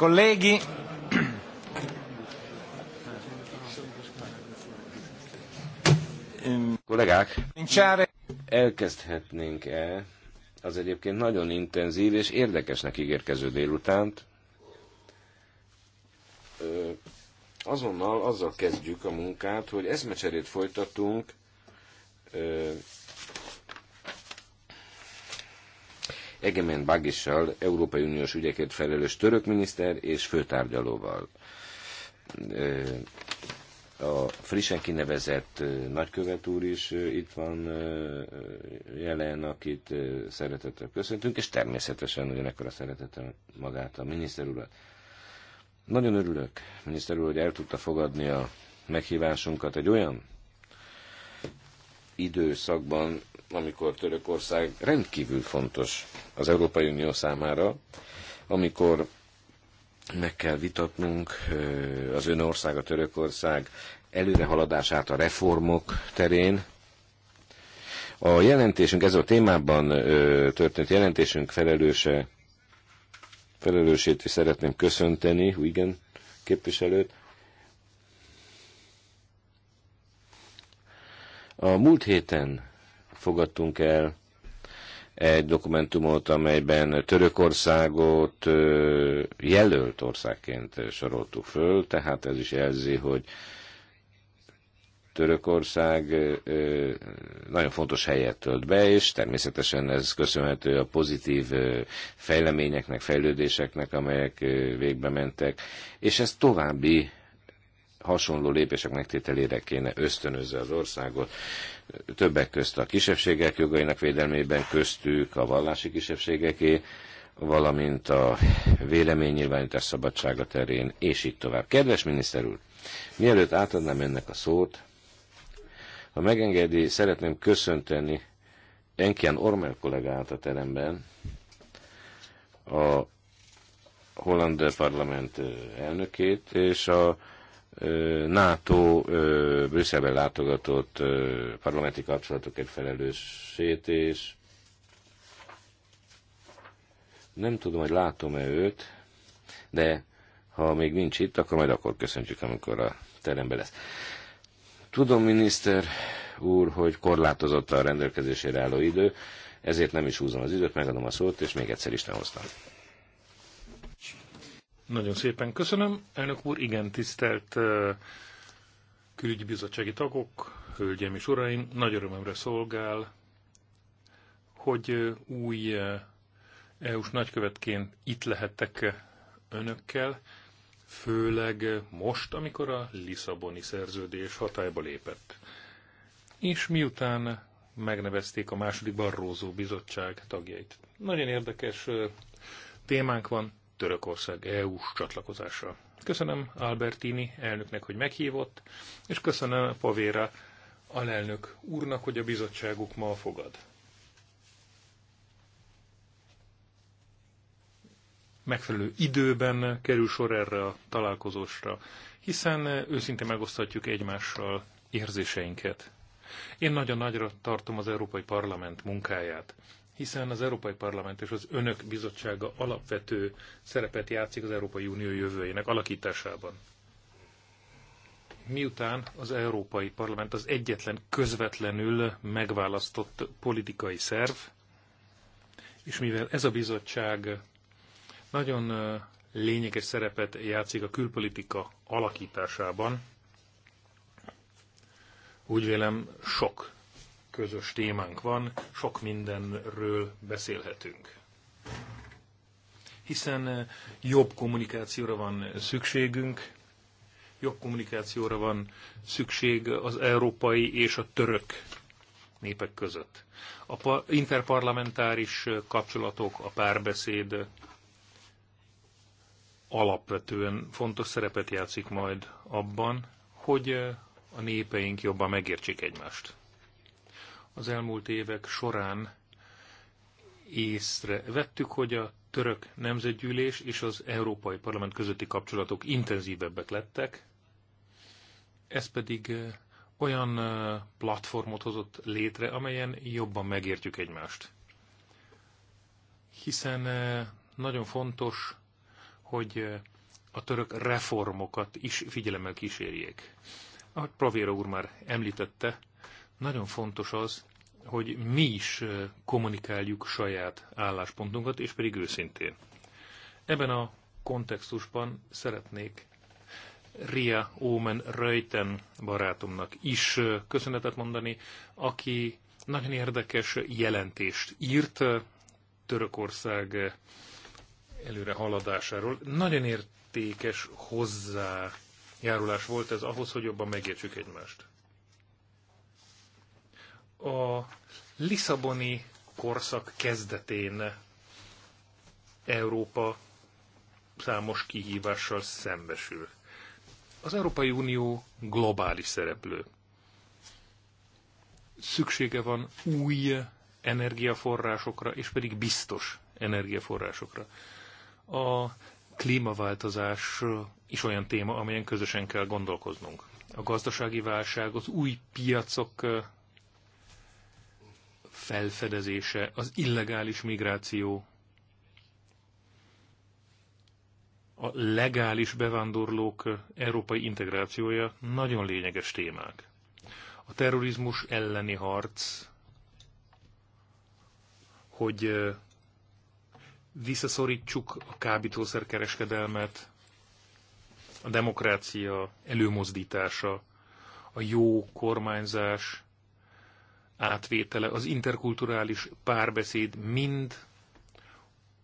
Colleghi, kollégák, elkezdhetnénk-e az egyébként nagyon intenzív és érdekesnek ígérkező délutánt? Azonnal azzal kezdjük a munkát, hogy eszmecserét folytatunk Egemen Bagissal, Európai Uniós ügyekért felelős török miniszter és főtárgyalóval. A frissen kinevezett nagykövet úr is itt van jelen, akit szeretettel köszöntünk, és természetesen ugyanekkor a szeretettel magát a miniszter urat. Nagyon örülök, miniszter úr, hogy el tudta fogadni a meghívásunkat egy olyan időszakban, amikor Törökország rendkívül fontos az Európai Unió számára, amikor meg kell vitatnunk az ön ország, a Törökország előrehaladását a reformok terén. A jelentésünk, ez a témában történt jelentésünk felelőse, felelősét is szeretném köszönteni, igen, képviselőt, A múlt héten fogadtunk el egy dokumentumot, amelyben Törökországot jelölt országként soroltuk föl, tehát ez is jelzi, hogy Törökország nagyon fontos helyet tölt be, és természetesen ez köszönhető a pozitív fejleményeknek, fejlődéseknek, amelyek végbe mentek, és ez további hasonló lépések megtételére kéne ösztönözze az országot, többek közt a kisebbségek jogainak védelmében, köztük a vallási kisebbségeké, valamint a véleménynyilvánítás szabadsága terén, és így tovább. Kedves miniszter úr, mielőtt átadnám ennek a szót, ha megengedi, szeretném köszönteni Enkian Ormel kollégát a teremben, a holland parlament elnökét, és a NATO Brüsszelben látogatott parlamenti kapcsolatokért felelősét, és nem tudom, hogy látom-e őt, de ha még nincs itt, akkor majd akkor köszöntjük, amikor a teremben lesz. Tudom, miniszter úr, hogy korlátozott a rendelkezésére álló idő, ezért nem is húzom az időt, megadom a szót, és még egyszer Isten hoztam. Nagyon szépen köszönöm. Elnök úr, igen, tisztelt külügyi bizottsági tagok, hölgyeim és uraim, nagy örömömre szolgál, hogy új EU-s nagykövetként itt lehettek önökkel, főleg most, amikor a Lisszaboni szerződés hatályba lépett. És miután megnevezték a második Barrózó bizottság tagjait. Nagyon érdekes témánk van, Törökország EU-s csatlakozása. Köszönöm Albertini elnöknek, hogy meghívott, és köszönöm Pavéra alelnök úrnak, hogy a bizottságuk ma fogad. Megfelelő időben kerül sor erre a találkozósra, hiszen őszinte megosztatjuk egymással érzéseinket. Én nagyon nagyra tartom az Európai Parlament munkáját hiszen az Európai Parlament és az Önök Bizottsága alapvető szerepet játszik az Európai Unió jövőjének alakításában. Miután az Európai Parlament az egyetlen közvetlenül megválasztott politikai szerv, és mivel ez a bizottság nagyon lényeges szerepet játszik a külpolitika alakításában, úgy vélem sok közös témánk van, sok mindenről beszélhetünk. Hiszen eh, jobb kommunikációra van szükségünk, jobb kommunikációra van szükség az európai és a török népek között. A interparlamentáris kapcsolatok, a párbeszéd alapvetően fontos szerepet játszik majd abban, hogy eh, a népeink jobban megértsék egymást az elmúlt évek során észre vettük, hogy a török nemzetgyűlés és az Európai Parlament közötti kapcsolatok intenzívebbek lettek, ez pedig olyan platformot hozott létre, amelyen jobban megértjük egymást. Hiszen nagyon fontos, hogy a török reformokat is figyelemmel kísérjék. Ahogy Pravéra úr már említette, nagyon fontos az, hogy mi is kommunikáljuk saját álláspontunkat, és pedig őszintén. Ebben a kontextusban szeretnék Ria Omen Röjten barátomnak is köszönetet mondani, aki nagyon érdekes jelentést írt Törökország előre haladásáról. Nagyon értékes hozzájárulás volt ez ahhoz, hogy jobban megértsük egymást a Lisszaboni korszak kezdetén Európa számos kihívással szembesül. Az Európai Unió globális szereplő. Szüksége van új energiaforrásokra, és pedig biztos energiaforrásokra. A klímaváltozás is olyan téma, amelyen közösen kell gondolkoznunk. A gazdasági válság, az új piacok felfedezése, az illegális migráció, a legális bevándorlók európai integrációja nagyon lényeges témák. A terrorizmus elleni harc, hogy visszaszorítsuk a kábítószerkereskedelmet, a demokrácia előmozdítása, a jó kormányzás, átvétele, az interkulturális párbeszéd mind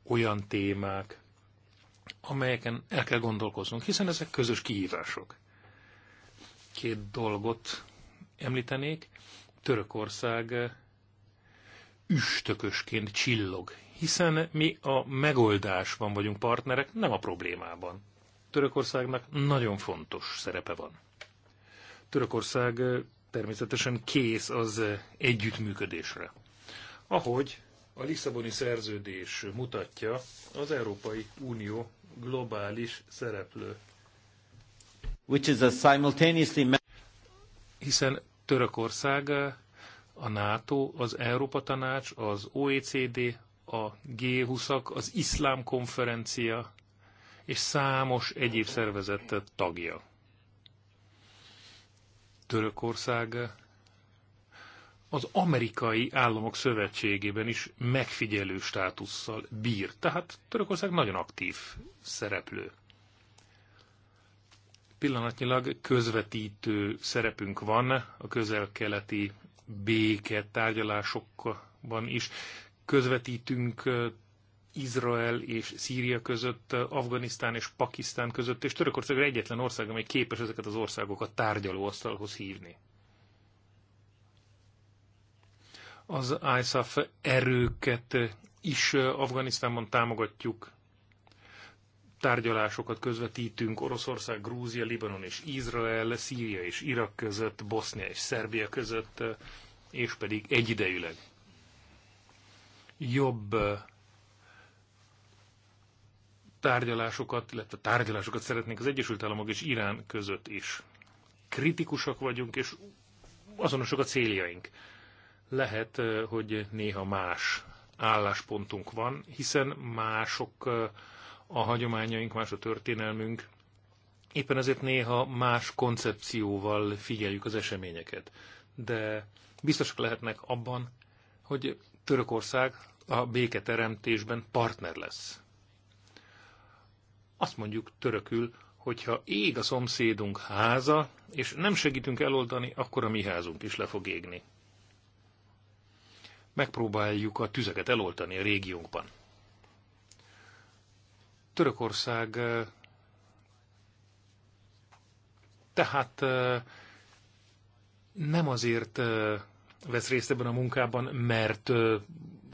olyan témák, amelyeken el kell gondolkoznunk, hiszen ezek közös kihívások. Két dolgot említenék. Törökország üstökösként csillog, hiszen mi a megoldásban vagyunk partnerek, nem a problémában. Törökországnak nagyon fontos szerepe van. Törökország természetesen kész az együttműködésre. Ahogy a Lisszaboni szerződés mutatja, az Európai Unió globális szereplő. Which is a simultaneously... Hiszen Törökország, a NATO, az Európa Tanács, az OECD, a G20-ak, az iszlám konferencia és számos egyéb szervezet tagja. Törökország az amerikai államok szövetségében is megfigyelő státusszal bír. Tehát Törökország nagyon aktív szereplő. Pillanatnyilag közvetítő szerepünk van a közel-keleti béke tárgyalásokban is. Közvetítünk Izrael és Szíria között, Afganisztán és Pakisztán között, és Törökország egyetlen ország, amely képes ezeket az országokat tárgyalóasztalhoz hívni. Az ISAF erőket is Afganisztánban támogatjuk, tárgyalásokat közvetítünk Oroszország, Grúzia, Libanon és Izrael, Szíria és Irak között, Bosznia és Szerbia között, és pedig egyidejűleg jobb tárgyalásokat, illetve tárgyalásokat szeretnénk az Egyesült Államok és Irán között is. Kritikusak vagyunk, és azonosok a céljaink. Lehet, hogy néha más álláspontunk van, hiszen mások a hagyományaink, más a történelmünk. Éppen ezért néha más koncepcióval figyeljük az eseményeket. De biztosak lehetnek abban, hogy Törökország a béketeremtésben partner lesz azt mondjuk törökül, hogyha ég a szomszédunk háza, és nem segítünk eloldani, akkor a mi házunk is le fog égni. Megpróbáljuk a tüzeket eloltani a régiónkban. Törökország eh, tehát eh, nem azért eh, vesz részt ebben a munkában, mert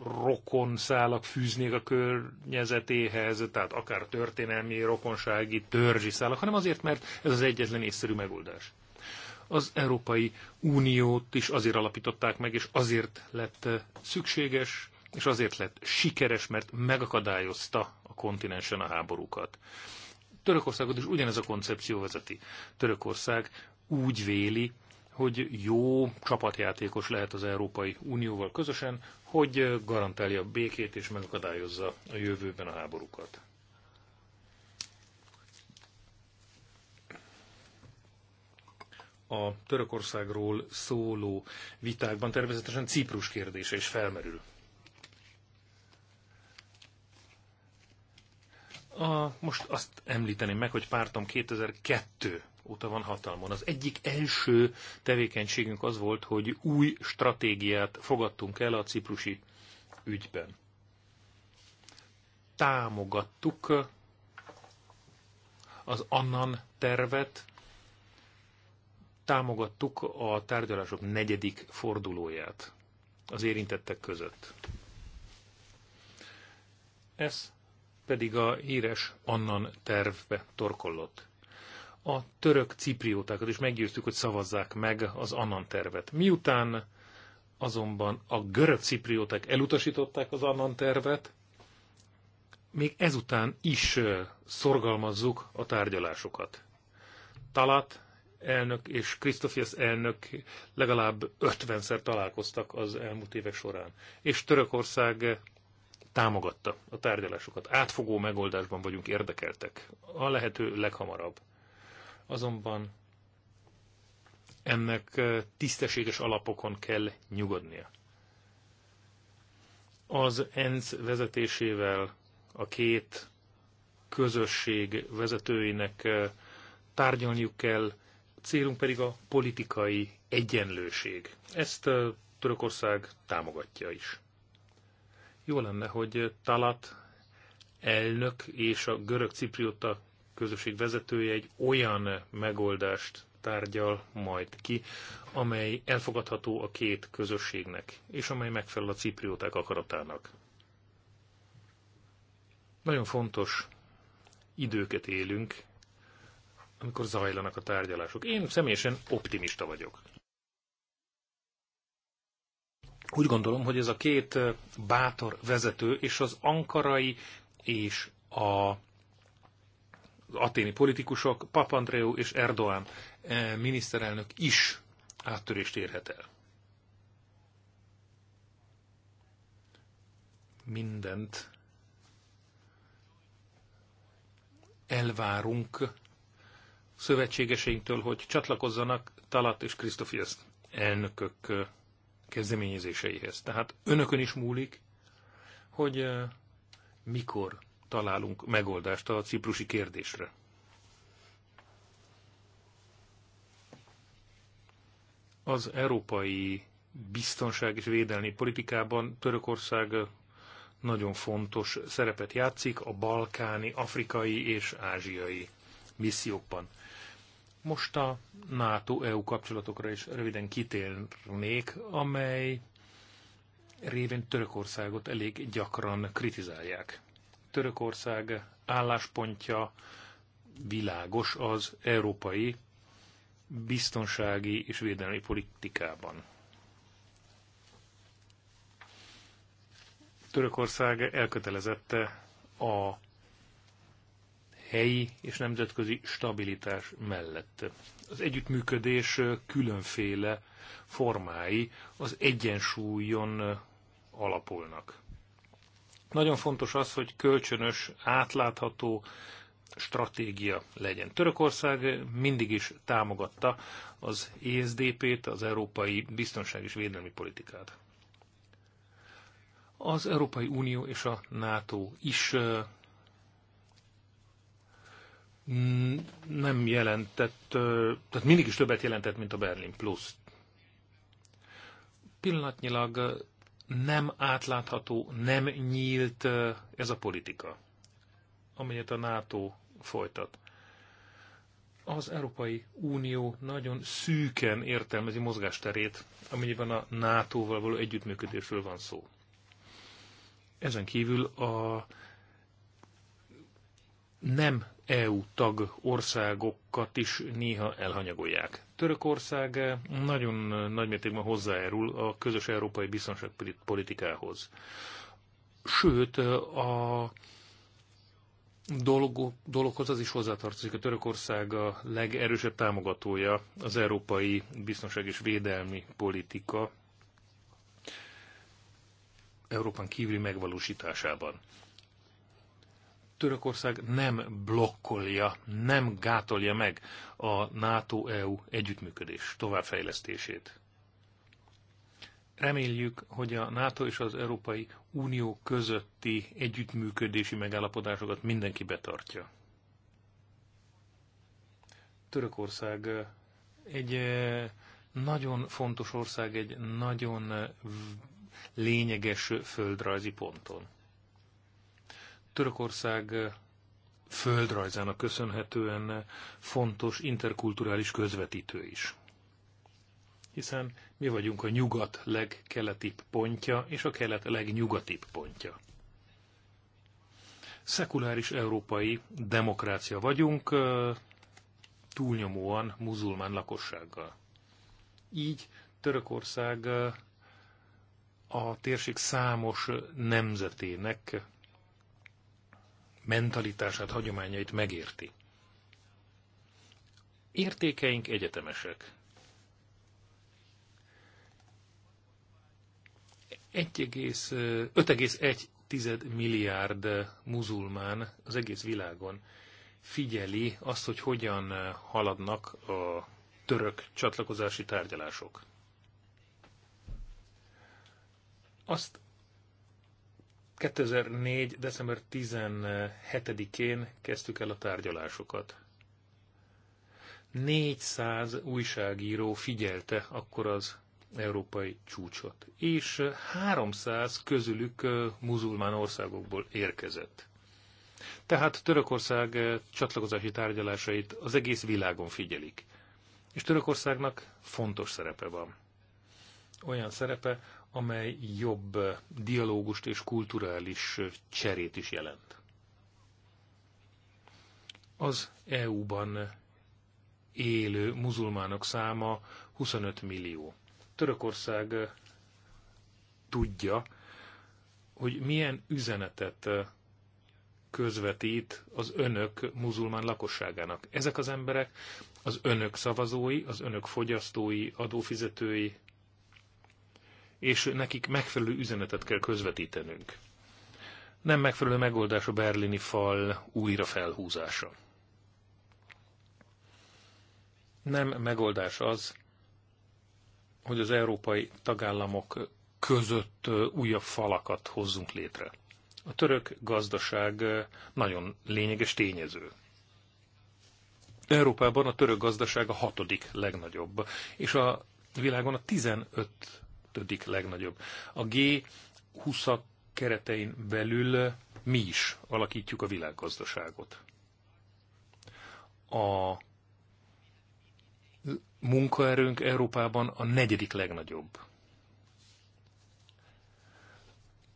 rokon szálak fűznék a környezetéhez, tehát akár történelmi, rokonsági, törzsi szálak, hanem azért, mert ez az egyetlen észszerű megoldás. Az Európai Uniót is azért alapították meg, és azért lett eh, szükséges, és azért lett sikeres, mert megakadályozta a kontinensen a háborúkat. Törökországot is ugyanez a koncepció vezeti. Törökország úgy véli, hogy jó csapatjátékos lehet az Európai Unióval közösen, hogy garantálja a békét és megakadályozza a jövőben a háborúkat. A Törökországról szóló vitákban természetesen Ciprus kérdése is felmerül. A, most azt említeném meg, hogy pártom 2002 óta van hatalmon. Az egyik első tevékenységünk az volt, hogy új stratégiát fogadtunk el a ciprusi ügyben. Támogattuk az Annan tervet, támogattuk a tárgyalások negyedik fordulóját az érintettek között. Ez pedig a híres Annan tervbe torkollott a török cipriótákat és meggyőztük, hogy szavazzák meg az Annan tervet. Miután azonban a görög ciprióták elutasították az Annan tervet, még ezután is szorgalmazzuk a tárgyalásokat. Talat elnök és Krisztofiasz elnök legalább 50-szer találkoztak az elmúlt évek során. És Törökország támogatta a tárgyalásokat. Átfogó megoldásban vagyunk érdekeltek. A lehető leghamarabb azonban ennek tisztességes alapokon kell nyugodnia. Az ENSZ vezetésével a két közösség vezetőinek tárgyalniuk kell, célunk pedig a politikai egyenlőség. Ezt Törökország támogatja is. Jó lenne, hogy Talat elnök és a görög cipriota közösség vezetője egy olyan megoldást tárgyal majd ki, amely elfogadható a két közösségnek, és amely megfelel a ciprióták akaratának. Nagyon fontos időket élünk, amikor zajlanak a tárgyalások. Én személyesen optimista vagyok. Úgy gondolom, hogy ez a két bátor vezető és az ankarai és a aténi politikusok, Papandreou és Erdoğan eh, miniszterelnök is áttörést érhet el. Mindent elvárunk szövetségeseinktől, hogy csatlakozzanak Talat és Krisztofiasz elnökök eh, kezdeményezéseihez. Tehát önökön is múlik, hogy eh, mikor találunk megoldást a ciprusi kérdésre. Az európai biztonság és védelmi politikában Törökország nagyon fontos szerepet játszik a balkáni, afrikai és ázsiai missziókban. Most a NATO-EU kapcsolatokra is röviden kitérnék, amely révén Törökországot elég gyakran kritizálják. Törökország álláspontja világos az európai biztonsági és védelmi politikában. Törökország elkötelezette a helyi és nemzetközi stabilitás mellett. Az együttműködés különféle formái az egyensúlyon alapulnak. Nagyon fontos az, hogy kölcsönös, átlátható stratégia legyen. Törökország mindig is támogatta az ESDP-t, az Európai Biztonság és Védelmi Politikát. Az Európai Unió és a NATO is nem jelentett, tehát mindig is többet jelentett, mint a Berlin Plus. Pillanatnyilag nem átlátható, nem nyílt ez a politika, amelyet a NATO folytat. Az Európai Unió nagyon szűken értelmezi mozgásterét, amennyiben a NATO-val való együttműködésről van szó. Ezen kívül a nem EU tag országokat is néha elhanyagolják. Törökország nagyon nagymértékben hozzájárul a közös európai biztonságpolitikához. Sőt, a dolog, dologhoz az is hozzátartozik, a Törökország a legerősebb támogatója az európai biztonság és védelmi politika Európán kívüli megvalósításában. Törökország nem blokkolja, nem gátolja meg a NATO-EU együttműködés továbbfejlesztését. Reméljük, hogy a NATO és az Európai Unió közötti együttműködési megállapodásokat mindenki betartja. Törökország eh, egy eh, nagyon fontos ország, egy nagyon eh, lényeges földrajzi ponton. Törökország földrajzának köszönhetően fontos interkulturális közvetítő is. Hiszen mi vagyunk a nyugat legkeletibb pontja, és a kelet legnyugatibb pontja. Szekuláris európai demokrácia vagyunk, túlnyomóan muzulmán lakossággal. Így Törökország a térség számos nemzetének mentalitását, hagyományait megérti. Értékeink egyetemesek. 5,1 milliárd muzulmán az egész világon figyeli azt, hogy hogyan haladnak a török csatlakozási tárgyalások. Azt 2004. december 17-én kezdtük el a tárgyalásokat. 400 újságíró figyelte akkor az európai csúcsot, és 300 közülük muzulmán országokból érkezett. Tehát Törökország csatlakozási tárgyalásait az egész világon figyelik. És Törökországnak fontos szerepe van. Olyan szerepe, amely jobb dialógust és kulturális cserét is jelent. Az EU-ban élő muzulmánok száma 25 millió. Törökország tudja, hogy milyen üzenetet közvetít az önök muzulmán lakosságának. Ezek az emberek az önök szavazói, az önök fogyasztói, adófizetői, és nekik megfelelő üzenetet kell közvetítenünk. Nem megfelelő megoldás a berlini fal újra felhúzása. Nem megoldás az, hogy az európai tagállamok között újabb falakat hozzunk létre. A török gazdaság nagyon lényeges tényező. Európában a török gazdaság a hatodik legnagyobb, és a világon a 15 ötödik legnagyobb. A G20 keretein belül mi is alakítjuk a világgazdaságot. A munkaerőnk Európában a negyedik legnagyobb.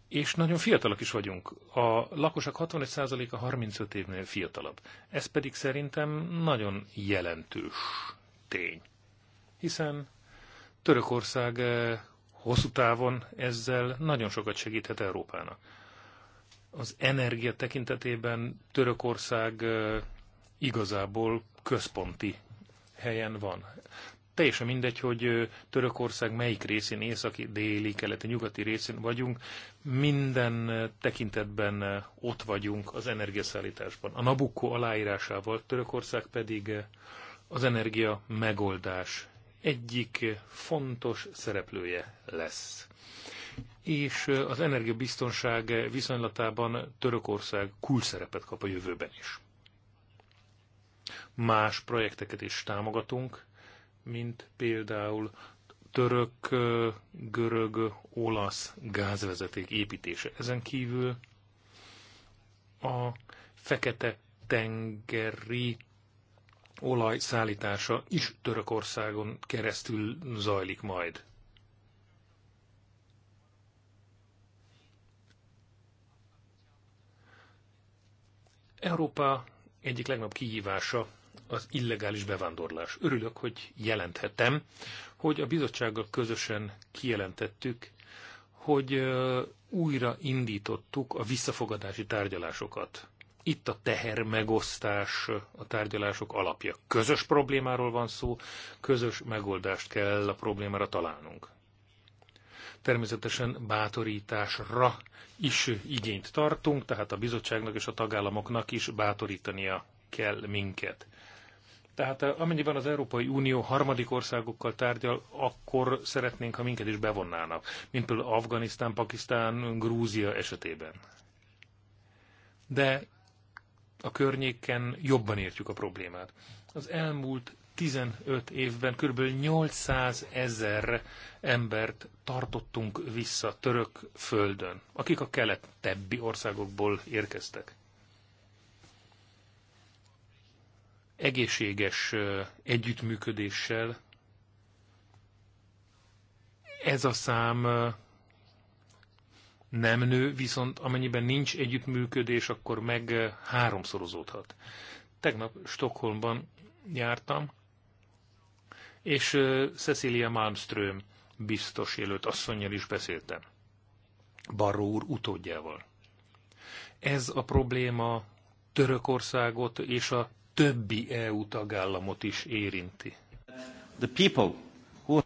És nagyon fiatalak is vagyunk. A lakosok 61%-a 35 évnél fiatalabb. Ez pedig szerintem nagyon jelentős tény. Hiszen Törökország eh, hosszú távon ezzel nagyon sokat segíthet Európának. Az energia tekintetében Törökország igazából központi helyen van. Teljesen mindegy, hogy Törökország melyik részén, északi, déli, keleti, nyugati részén vagyunk, minden tekintetben ott vagyunk az energiaszállításban. A Nabucco aláírásával Törökország pedig az energia megoldás egyik fontos szereplője lesz. És az energiabiztonság viszonylatában Törökország kulcsszerepet kap a jövőben is. Más projekteket is támogatunk, mint például török, görög, olasz gázvezeték építése. Ezen kívül a fekete tengeri olaj szállítása is Törökországon keresztül zajlik majd. Európa egyik legnagyobb kihívása az illegális bevándorlás. Örülök, hogy jelenthetem, hogy a bizottsággal közösen kijelentettük, hogy újra indítottuk a visszafogadási tárgyalásokat itt a tehermegosztás a tárgyalások alapja. Közös problémáról van szó, közös megoldást kell a problémára találnunk. Természetesen bátorításra is igényt tartunk, tehát a bizottságnak és a tagállamoknak is bátorítania kell minket. Tehát eh, amennyiben az Európai Unió harmadik országokkal tárgyal, akkor szeretnénk, ha minket is bevonnának, mint például Afganisztán, Pakisztán, Grúzia esetében. De a környéken jobban értjük a problémát. Az elmúlt 15 évben kb. 800 ezer embert tartottunk vissza török földön, akik a kelet-tebbi országokból érkeztek. Egészséges együttműködéssel ez a szám nem nő, viszont amennyiben nincs együttműködés, akkor meg eh, háromszorozódhat. Tegnap Stockholmban jártam, és eh, Cecilia Malmström biztos jelölt asszonynal is beszéltem. Barró úr utódjával. Ez a probléma Törökországot és a többi EU tagállamot is érinti. The people who...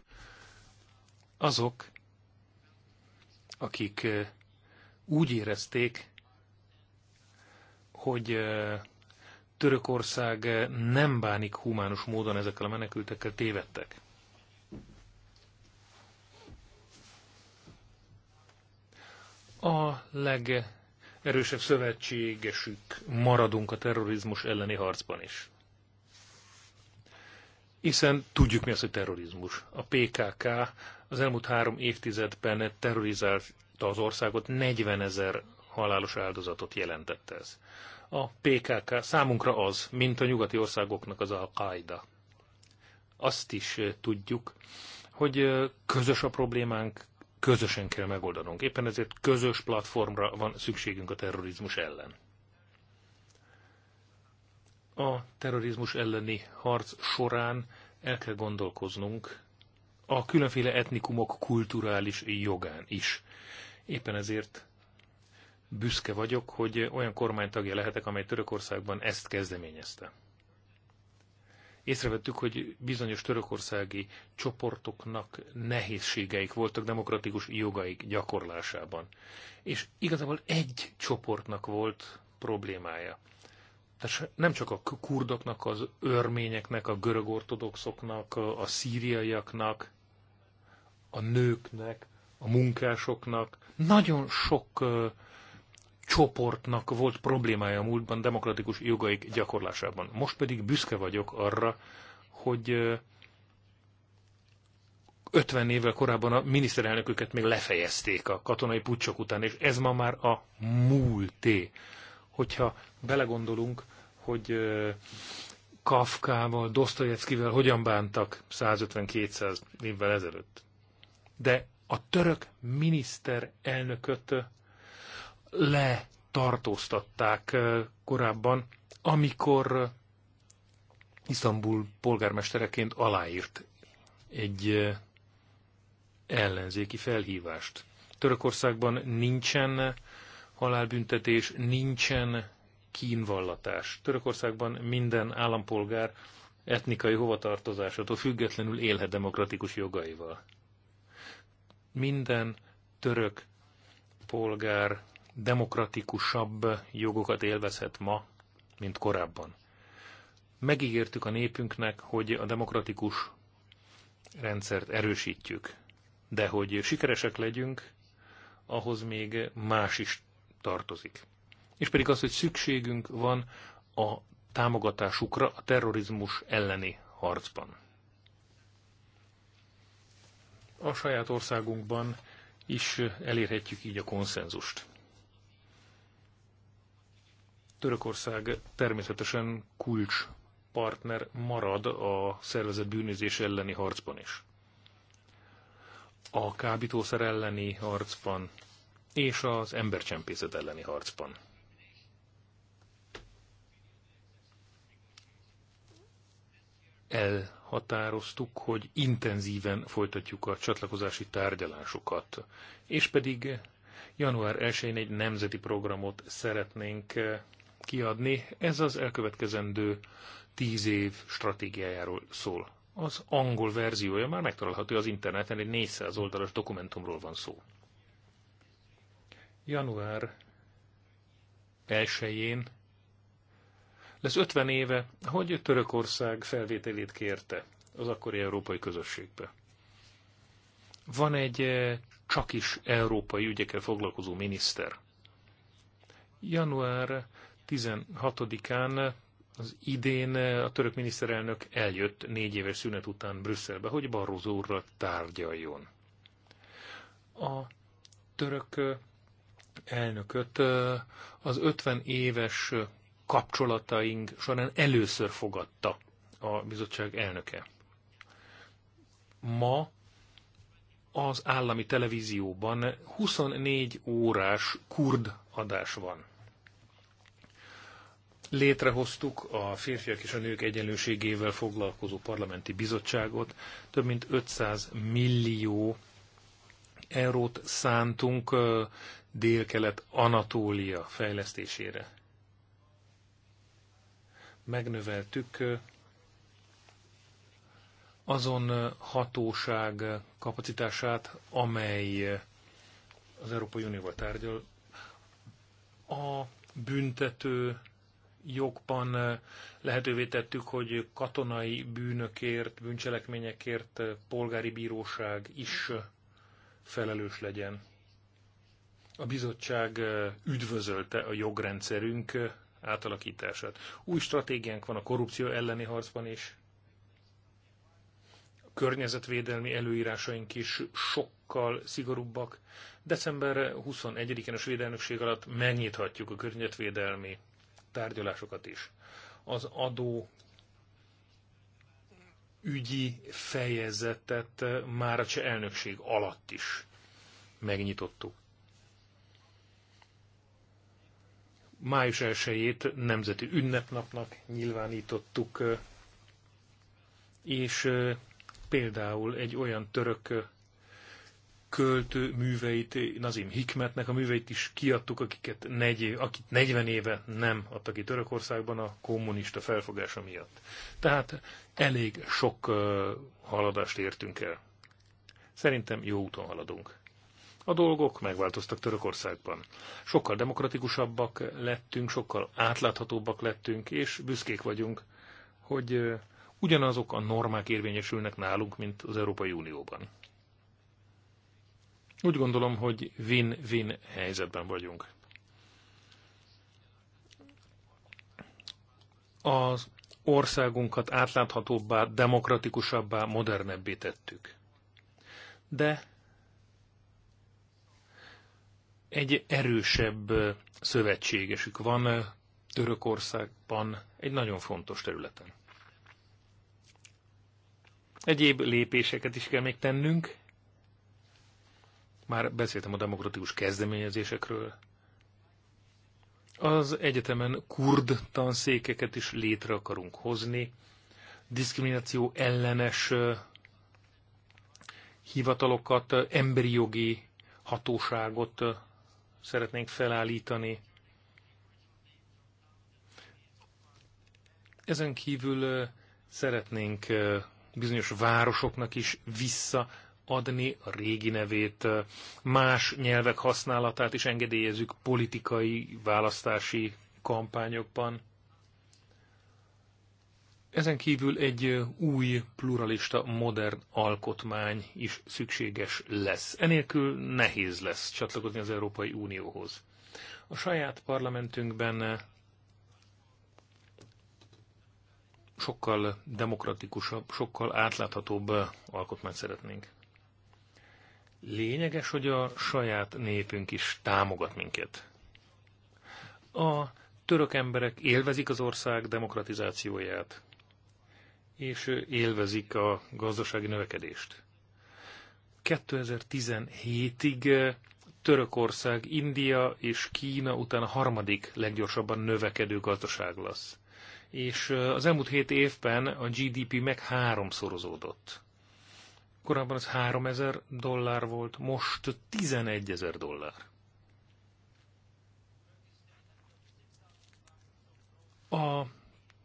Azok, akik eh, úgy érezték, hogy Törökország nem bánik humánus módon ezekkel a menekültekkel, tévedtek. A legerősebb szövetségesük maradunk a terrorizmus elleni harcban is. Hiszen tudjuk mi az, hogy terrorizmus. A PKK az elmúlt három évtizedben terrorizált elhagyta az országot, 40 ezer halálos áldozatot jelentett ez. A PKK számunkra az, mint a nyugati országoknak az Al-Qaida. Azt is tudjuk, hogy közös a problémánk, közösen kell megoldanunk. Éppen ezért közös platformra van szükségünk a terrorizmus ellen. A terrorizmus elleni harc során el kell gondolkoznunk a különféle etnikumok kulturális jogán is. Éppen ezért büszke vagyok, hogy olyan kormánytagja lehetek, amely Törökországban ezt kezdeményezte. Észrevettük, hogy bizonyos törökországi csoportoknak nehézségeik voltak demokratikus jogaik gyakorlásában. És igazából egy csoportnak volt problémája. Tehát nem csak a kurdoknak, az örményeknek, a görög ortodoxoknak, a szíriaiaknak, a nőknek, a munkásoknak, nagyon sok ö, csoportnak volt problémája a múltban demokratikus jogaik gyakorlásában. Most pedig büszke vagyok arra, hogy ö, 50 évvel korábban a miniszterelnököket még lefejezték a katonai pucsok után, és ez ma már a múlté. Hogyha belegondolunk, hogy ö, Kafkával, Dostoyevskivel hogyan bántak 150-200 évvel ezelőtt. De a török miniszterelnököt letartóztatták eh, korábban, amikor Isztambul polgármestereként aláírt egy eh, ellenzéki felhívást. Törökországban nincsen eh, halálbüntetés, nincsen kínvallatás. Törökországban minden állampolgár etnikai hovatartozásától függetlenül élhet demokratikus jogaival minden török polgár demokratikusabb jogokat élvezhet ma, mint korábban. Megígértük a népünknek, hogy a demokratikus rendszert erősítjük, de hogy sikeresek legyünk, ahhoz még más is tartozik. És pedig az, hogy szükségünk van a támogatásukra a terrorizmus elleni harcban a saját országunkban is elérhetjük így a konszenzust. Törökország természetesen kulcs partner marad a szervezet bűnözés elleni harcban is. A kábítószer elleni harcban és az embercsempészet elleni harcban. elhatároztuk, hogy intenzíven folytatjuk a csatlakozási tárgyalásokat, és pedig január 1-én egy nemzeti programot szeretnénk eh, kiadni. Ez az elkövetkezendő tíz év stratégiájáról szól. Az angol verziója már megtalálható az interneten, egy 400 oldalas dokumentumról van szó. Január 1-én lesz 50 éve, hogy Törökország felvételét kérte az akkori európai közösségbe. Van egy eh, csak is európai ügyekkel foglalkozó miniszter. Január 16-án az idén eh, a török miniszterelnök eljött négy éves szünet után Brüsszelbe, hogy Barroso úrra tárgyaljon. A török eh, elnököt az 50 éves kapcsolataink során először fogadta a bizottság elnöke. Ma az állami televízióban 24 órás kurd adás van. Létrehoztuk a férfiak és a nők egyenlőségével foglalkozó parlamenti bizottságot, több mint 500 millió eurót szántunk Dél-Kelet Anatólia fejlesztésére megnöveltük azon hatóság kapacitását, amely az Európai Unióval tárgyal. A büntető jogban lehetővé tettük, hogy katonai bűnökért, bűncselekményekért polgári bíróság is felelős legyen. A bizottság üdvözölte a jogrendszerünk átalakítását. Új stratégiánk van a korrupció elleni harcban is. A környezetvédelmi előírásaink is sokkal szigorúbbak. December 21-én a svéd elnökség alatt megnyithatjuk a környezetvédelmi tárgyalásokat is. Az adó ügyi fejezetet már a cseh elnökség alatt is megnyitottuk. Május 1-ét nemzeti ünnepnapnak nyilvánítottuk, és például egy olyan török költő műveit, Nazim Hikmetnek a műveit is kiadtuk, akiket negy, akit 40 éve nem adtak ki Törökországban a kommunista felfogása miatt. Tehát elég sok haladást értünk el. Szerintem jó úton haladunk a dolgok megváltoztak Törökországban. Sokkal demokratikusabbak lettünk, sokkal átláthatóbbak lettünk, és büszkék vagyunk, hogy ugyanazok a normák érvényesülnek nálunk, mint az Európai Unióban. Úgy gondolom, hogy win-win helyzetben vagyunk. Az országunkat átláthatóbbá, demokratikusabbá, modernebbé tettük. De egy erősebb szövetségesük van Törökországban egy nagyon fontos területen. Egyéb lépéseket is kell még tennünk. Már beszéltem a demokratikus kezdeményezésekről. Az egyetemen kurd tanszékeket is létre akarunk hozni. Diszkrimináció ellenes hivatalokat, emberi jogi hatóságot szeretnénk felállítani. Ezen kívül szeretnénk bizonyos városoknak is visszaadni a régi nevét, más nyelvek használatát is engedélyezünk politikai választási kampányokban. Ezen kívül egy új, pluralista, modern alkotmány is szükséges lesz. Enélkül nehéz lesz csatlakozni az Európai Unióhoz. A saját parlamentünkben sokkal demokratikusabb, sokkal átláthatóbb alkotmányt szeretnénk. Lényeges, hogy a saját népünk is támogat minket. A török emberek élvezik az ország demokratizációját és élvezik a gazdasági növekedést. 2017-ig eh, Törökország, India és Kína után a harmadik leggyorsabban növekedő gazdaság lesz. És eh, az elmúlt hét évben a GDP meg háromszorozódott. Korábban az 3000 dollár volt, most 11 ezer dollár. A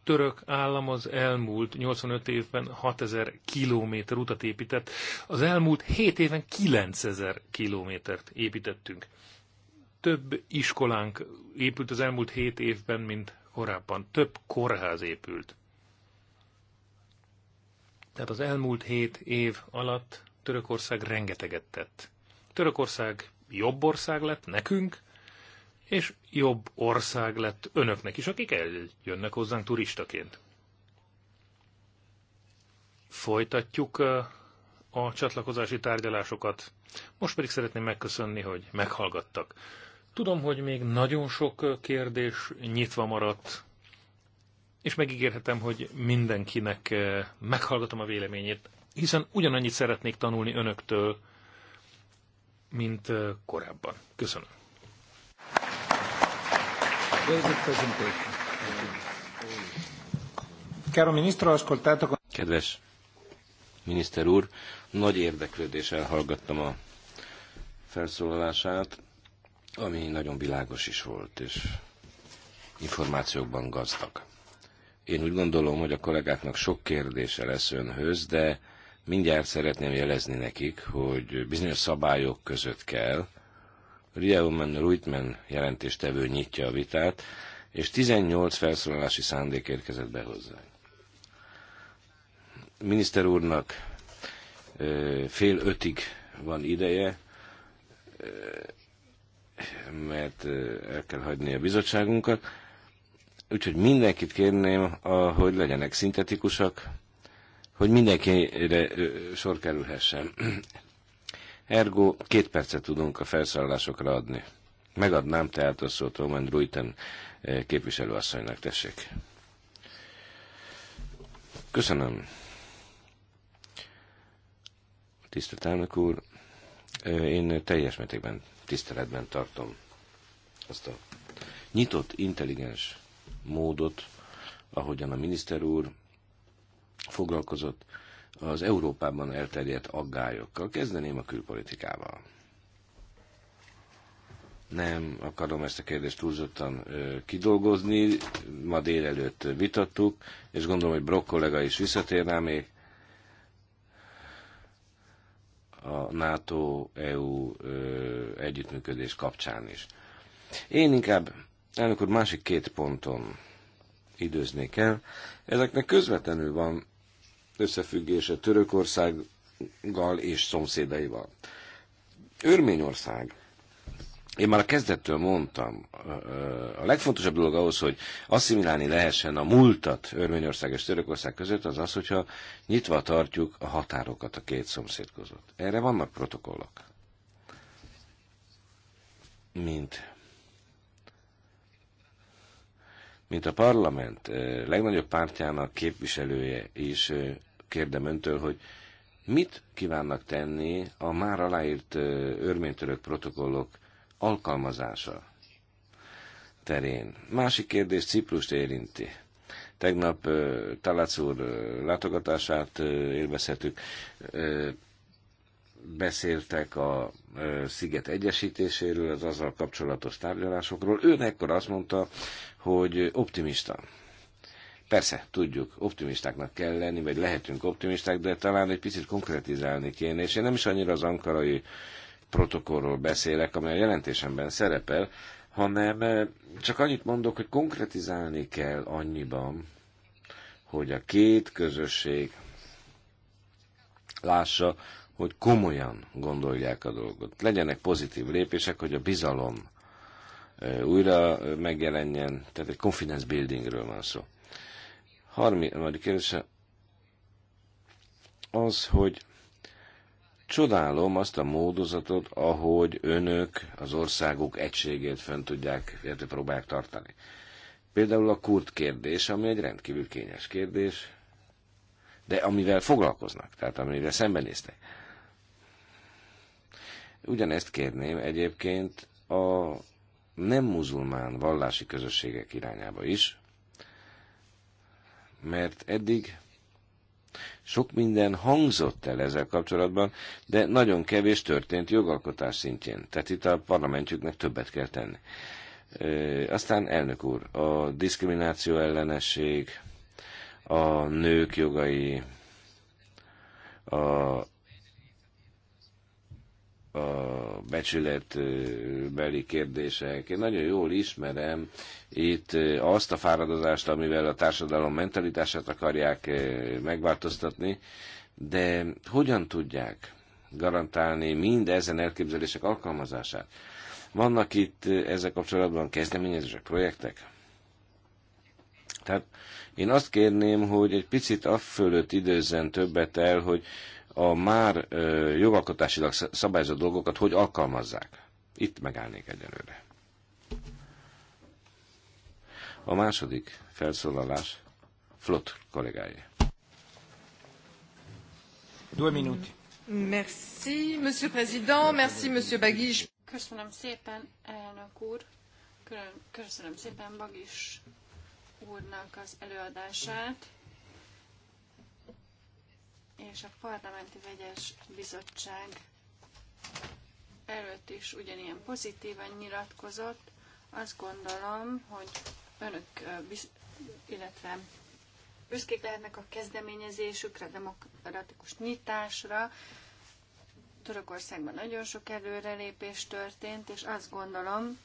török állam az elmúlt 85 évben 6000 kilométer utat épített, az elmúlt 7 éven 9000 kilométert építettünk. Több iskolánk épült az elmúlt 7 évben, mint korábban. Több kórház épült. Tehát az elmúlt 7 év alatt Törökország rengeteget tett. Törökország jobb ország lett nekünk, és jobb ország lett önöknek is, akik eljönnek hozzánk turistaként. Folytatjuk eh, a csatlakozási tárgyalásokat. Most pedig szeretném megköszönni, hogy meghallgattak. Tudom, hogy még nagyon sok eh, kérdés nyitva maradt, és megígérhetem, hogy mindenkinek eh, meghallgatom a véleményét, hiszen ugyanannyit szeretnék tanulni önöktől, mint korábban. Köszönöm. Kedves miniszter úr, nagy érdeklődéssel hallgattam a felszólalását, ami nagyon világos is volt, és információkban gazdag. Én úgy gondolom, hogy a kollégáknak sok kérdése lesz önhöz, de mindjárt szeretném jelezni nekik, hogy bizonyos szabályok között kell Riemen Ruitman jelentéstevő nyitja a vitát, és 18 felszólalási szándék érkezett be hozzá. Miniszter úrnak fél ötig van ideje, mert el kell hagyni a bizottságunkat. Úgyhogy mindenkit kérném, hogy legyenek szintetikusak, hogy mindenkire sor kerülhessen. Ergo két percet tudunk a felszállásokra adni. Megadnám tehát a szót Roman Druiten eh, képviselőasszonynak, tessék. Köszönöm. Tisztelt elnök úr, eh, én teljes mértékben tiszteletben tartom azt a nyitott, intelligens módot, ahogyan a miniszter úr foglalkozott az Európában elterjedt aggályokkal. Kezdeném a külpolitikával. Nem akarom ezt a kérdést túlzottan ö, kidolgozni. Ma délelőtt vitattuk, és gondolom, hogy Brock kollega is visszatérná még. A NATO-EU együttműködés kapcsán is. Én inkább, elnök úr, másik két ponton időznék el. Ezeknek közvetlenül van összefüggése Törökországgal és szomszédaival. Örményország. Én már a kezdettől mondtam, a legfontosabb dolog ahhoz, hogy asszimilálni lehessen a múltat Örményország és Törökország között, az az, hogyha nyitva tartjuk a határokat a két szomszéd között. Erre vannak protokollok. Mint mint a parlament legnagyobb pártjának képviselője is kérdem öntől, hogy mit kívánnak tenni a már aláírt örménytörök protokollok alkalmazása terén. Másik kérdés Ciprust érinti. Tegnap Talac úr látogatását élvezhetük. Beszéltek a sziget egyesítéséről, az azzal kapcsolatos tárgyalásokról. Ő ekkor azt mondta, hogy optimista. Persze, tudjuk, optimistáknak kell lenni, vagy lehetünk optimisták, de talán egy picit konkretizálni kéne, és én nem is annyira az ankarai protokollról beszélek, amely a jelentésemben szerepel, hanem eh, csak annyit mondok, hogy konkretizálni kell annyiban, hogy a két közösség lássa, hogy komolyan gondolják a dolgot. Legyenek pozitív lépések, hogy a bizalom újra megjelenjen, tehát egy confidence buildingről van szó. Harmadik kérdése az, hogy csodálom azt a módozatot, ahogy önök az országok egységét fönn tudják, illetve próbálják tartani. Például a kurt kérdés, ami egy rendkívül kényes kérdés, de amivel foglalkoznak, tehát amivel szembenéztek. Ugyanezt kérném egyébként a nem muzulmán vallási közösségek irányába is, mert eddig sok minden hangzott el ezzel kapcsolatban, de nagyon kevés történt jogalkotás szintjén. Tehát itt a parlamentjüknek többet kell tenni. E, aztán elnök úr, a diszkrimináció ellenesség, a nők jogai, a a becsületbeli kérdések. Én nagyon jól ismerem itt azt a fáradozást, amivel a társadalom mentalitását akarják eh, megváltoztatni, de hogyan tudják garantálni mind ezen elképzelések alkalmazását? Vannak itt eh, ezzel kapcsolatban kezdeményezések, projektek? Tehát én azt kérném, hogy egy picit a fölött időzzen többet el, hogy a már jogalkotásilag szabályozott dolgokat hogy alkalmazzák. Itt megállnék egyelőre. A második felszólalás Flott kollégája. Due minuti. Merci, Monsieur Président, merci, Monsieur Bagis. Köszönöm szépen, elnök úr. Köszönöm szépen Bagis úrnak az előadását és a Parlamenti Vegyes Bizottság előtt is ugyanilyen pozitívan nyilatkozott. Azt gondolom, hogy önök, illetve büszkék lehetnek a kezdeményezésükre, demokratikus nyitásra. Törökországban nagyon sok előrelépés történt, és azt gondolom,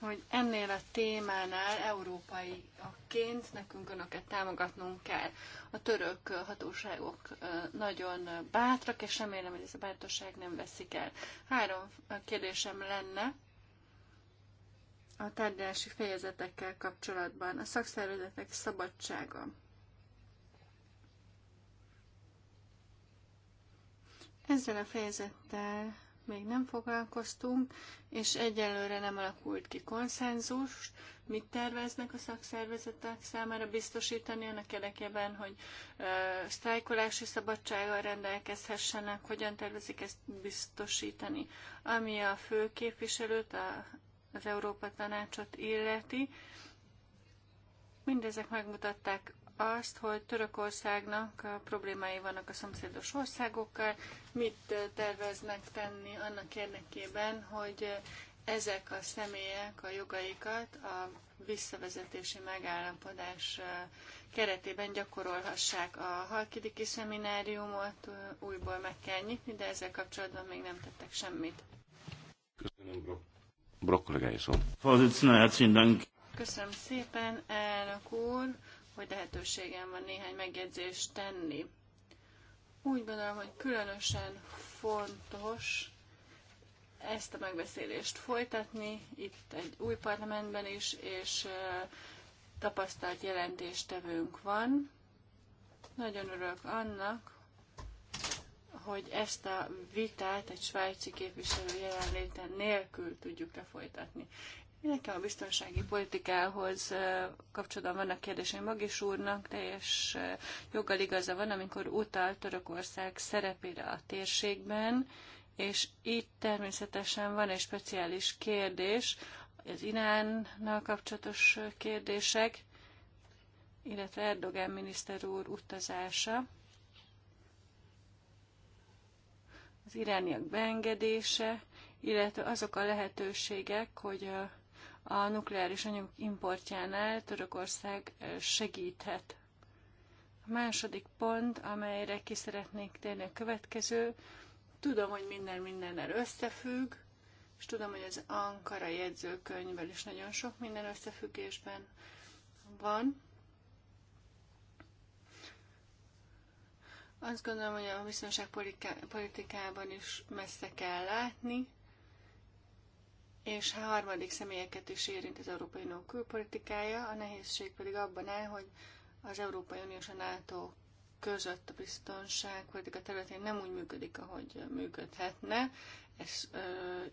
hogy ennél a témánál európaiaként nekünk önöket támogatnunk kell. A török hatóságok nagyon bátrak, és remélem, hogy ez a bátorság nem veszik el. Három kérdésem lenne a tárgyalási fejezetekkel kapcsolatban. A szakszervezetek szabadsága. Ezzel a fejezettel még nem foglalkoztunk, és egyelőre nem alakult ki konszenzus, mit terveznek a szakszervezetek számára biztosítani annak érdekében, hogy ö, sztrájkolási szabadsággal rendelkezhessenek, hogyan tervezik ezt biztosítani. Ami a fő képviselőt, a, az Európa Tanácsot illeti, mindezek megmutatták azt, hogy Törökországnak problémái vannak a szomszédos országokkal, mit terveznek tenni annak érdekében, hogy ezek a személyek a jogaikat a visszavezetési megállapodás keretében gyakorolhassák a halkidiki szemináriumot, újból meg kell nyitni, de ezzel kapcsolatban még nem tettek semmit. Köszönöm, Brock. szó. Hát, Köszönöm szépen, elnök úr hogy lehetőségem van néhány megjegyzést tenni. Úgy gondolom, hogy különösen fontos ezt a megbeszélést folytatni, itt egy új parlamentben is, és tapasztalt jelentéstevőnk van. Nagyon örülök annak, hogy ezt a vitát egy svájci képviselő jelenléte nélkül tudjuk lefolytatni. Nekem a biztonsági politikához kapcsolatban vannak kérdéseim Magis úrnak, teljes joggal igaza van, amikor utal Törökország szerepére a térségben, és itt természetesen van egy speciális kérdés, az Iránnal kapcsolatos kérdések, illetve Erdogan miniszter úr utazása, az irániak beengedése, illetve azok a lehetőségek, hogy a a nukleáris anyag importjánál Törökország segíthet. A második pont, amelyre ki szeretnék térni a következő, tudom, hogy minden mindennel összefügg, és tudom, hogy az Ankara jegyzőkönyvvel is nagyon sok minden összefüggésben van. Azt gondolom, hogy a biztonságpolitikában is messze kell látni és harmadik személyeket is érint az Európai Unió külpolitikája. A nehézség pedig abban áll, hogy az Európai Unió és a NATO között a biztonságpolitika területén nem úgy működik, ahogy működhetne. Ez ö,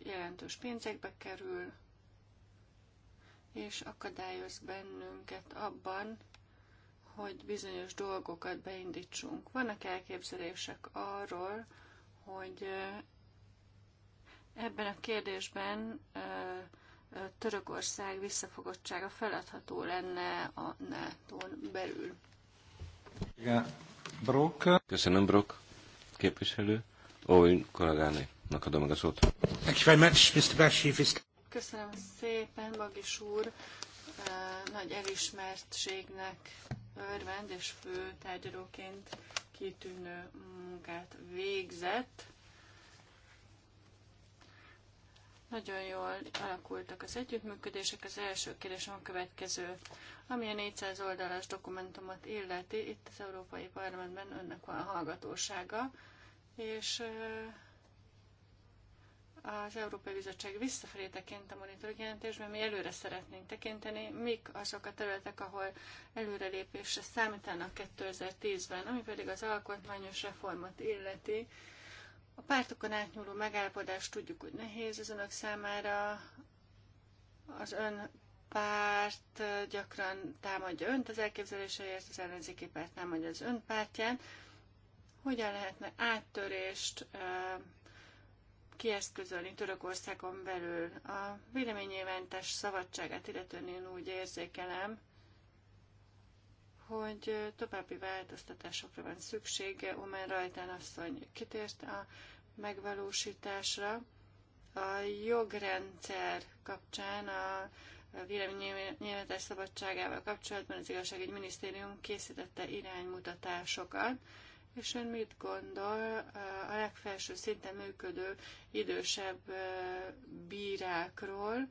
jelentős pénzekbe kerül, és akadályoz bennünket abban, hogy bizonyos dolgokat beindítsunk. Vannak elképzelések arról, hogy Ebben a kérdésben Törökország visszafogottsága feladható lenne a NATO-n belül. Brok. Köszönöm, Brok. képviselő. Owen kollégának adom meg a szót. Thank you very much, Mr. Köszönöm szépen, Magis úr. Nagy elismertségnek örvend és fő tárgyalóként kitűnő munkát végzett Nagyon jól alakultak az együttműködések. Az első kérdés a következő. Ami a 400 oldalas dokumentumot illeti, itt az Európai Parlamentben önnek van a hallgatósága, és az Európai Bizottság visszafelé tekint a monitoring jelentésben, mi előre szeretnénk tekinteni, mik azok a területek, ahol előrelépésre számítanak 2010-ben, ami pedig az alkotmányos reformot illeti. A pártokon átnyúló megállapodást tudjuk, hogy nehéz az önök számára. Az ön párt gyakran támadja önt az elképzeléseért, az ellenzéki párt támadja az ön pártján. Hogyan lehetne áttörést kieszközölni Törökországon belül? A véleményéventes szabadságát illetően én úgy érzékelem, hogy további változtatásokra van szüksége. Omen Rajtán asszony kitért a megvalósításra. A jogrendszer kapcsán a véleménynyilvánítás szabadságával kapcsolatban az igazságügyi minisztérium készítette iránymutatásokat, és ön mit gondol a legfelső szinten működő idősebb bírákról,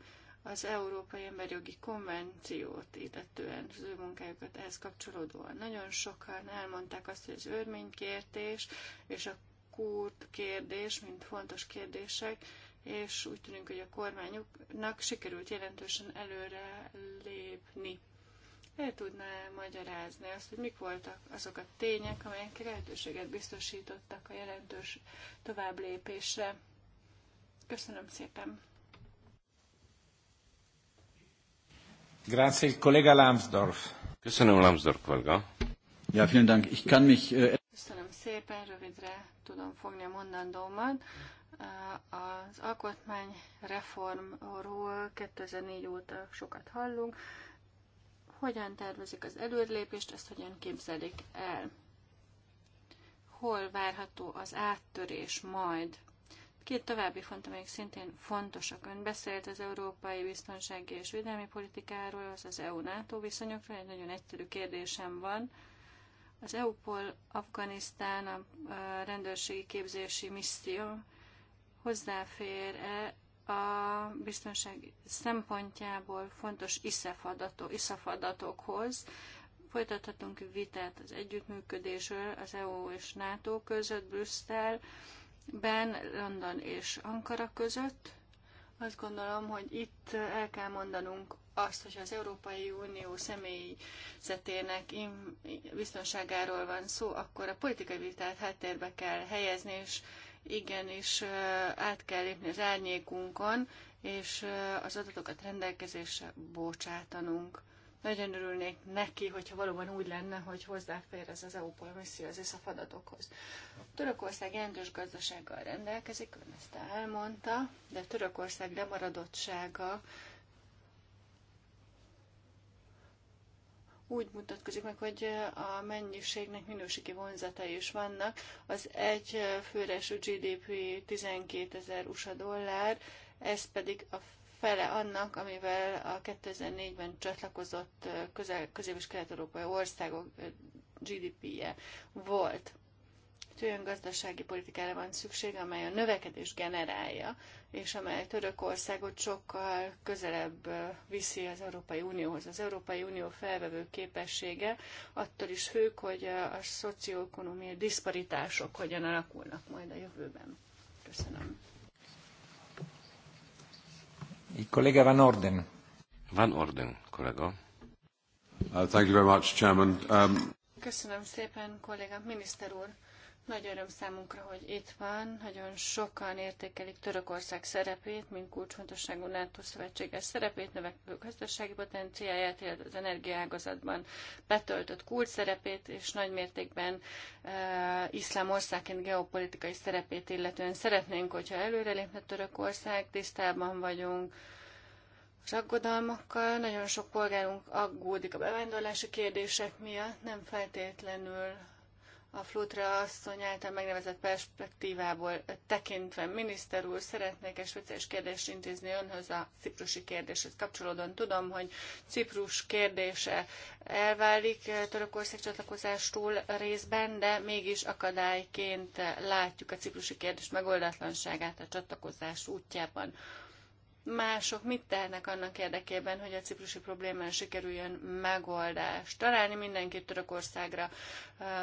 az Európai Emberjogi Konvenciót illetően, az ő munkájukat ehhez kapcsolódóan. Nagyon sokan elmondták azt, hogy az örménykértés és a kurt kérdés, mint fontos kérdések, és úgy tűnik, hogy a kormányoknak sikerült jelentősen előre lépni. El tudná magyarázni azt, hogy mik voltak azok a tények, amelyek lehetőséget biztosítottak a jelentős továbblépésre. Köszönöm szépen! Grazie, il kollega Lambsdorff. Köszönöm, Lambsdorff kollega. Ja, vielen Dank. Ich kann mich... Äh, Köszönöm szépen, rövidre tudom fogni a mondandómat. Az alkotmányreformról 2004 óta sokat hallunk. Hogyan tervezik az előrelépést, ezt hogyan képzelik el? Hol várható az áttörés majd? Két további font, amelyek szintén fontosak. Ön beszélt az európai biztonsági és védelmi politikáról, az az EU-NATO viszonyokról. Egy nagyon egyszerű kérdésem van. Az EU-pol Afganisztán a rendőrségi képzési misszió hozzáfér-e a biztonság szempontjából fontos iszafadatokhoz adatokhoz. Folytathatunk vitát az együttműködésről az EU és NATO között Brüsszel Ben, London és Ankara között. Azt gondolom, hogy itt el kell mondanunk azt, hogy az Európai Unió személyzetének biztonságáról van szó, akkor a politikai vitát háttérbe kell helyezni, és igenis át kell lépni az árnyékunkon, és az adatokat rendelkezésre bocsátanunk. Nagyon örülnék neki, hogyha valóban úgy lenne, hogy hozzáfér ez az EU-ból az a adatokhoz. Törökország jelentős gazdasággal rendelkezik, ön ezt elmondta, de Törökország lemaradottsága úgy mutatkozik meg, hogy a mennyiségnek minőségi vonzatai is vannak. Az egy főresű GDP 12 ezer USA dollár, ez pedig a fele annak, amivel a 2004-ben csatlakozott közel, közép- és kelet-európai országok GDP-je volt. Egy olyan gazdasági politikára van szükség, amely a növekedés generálja, és amely Törökországot sokkal közelebb viszi az Európai Unióhoz. Az Európai Unió felvevő képessége attól is függ, hogy a szocioekonomiai diszparitások hogyan alakulnak majd a jövőben. Köszönöm. Il Van Orden. Van Orden, kollega. Uh, thank you very much, Chairman. Um... Köszönöm szépen, kolléga, miniszter úr. Nagy öröm számunkra, hogy itt van. Nagyon sokan értékelik Törökország szerepét, mint kulcsfontosságú NATO szövetséges szerepét, növekvő gazdasági potenciáját, illetve az energiágazatban betöltött kulcs szerepét, és nagy mértékben e, iszlám országként geopolitikai szerepét illetően szeretnénk, hogyha előrelépne Törökország, tisztában vagyunk, az aggodalmakkal. Nagyon sok polgárunk aggódik a bevándorlási kérdések miatt, nem feltétlenül a Flutra asszony által megnevezett perspektívából tekintve, miniszter úr, szeretnék egy speciális kérdést intézni önhöz a ciprusi kérdéshez kapcsolódóan. Tudom, hogy Ciprus kérdése elválik eh, Törökország csatlakozástól részben, de mégis akadályként eh, látjuk a ciprusi kérdés megoldatlanságát a csatlakozás útjában mások mit tehetnek annak érdekében, hogy a ciprusi problémán sikerüljön megoldást találni. Mindenki Törökországra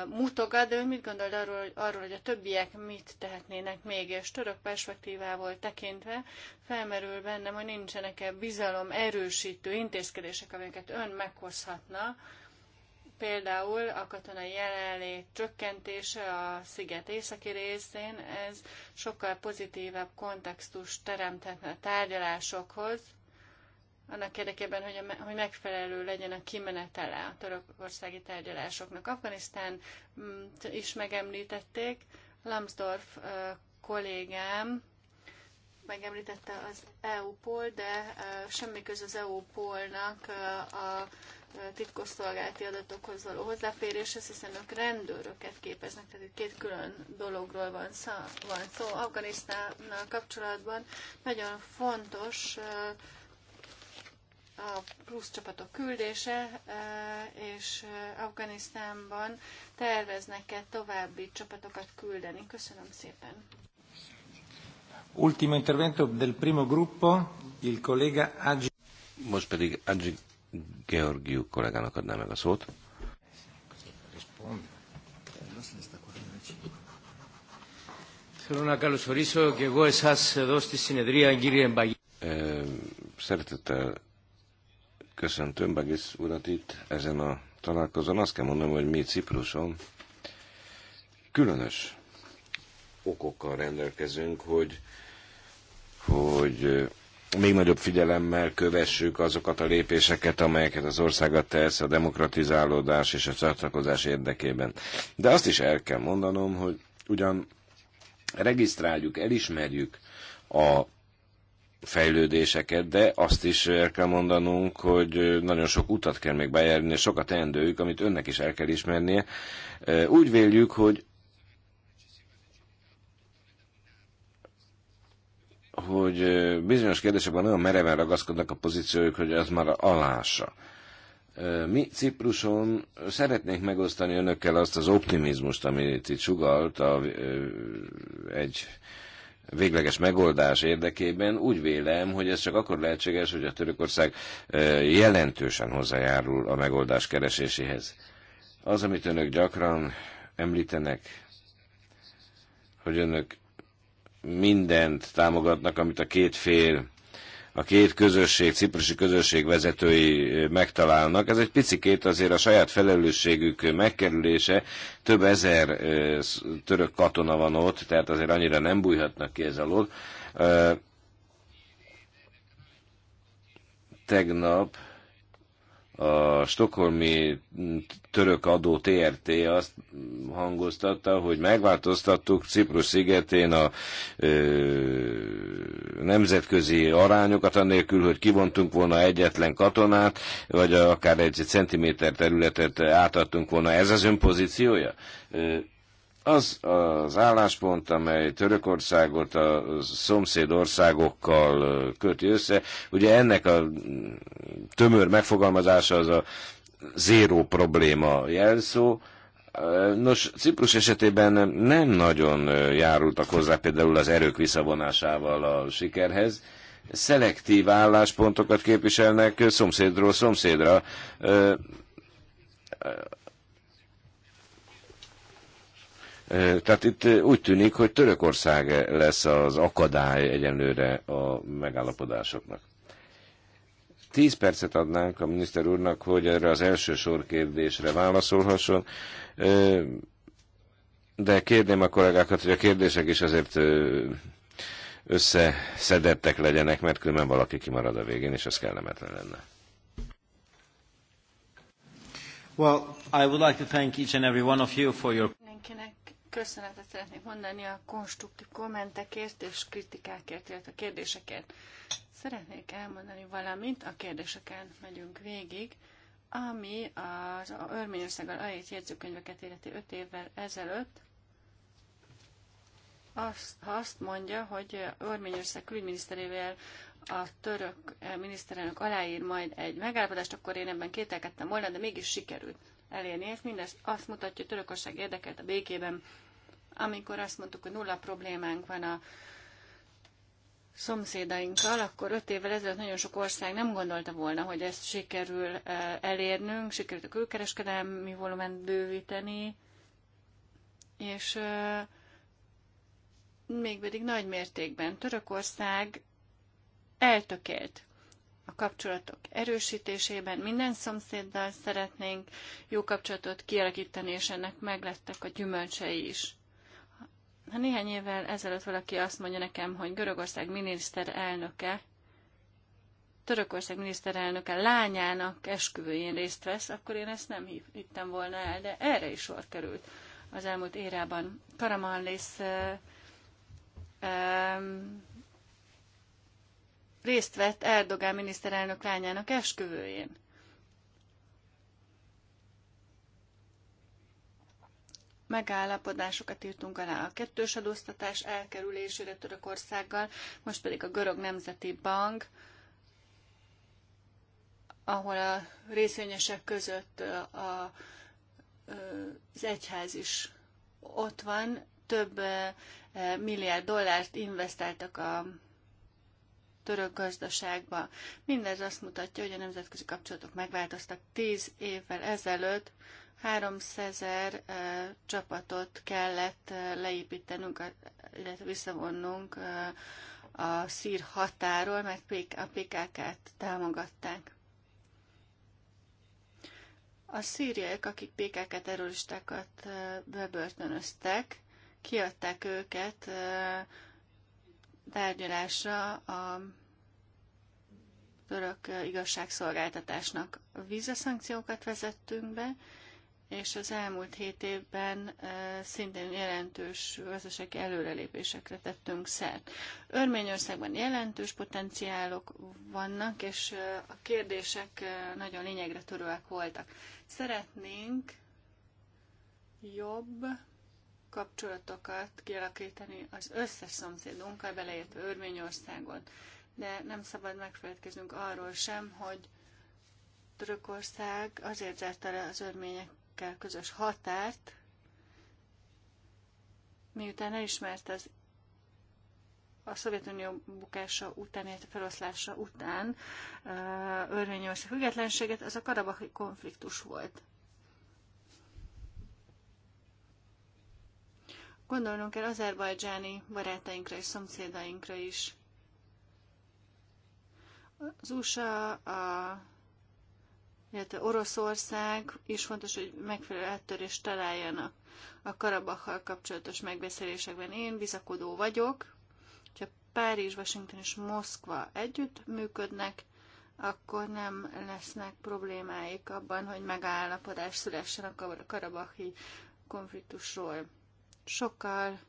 mutogat, de ő mit gondol arról, arról, hogy a többiek mit tehetnének még, és török perspektívával tekintve felmerül bennem, hogy nincsenek-e bizalom erősítő intézkedések, amelyeket ön meghozhatna, Például a katonai jelenlét csökkentése a sziget északi részén, ez sokkal pozitívebb kontextus teremthetne a tárgyalásokhoz, annak érdekében, hogy, a, hogy megfelelő legyen a kimenetele a törökországi tárgyalásoknak. Afganisztán mm, is megemlítették, Lambsdorff kollégám megemlítette az eu pól de semmi köz az EU-polnak a titkosszolgálati adatokhoz való hozzáféréshez, hiszen ők rendőröket képeznek, tehát itt két külön dologról van szó. Van szó. Afganisztánnal kapcsolatban nagyon fontos a plusz csapatok küldése, és Afganisztánban terveznek-e további csapatokat küldeni. Köszönöm szépen. Ultimo intervento del primo gruppo, il collega Agi. Most pedig Agi Georgiú kollégának adná meg a szót. Szeretettel köszöntöm Bagis urat itt ezen a találkozón. Azt kell mondanom, hogy mi Cipruson különös okokkal rendelkezünk, hogy, hogy még nagyobb figyelemmel kövessük azokat a lépéseket, amelyeket az országa tesz a demokratizálódás és a csatlakozás érdekében. De azt is el kell mondanom, hogy ugyan regisztráljuk, elismerjük a fejlődéseket, de azt is el kell mondanunk, hogy nagyon sok utat kell még bejárni, és sokat teendőjük, amit önnek is el kell ismernie. Úgy véljük, hogy hogy bizonyos kérdésekben nagyon mereven ragaszkodnak a pozíciójuk, hogy ez már alása. Mi Cipruson szeretnénk megosztani önökkel azt az optimizmust, amit itt sugalt a, egy végleges megoldás érdekében. Úgy vélem, hogy ez csak akkor lehetséges, hogy a Törökország jelentősen hozzájárul a megoldás kereséséhez. Az, amit önök gyakran említenek, hogy önök mindent támogatnak, amit a két fél, a két közösség, ciprusi közösség vezetői eh, megtalálnak. Ez egy picikét azért a saját felelősségük eh, megkerülése. Több ezer eh, török katona van ott, tehát azért annyira nem bújhatnak ki ez alól. Tegnap a stokholmi mm, török adó TRT azt hangoztatta, hogy megváltoztattuk Ciprus szigetén a ö, nemzetközi arányokat, annélkül, hogy kivontunk volna egyetlen katonát, vagy akár egy centiméter területet átadtunk volna. Ez az ön pozíciója? az az álláspont, amely Törökországot a szomszéd országokkal köti össze, ugye ennek a tömör megfogalmazása az a zéró probléma jelszó, Nos, Ciprus esetében nem nagyon járultak hozzá például az erők visszavonásával a sikerhez. Szelektív álláspontokat képviselnek szomszédról szomszédra Tehát itt úgy tűnik, hogy Törökország lesz az akadály egyenlőre a megállapodásoknak. Tíz percet adnánk a miniszter úrnak, hogy erre az első sor kérdésre válaszolhasson, de kérném a kollégákat, hogy a kérdések is azért összeszedettek legyenek, mert különben valaki kimarad a végén, és az kellemetlen lenne. Well, I would like to thank each and every one of you for your... Mindenkinek köszönetet szeretnék mondani a konstruktív kommentekért és kritikákért, illetve a kérdésekért. Szeretnék elmondani valamit, a kérdéseken megyünk végig, ami az Örményországgal aláírt jegyzőkönyveket életi 5 évvel ezelőtt, azt, azt mondja, hogy Örményország külügyminiszterével a török miniszterelnök aláír majd egy megállapodást, akkor én ebben kételkedtem volna, de mégis sikerült elérni. És mindez azt mutatja, hogy Törökország érdekelt a békében, amikor azt mondtuk, hogy nulla problémánk van a szomszédainkkal, akkor öt évvel ezelőtt nagyon sok ország nem gondolta volna, hogy ezt sikerül eh, elérnünk, sikerült a külkereskedelmi volument bővíteni, és eh, mégpedig nagy mértékben Törökország eltökélt a kapcsolatok erősítésében, minden szomszéddal szeretnénk jó kapcsolatot kialakítani, és ennek meglettek a gyümölcsei is. Ha néhány évvel ezelőtt valaki azt mondja nekem, hogy Görögország miniszterelnöke, Törökország miniszterelnöke lányának esküvőjén részt vesz, akkor én ezt nem hittem volna el, de erre is sor került az elmúlt érában. Karamanlis um, részt vett Erdogán miniszterelnök lányának esküvőjén. megállapodásokat írtunk alá a kettős adóztatás elkerülésére Törökországgal, most pedig a Görög Nemzeti Bank, ahol a részvényesek között a, az egyház is ott van, több eh, milliárd dollárt investáltak a török gazdaságba. Mindez azt mutatja, hogy a nemzetközi kapcsolatok megváltoztak. Tíz évvel ezelőtt 300 ezer eh, csapatot kellett eh, leépítenünk, illetve visszavonnunk eh, a szír határól, mert a PKK-t támogatták. A szíriek, akik PKK terroristákat bebörtönöztek, kiadták őket tárgyalásra a török igazságszolgáltatásnak vízaszankciókat vezettünk be, és az elmúlt hét évben szintén jelentős gazdasági előrelépésekre tettünk szert. Örményországban jelentős potenciálok vannak, és a kérdések nagyon lényegre törőek voltak. Szeretnénk jobb kapcsolatokat kialakítani az összes szomszédunkkal, beleértve Örményországot. De nem szabad megfelelkeznünk arról sem, hogy Törökország azért zárta le az örményekkel közös határt, miután elismerte az a Szovjetunió bukása után, illetve feloszlása után Örményország függetlenséget, az a karabahi konfliktus volt. Gondolnunk kell azerbajdzsáni barátainkra és szomszédainkra is. Az USA, a, illetve Oroszország is fontos, hogy megfelelő áttörést találjanak a Karabakkal kapcsolatos megbeszélésekben. Én bizakodó vagyok, hogyha Párizs, Washington és Moszkva együtt működnek, akkor nem lesznek problémáik abban, hogy megállapodás szülessen a karabahi konfliktusról sokkal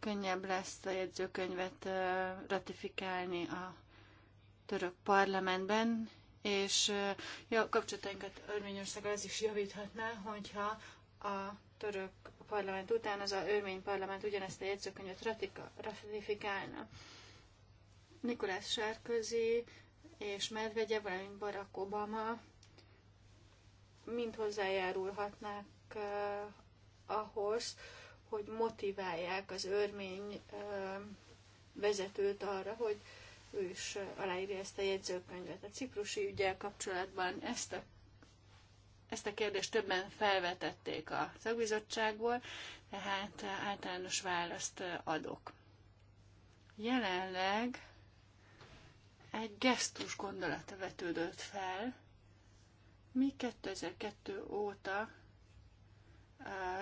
könnyebb lesz a jegyzőkönyvet ratifikálni a török parlamentben, és ja, kapcsolatainkat örményország az is javíthatná, hogyha a török parlament után az a örmény parlament ugyanezt a jegyzőkönyvet ratifikálna. Nikolás Sárközi és Medvegye, valamint Barack Obama mind hozzájárulhatnák ahhoz, hogy motiválják az örmény vezetőt arra, hogy ő is aláírja ezt a jegyzőkönyvet. A ciprusi ügyel kapcsolatban ezt a, ezt a kérdést többen felvetették a szakbizottságból, tehát általános választ adok. Jelenleg egy gesztus gondolata vetődött fel, mi 2002 óta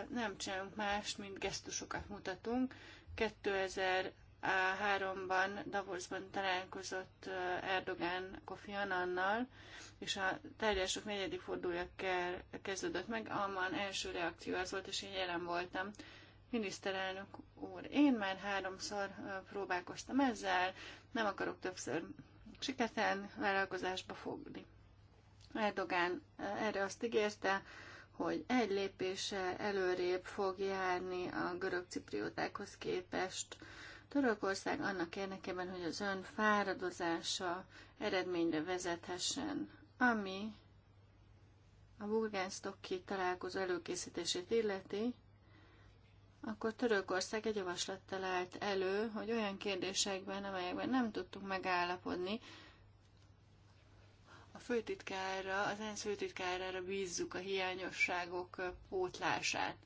nem csinálunk más, mint gesztusokat mutatunk. 2003-ban Davosban találkozott Erdogán Kofi Annannal, és a tárgyalások negyedik fordulja kezdődött meg. Alman első reakció az volt, és én jelen voltam. Miniszterelnök úr, én már háromszor próbálkoztam ezzel, nem akarok többször siketen vállalkozásba fogni. Erdogán erre azt ígérte, hogy egy lépéssel előrébb fog járni a görög cipriótákhoz képest. Törökország annak érdekében, hogy az ön fáradozása eredményre vezethessen, ami a Burgánsztokki találkozó előkészítését illeti, akkor Törökország egy javaslattal állt elő, hogy olyan kérdésekben, amelyekben nem tudtuk megállapodni, a főtitkára, az ENSZ főtitkárára bízzuk a hiányosságok pótlását.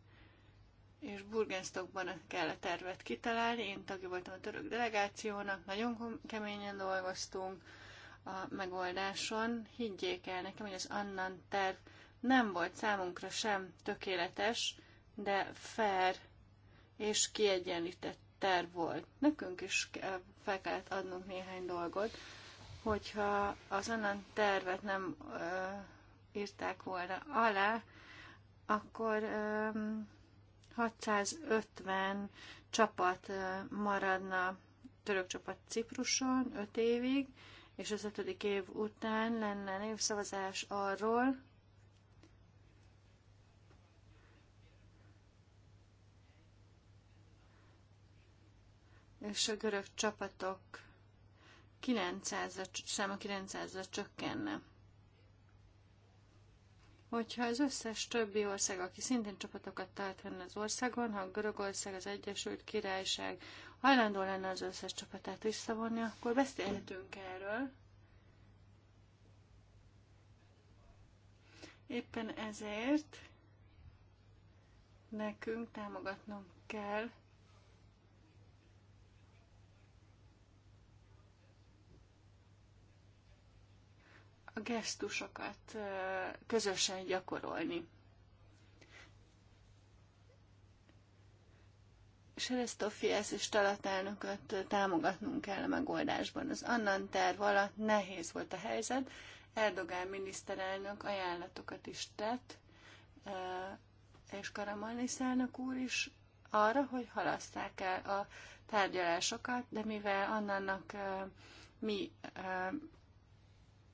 És Burgenstockban kell a tervet kitalálni, én tagja voltam a török delegációnak, nagyon keményen dolgoztunk a megoldáson. Higgyék el nekem, hogy az Annan terv nem volt számunkra sem tökéletes, de fair és kiegyenlített terv volt. Nekünk is fel kellett adnunk néhány dolgot, hogyha az onnan tervet nem ö, írták volna alá, akkor ö, 650 csapat ö, maradna török csapat Cipruson 5 évig, és az ötödik év után lenne névszavazás arról, és a görög csapatok 900-ra, száma 900-ra csökkenne. Hogyha az összes többi ország, aki szintén csapatokat tart fenn az országon, ha Görögország, az Egyesült Királyság hajlandó lenne az összes csapatát visszavonni, akkor beszélhetünk erről. Éppen ezért nekünk támogatnunk kell a gesztusokat közösen gyakorolni. Serestofiász és talatánokat támogatnunk kell a megoldásban. Az Annan terv alatt nehéz volt a helyzet. Erdogán miniszterelnök ajánlatokat is tett, és Karamanis elnök úr is arra, hogy halasszák el a tárgyalásokat, de mivel Annannak mi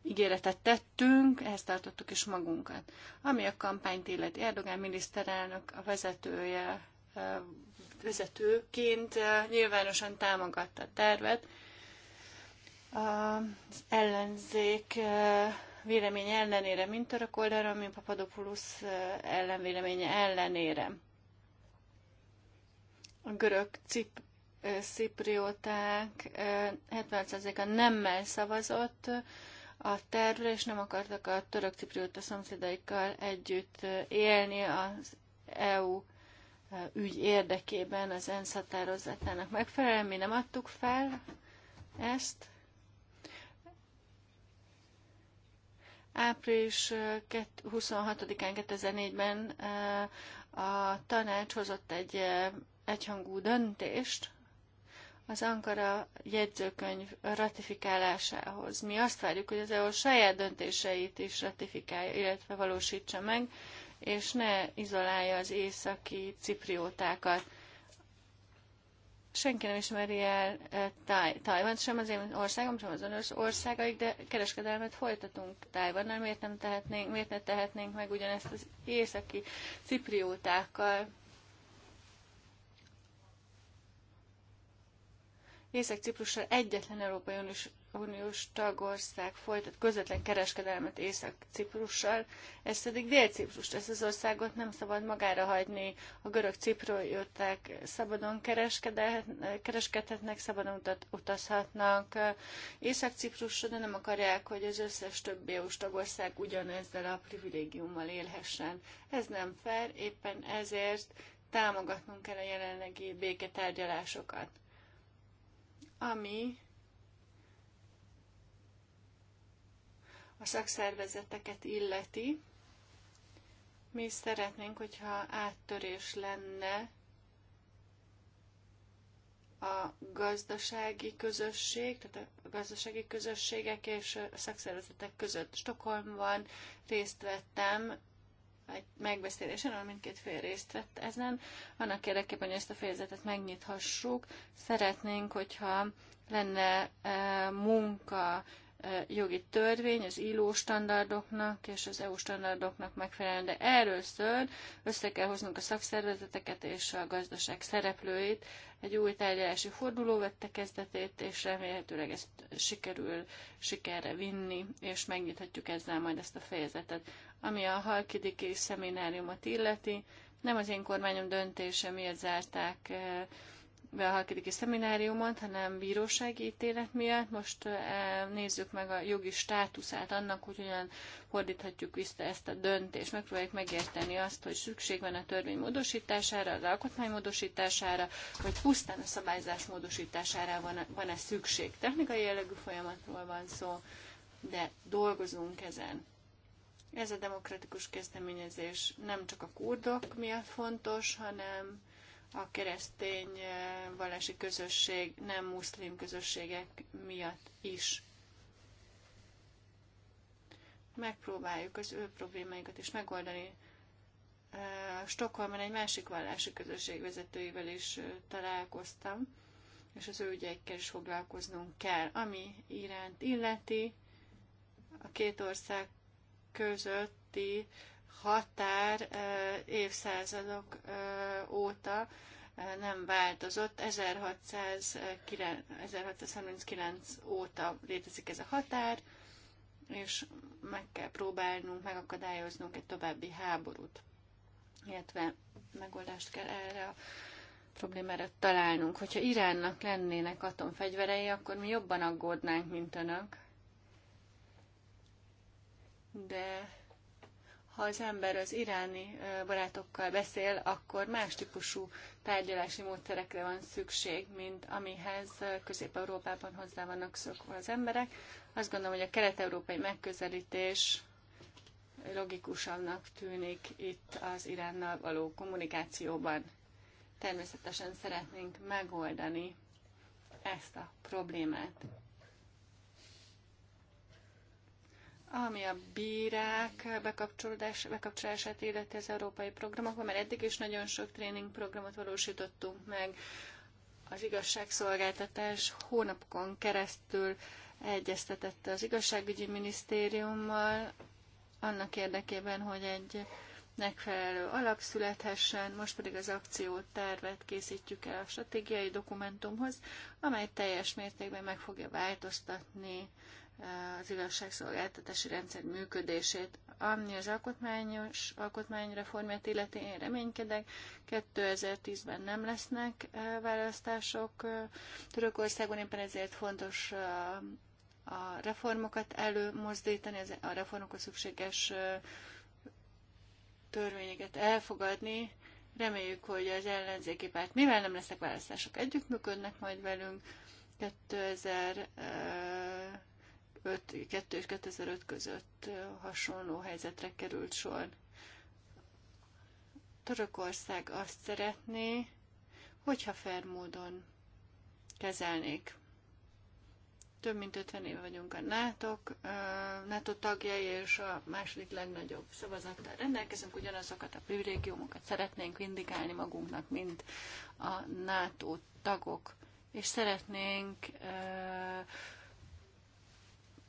ígéretet tettünk, ehhez tartottuk is magunkat. Ami a kampányt illeti, Erdogán miniszterelnök a vezetője, vezetőként nyilvánosan támogatta a tervet. Az ellenzék vélemény ellenére, mint a oldalra, mint Papadopoulos ellenvéleménye ellenére. A görög cip, sziprióták 70%-a nemmel szavazott, a tervre, és nem akartak a török a szomszédaikkal együtt élni az EU ügy érdekében az ENSZ határozatának megfelelően. Mi nem adtuk fel ezt. Április 26-án 2004-ben a tanács hozott egy egyhangú döntést, az Ankara jegyzőkönyv ratifikálásához. Mi azt várjuk, hogy az EU saját döntéseit is ratifikálja, illetve valósítsa meg, és ne izolálja az északi cipriótákat. Senki nem ismeri el eh, Tajvant, sem az én országom, sem az önös országaik, de kereskedelmet folytatunk Tajvannal. Miért nem tehetnénk, miért ne tehetnénk meg ugyanezt az északi cipriótákkal? Észak-Ciprussal egyetlen Európai Uniós, Uniós tagország folytat közvetlen kereskedelmet Észak-Ciprussal, ez pedig Dél-Ciprust, ezt az országot nem szabad magára hagyni. A görög ciprióták szabadon kereskedhetnek, szabadon utat, utazhatnak Észak-Ciprusra, de nem akarják, hogy az összes többi EU-s tagország ugyanezzel a privilégiummal élhessen. Ez nem fair, éppen ezért támogatnunk kell a jelenlegi béketárgyalásokat ami a szakszervezeteket illeti. Mi szeretnénk, hogyha áttörés lenne a gazdasági közösség, tehát a gazdasági közösségek és a szakszervezetek között. Stockholmban részt vettem egy megbeszélésen, ahol mindkét fél részt vett ezen. Annak érdekében, hogy ezt a fejezetet megnyithassuk, szeretnénk, hogyha lenne eh, munka jogi törvény az ILO standardoknak és az EU standardoknak megfelelően, de először össze kell hoznunk a szakszervezeteket és a gazdaság szereplőit. Egy új tárgyalási forduló vette kezdetét, és remélhetőleg ezt sikerül sikerre vinni, és megnyithatjuk ezzel majd ezt a fejezetet. Ami a Halkidiki szemináriumot illeti, nem az én kormányom döntése miért zárták be a hakidiki szemináriumon, hanem bírósági ítélet miatt. Most e, nézzük meg a jogi státuszát annak, hogy hogyan fordíthatjuk vissza ezt a döntést. Megpróbáljuk megérteni azt, hogy szükség van a törvény módosítására, az alkotmány módosítására, vagy pusztán a szabályzás módosítására van-e szükség. Technikai jellegű folyamatról van szó, de dolgozunk ezen. Ez a demokratikus kezdeményezés nem csak a kurdok miatt fontos, hanem a keresztény eh, vallási közösség, nem muszlim közösségek miatt is. Megpróbáljuk az ő problémáikat is megoldani. Eh, Stockholmban egy másik vallási közösség vezetőivel is eh, találkoztam, és az ő ügyeikkel is foglalkoznunk kell. Ami iránt illeti, a két ország közötti határ évszázadok óta nem változott. 1639 óta létezik ez a határ, és meg kell próbálnunk megakadályoznunk egy további háborút, illetve megoldást kell erre a problémára találnunk. Hogyha Iránnak lennének atomfegyverei, akkor mi jobban aggódnánk, mint önök. De ha az ember az iráni barátokkal beszél, akkor más típusú tárgyalási módszerekre van szükség, mint amihez Közép-Európában hozzá vannak szokva az emberek. Azt gondolom, hogy a kelet-európai megközelítés logikusabbnak tűnik itt az Iránnal való kommunikációban. Természetesen szeretnénk megoldani ezt a problémát. Ami a bírák bekapcsolódás, bekapcsolását illeti az európai programokban, mert eddig is nagyon sok tréningprogramot valósítottunk meg, az igazságszolgáltatás hónapokon keresztül egyeztetette az igazságügyi minisztériummal annak érdekében, hogy egy megfelelő alap születhessen, most pedig az akciót tervet készítjük el a stratégiai dokumentumhoz, amely teljes mértékben meg fogja változtatni az igazságszolgáltatási rendszer működését. Ami az alkotmányos alkotmányreformját illeti, én reménykedek, 2010-ben nem lesznek választások Törökországon, éppen ezért fontos a reformokat előmozdítani, a reformokhoz szükséges törvényeket elfogadni. Reméljük, hogy az ellenzéki párt, mivel nem lesznek választások, együttműködnek majd velünk. 2000 2002 és 2005 között hasonló helyzetre került sor. Törökország azt szeretné, hogyha fair módon kezelnék. Több mint 50 év vagyunk a NATO, NATO tagjai, és a második legnagyobb szavazattal rendelkezünk, ugyanazokat a privilégiumokat szeretnénk vindikálni magunknak, mint a NATO tagok, és szeretnénk uh,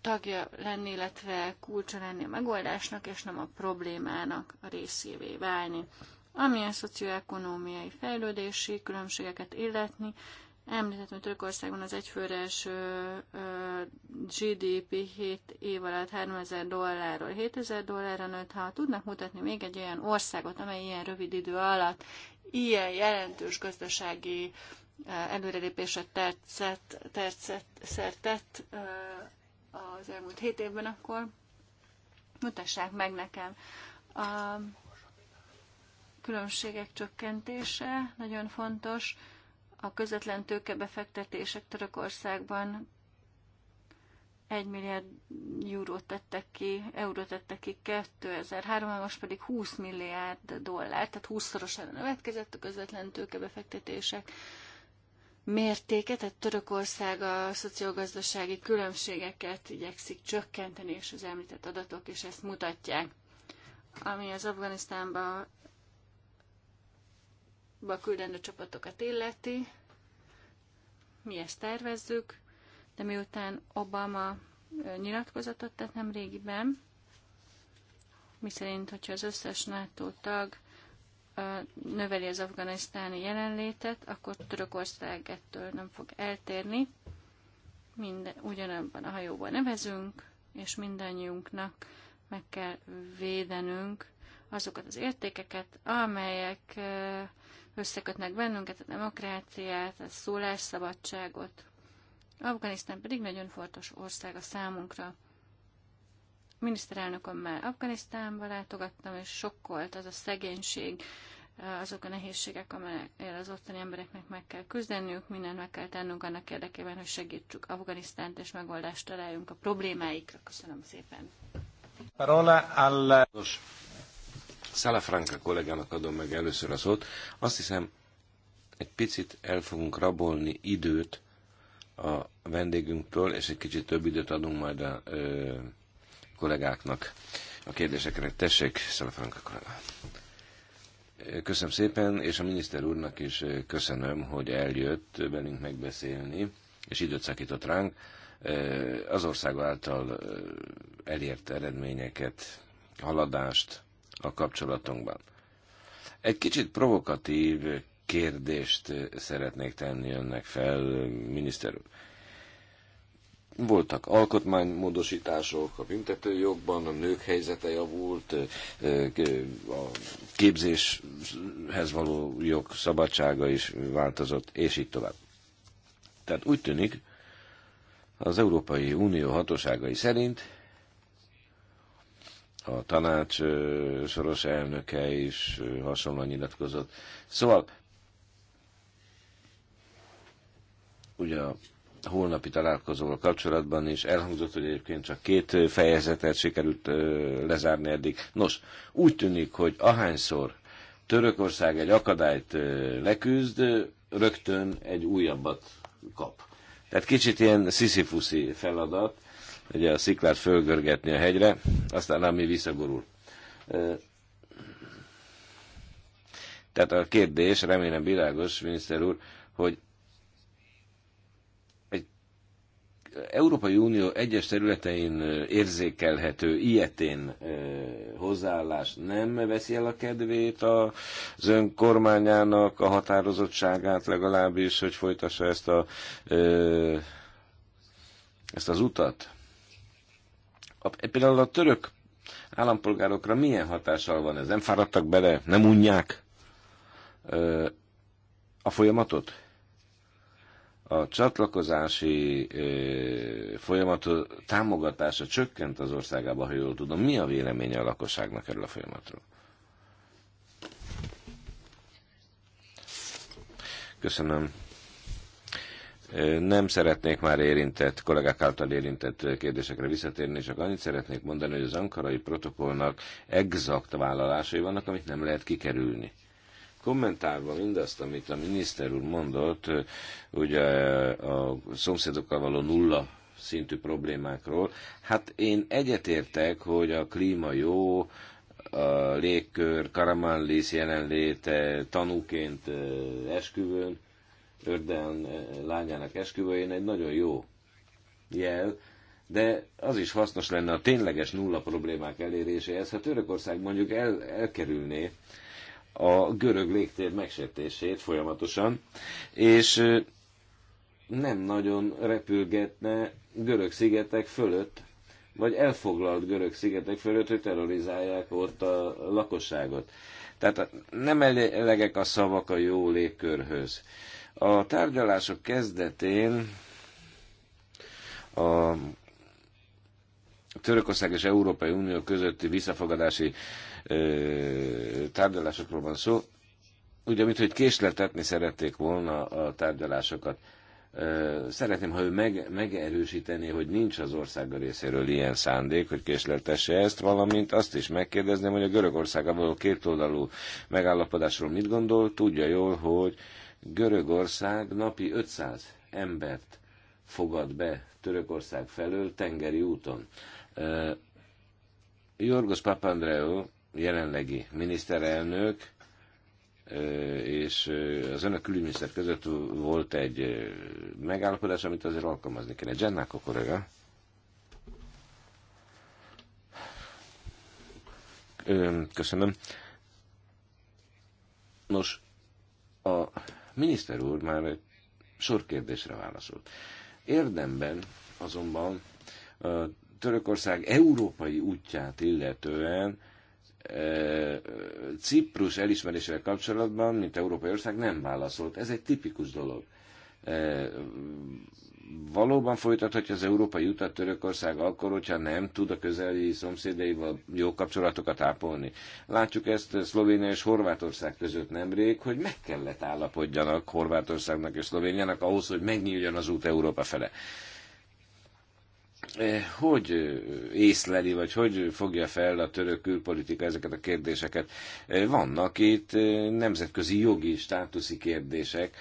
tagja lenni, illetve kulcsa lenni a megoldásnak, és nem a problémának a részévé válni. Ami a szocioekonómiai fejlődési különbségeket illetni, említettem, hogy Törökországban az egyfőres GDP 7 év alatt 3000 dollárról 7000 dollárra nőtt. Ha tudnak mutatni még egy olyan országot, amely ilyen rövid idő alatt ilyen jelentős gazdasági előrelépésre tetszett, tetszett, szertett, az elmúlt hét évben, akkor mutassák meg nekem. A különbségek csökkentése nagyon fontos. A közvetlen tőkebefektetések Törökországban 1 milliárd eurót tettek ki, eurót tettek ki 2003-ban, most pedig 20 milliárd dollár, tehát 20-szorosára növekedett a közvetlen tőkebefektetések. befektetések mértéke, tehát Törökország a szociogazdasági különbségeket igyekszik csökkenteni, és az említett adatok is ezt mutatják. Ami az Afganisztánba küldendő csapatokat illeti, mi ezt tervezzük, de miután Obama nyilatkozatot tett nem régiben, miszerint, hogyha az összes NATO tag növeli az afganisztáni jelenlétet, akkor Törökország ettől nem fog eltérni. Minden, ugyanabban a hajóban nevezünk, és mindannyiunknak meg kell védenünk azokat az értékeket, amelyek összekötnek bennünket, a demokráciát, a szólásszabadságot. Afganisztán pedig nagyon fontos ország a számunkra miniszterelnökömmel Afganisztánba látogattam, és sokkolt az a szegénység, azok a nehézségek, amelyek az ottani embereknek meg kell küzdeniük, mindent meg kell tennünk annak érdekében, hogy segítsük Afganisztánt, és megoldást találjunk a problémáikra. Köszönöm szépen. Parola al Szala Franka kollégának adom meg először a szót. Azt hiszem, egy picit el fogunk rabolni időt a vendégünktől, és egy kicsit több időt adunk majd a ö, kollégáknak a kérdésekre. Tessék, Szelefranka kollégá. Köszönöm szépen, és a miniszter úrnak is köszönöm, hogy eljött velünk megbeszélni, és időt szakított ránk. Az ország által elért eredményeket, haladást a kapcsolatunkban. Egy kicsit provokatív kérdést szeretnék tenni önnek fel, miniszter úr voltak alkotmánymódosítások a büntetőjogban, a nők helyzete javult, a képzéshez való jog szabadsága is változott, és így tovább. Tehát úgy tűnik, az Európai Unió hatóságai szerint a tanács soros elnöke is hasonlóan nyilatkozott. Szóval, ugye holnapi találkozóval kapcsolatban is elhangzott, hogy egyébként csak két fejezetet sikerült lezárni eddig. Nos, úgy tűnik, hogy ahányszor Törökország egy akadályt leküzd, rögtön egy újabbat kap. Tehát kicsit ilyen sziszifuszi feladat, ugye a sziklát fölgörgetni a hegyre, aztán ami visszagorul. Tehát a kérdés, remélem világos, miniszter úr, hogy Európai Unió egyes területein érzékelhető ilyetén hozzáállás nem veszi el a kedvét az önkormányának, a határozottságát legalábbis, hogy folytassa ezt, a, ezt az utat? A, e, például a török állampolgárokra milyen hatással van ez? Nem fáradtak bele? Nem unják a folyamatot? a csatlakozási folyamat támogatása csökkent az országában, ha jól tudom. Mi a véleménye a lakosságnak erről a folyamatról? Köszönöm. Nem szeretnék már érintett, kollégák által érintett kérdésekre visszatérni, csak annyit szeretnék mondani, hogy az ankarai protokollnak exakt vállalásai vannak, amit nem lehet kikerülni. Kommentálva mindazt, amit a miniszter úr mondott, ugye a szomszédokkal való nulla szintű problémákról, hát én egyetértek, hogy a klíma jó, a légkör, Karamanlis jelenléte tanúként esküvőn, Ördán lányának esküvőjén egy nagyon jó jel, de az is hasznos lenne a tényleges nulla problémák eléréséhez, ha Törökország mondjuk el, elkerülné a görög légtér megsértését folyamatosan, és nem nagyon repülgetne görög szigetek fölött, vagy elfoglalt görög szigetek fölött, hogy terrorizálják ott a lakosságot. Tehát nem elegek a szavak a jó légkörhöz. A tárgyalások kezdetén a Törökország és Európai Unió közötti visszafogadási tárgyalásokról van szó, ugye, mint hogy késleltetni szerették volna a tárgyalásokat. Szeretném, ha ő meg, megerősítené, hogy nincs az ország részéről ilyen szándék, hogy késleltesse ezt, valamint azt is megkérdezném, hogy a Görögországgal való kétoldalú megállapodásról mit gondol. Tudja jól, hogy Görögország napi 500 embert fogad be Törökország felől tengeri úton. Jorgos Papandreou jelenlegi miniszterelnök és az önök külügyminiszter között volt egy megállapodás, amit azért alkalmazni kéne. a korega. Köszönöm. Nos, a miniszter úr már egy sor kérdésre válaszolt. Érdemben azonban a Törökország európai útját illetően Ciprus elismerésével kapcsolatban, mint Európai Ország nem válaszolt. Ez egy tipikus dolog. E, valóban folytathatja az európai utat Törökország akkor, hogyha nem tud a közeli szomszédaival jó kapcsolatokat ápolni. Látjuk ezt Szlovénia és Horvátország között nemrég, hogy meg kellett állapodjanak Horvátországnak és Szlovéniának ahhoz, hogy megnyíljon az út Európa fele. Eh, hogy eh, észleli, vagy hogy fogja fel a török külpolitika ezeket a kérdéseket. Eh, vannak itt nemzetközi jogi státuszi kérdések.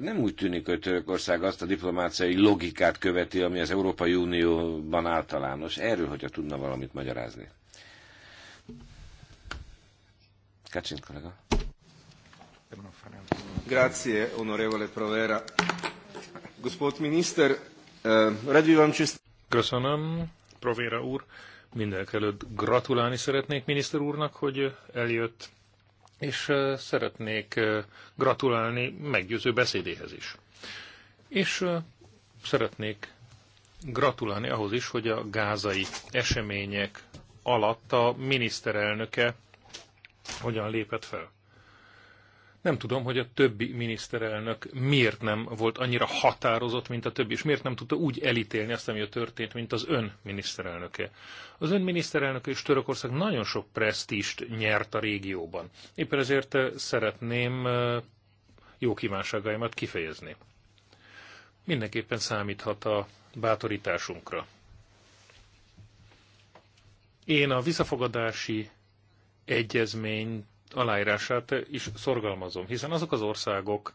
Nem úgy tűnik, hogy Törökország azt a diplomáciai logikát követi, ami az Európai Unióban általános. Erről, hogyha tudna valamit magyarázni. Kacsin kollega. Grazie, onorevole Provera. Gospod minister, Köszönöm, Provéra úr. Mindenek gratulálni szeretnék miniszter úrnak, hogy eljött, és szeretnék gratulálni meggyőző beszédéhez is. És szeretnék gratulálni ahhoz is, hogy a gázai események alatt a miniszterelnöke hogyan lépett fel. Nem tudom, hogy a többi miniszterelnök miért nem volt annyira határozott, mint a többi, és miért nem tudta úgy elítélni azt, ami a történt, mint az ön miniszterelnöke. Az ön miniszterelnöke és Törökország nagyon sok presztíst nyert a régióban. Éppen ezért eh, szeretném eh, jó kívánságaimat kifejezni. Mindenképpen számíthat a bátorításunkra. Én a visszafogadási egyezményt aláírását is szorgalmazom, hiszen azok az országok,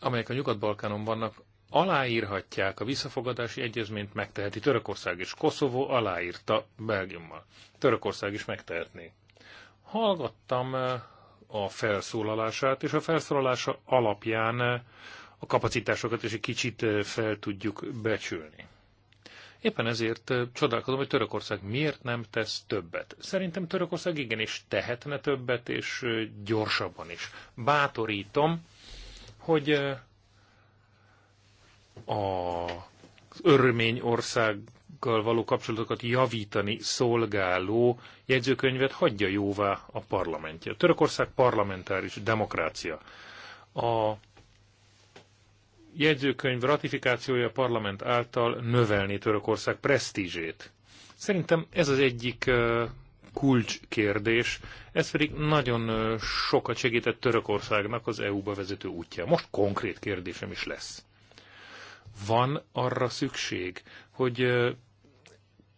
amelyek a Nyugat-Balkánon vannak, aláírhatják a visszafogadási egyezményt, megteheti Törökország is. Koszovó aláírta Belgiummal. Törökország is megtehetné. Hallgattam eh, a felszólalását, és a felszólalása alapján eh, a kapacitásokat is egy kicsit eh, fel tudjuk becsülni. Éppen ezért csodálkozom, hogy Törökország miért nem tesz többet. Szerintem Törökország igenis tehetne többet, és gyorsabban is. Bátorítom, hogy az örmény országgal való kapcsolatokat javítani szolgáló jegyzőkönyvet hagyja jóvá a parlamentje. Törökország parlamentáris demokrácia. A jegyzőkönyv ratifikációja a parlament által növelni Törökország presztízsét. Szerintem ez az egyik kulcskérdés, ez pedig nagyon sokat segített Törökországnak az EU-ba vezető útja. Most konkrét kérdésem is lesz. Van arra szükség, hogy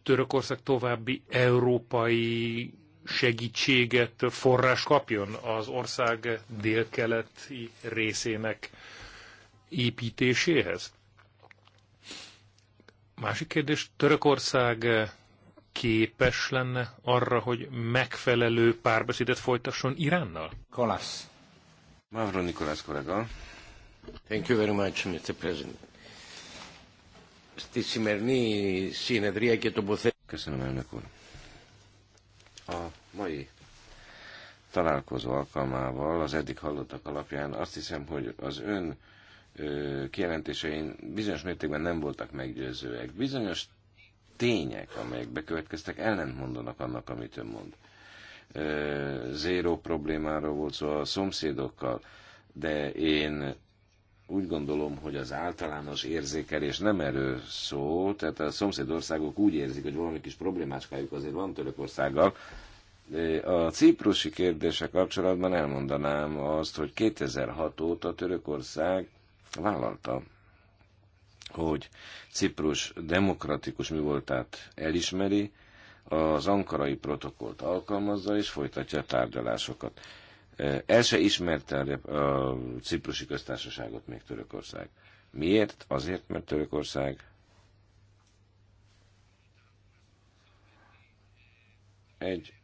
Törökország további európai segítséget, forrás kapjon az ország délkeleti részének építéséhez? Másik kérdés, Törökország képes lenne arra, hogy megfelelő párbeszédet folytasson Iránnal? Kalasz. Mavro Nikolász kollega. Thank you very much, Mr. President. Köszönöm, elnök úr. A mai találkozó alkalmával az eddig hallottak alapján azt hiszem, hogy az ön kijelentésein bizonyos mértékben nem voltak meggyőzőek. Bizonyos tények, amelyek bekövetkeztek, ellentmondanak annak, amit ön mond. Zéró problémáról volt szó a szomszédokkal, de én úgy gondolom, hogy az általános érzékelés nem erről szól, tehát a szomszédországok úgy érzik, hogy valami kis problémáskájuk azért van Törökországgal. A ciprusi kérdése kapcsolatban elmondanám azt, hogy 2006 óta Törökország vállalta, hogy Ciprus demokratikus mi voltát elismeri, az ankarai protokollt alkalmazza és folytatja a tárgyalásokat. El se ismerte a ciprusi köztársaságot még Törökország. Miért? Azért, mert Törökország egy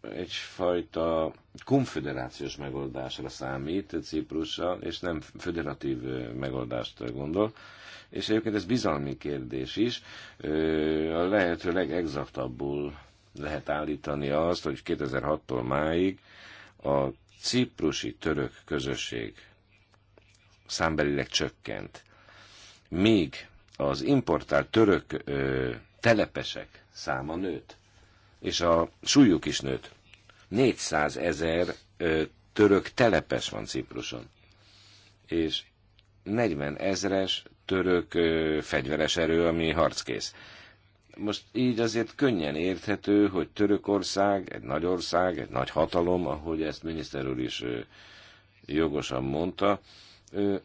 egyfajta konfederációs megoldásra számít Ciprussal, és nem föderatív megoldást gondol. És egyébként ez bizalmi kérdés is. A lehető legexaktabbul lehet állítani azt, hogy 2006-tól máig a ciprusi török közösség számbelileg csökkent. Míg az importált török ö, telepesek száma nőtt és a súlyuk is nőtt. 400 ezer török telepes van Cipruson, és 40 ezres török ö, fegyveres erő, ami harckész. Most így azért könnyen érthető, hogy Törökország egy nagy ország, egy nagy hatalom, ahogy ezt miniszter úr is ö, jogosan mondta, ö,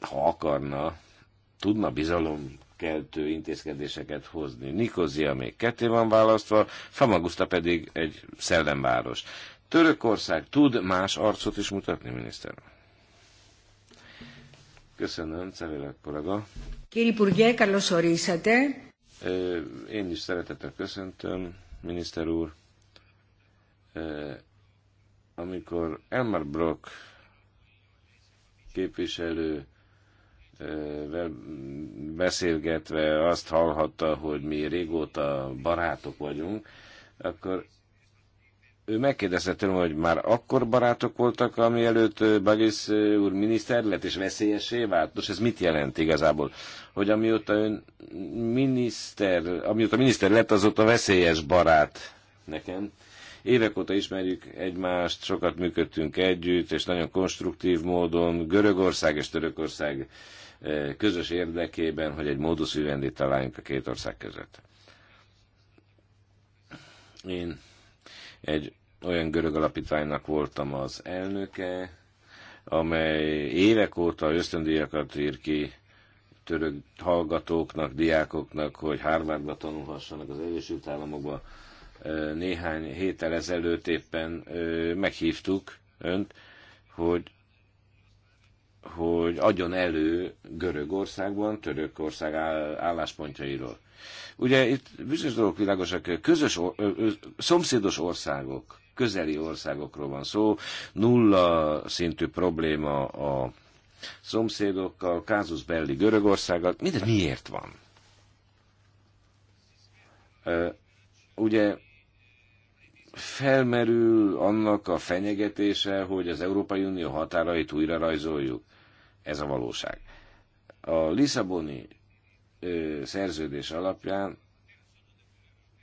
ha akarna, tudna bizalom keltő intézkedéseket hozni. Nikozia még ketté van választva, Famagusta pedig egy szellemváros. Törökország tud más arcot is mutatni, miniszter? Köszönöm, Cevelek Poraga. Kéri Purgé, Carlos Orizate. Én is szeretettel köszöntöm, miniszter úr. Amikor Elmar Brock képviselő beszélgetve azt hallhatta, hogy mi régóta barátok vagyunk, akkor ő megkérdezte tőlem, hogy már akkor barátok voltak, ami előtt Bagis úr miniszter lett, és veszélyesé vált. Nos, ez mit jelent igazából? Hogy amióta ön miniszter, amióta miniszter lett, azóta veszélyes barát nekem. Évek óta ismerjük egymást, sokat működtünk együtt, és nagyon konstruktív módon Görögország és Törökország közös érdekében, hogy egy módusz vivendi találjunk a két ország között. Én egy olyan görög alapítványnak voltam az elnöke, amely évek óta ösztöndíjakat ír ki török hallgatóknak, diákoknak, hogy Harvardba tanulhassanak az Egyesült Államokba. Néhány héttel ezelőtt éppen meghívtuk önt, hogy hogy adjon elő Görögországban Törökország álláspontjairól. Ugye itt bizonyos dolgok világosak, közös, szomszédos országok, közeli országokról van szó, nulla szintű probléma a szomszédokkal, Kázus Belli Görögországgal, mindez miért van? Ugye felmerül annak a fenyegetése, hogy az Európai Unió határait újra rajzoljuk. Ez a valóság. A Lisszaboni ö, szerződés alapján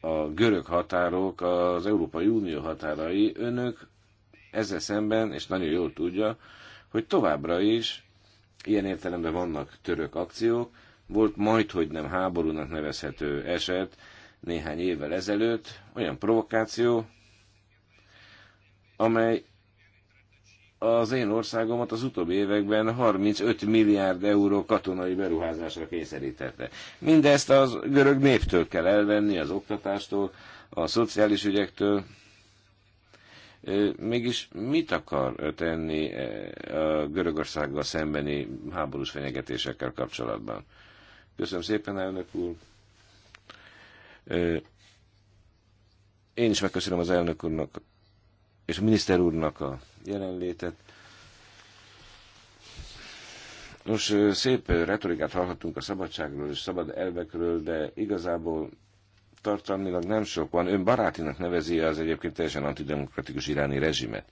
a görög határok, az Európai Unió határai önök ezzel szemben, és nagyon jól tudja, hogy továbbra is ilyen értelemben vannak török akciók. Volt majd, hogy nem háborúnak nevezhető eset néhány évvel ezelőtt, olyan provokáció, amely az én országomat az utóbbi években 35 milliárd euró katonai beruházásra kényszerítette. Mindezt az görög néptől kell elvenni, az oktatástól, a szociális ügyektől. Mégis mit akar tenni a Görögországgal szembeni háborús fenyegetésekkel kapcsolatban? Köszönöm szépen, elnök úr. Én is megköszönöm az elnök úrnak és a miniszter úrnak a jelenlétet. Nos, szép retorikát hallhattunk a szabadságról és szabad elvekről, de igazából tartalmilag nem sok van. Ön barátinak nevezi az egyébként teljesen antidemokratikus iráni rezsimet.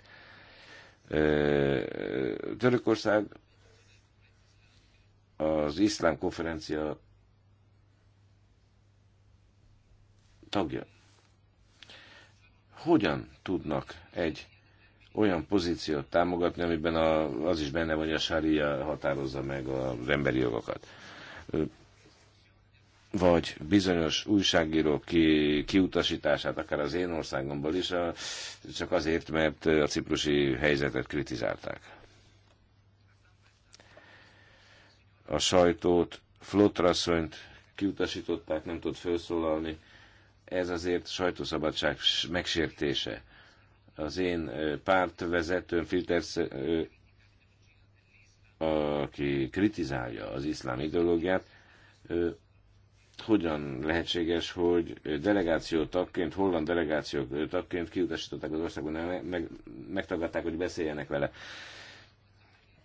Törökország az iszlám konferencia tagja hogyan tudnak egy olyan pozíciót támogatni, amiben a, az is benne van, hogy a sária határozza meg az emberi jogokat. Vagy bizonyos újságírók ki, kiutasítását, akár az én országomból is, a, csak azért, mert a ciprusi helyzetet kritizálták. A sajtót, flotrasszonyt kiutasították, nem tud felszólalni ez azért sajtószabadság megsértése. Az én pártvezetőm, Filters, aki kritizálja az iszlám ideológiát, hogyan lehetséges, hogy delegáció tagként, holland delegáció tagként kiutasították az országban, meg, megtagadták, hogy beszéljenek vele.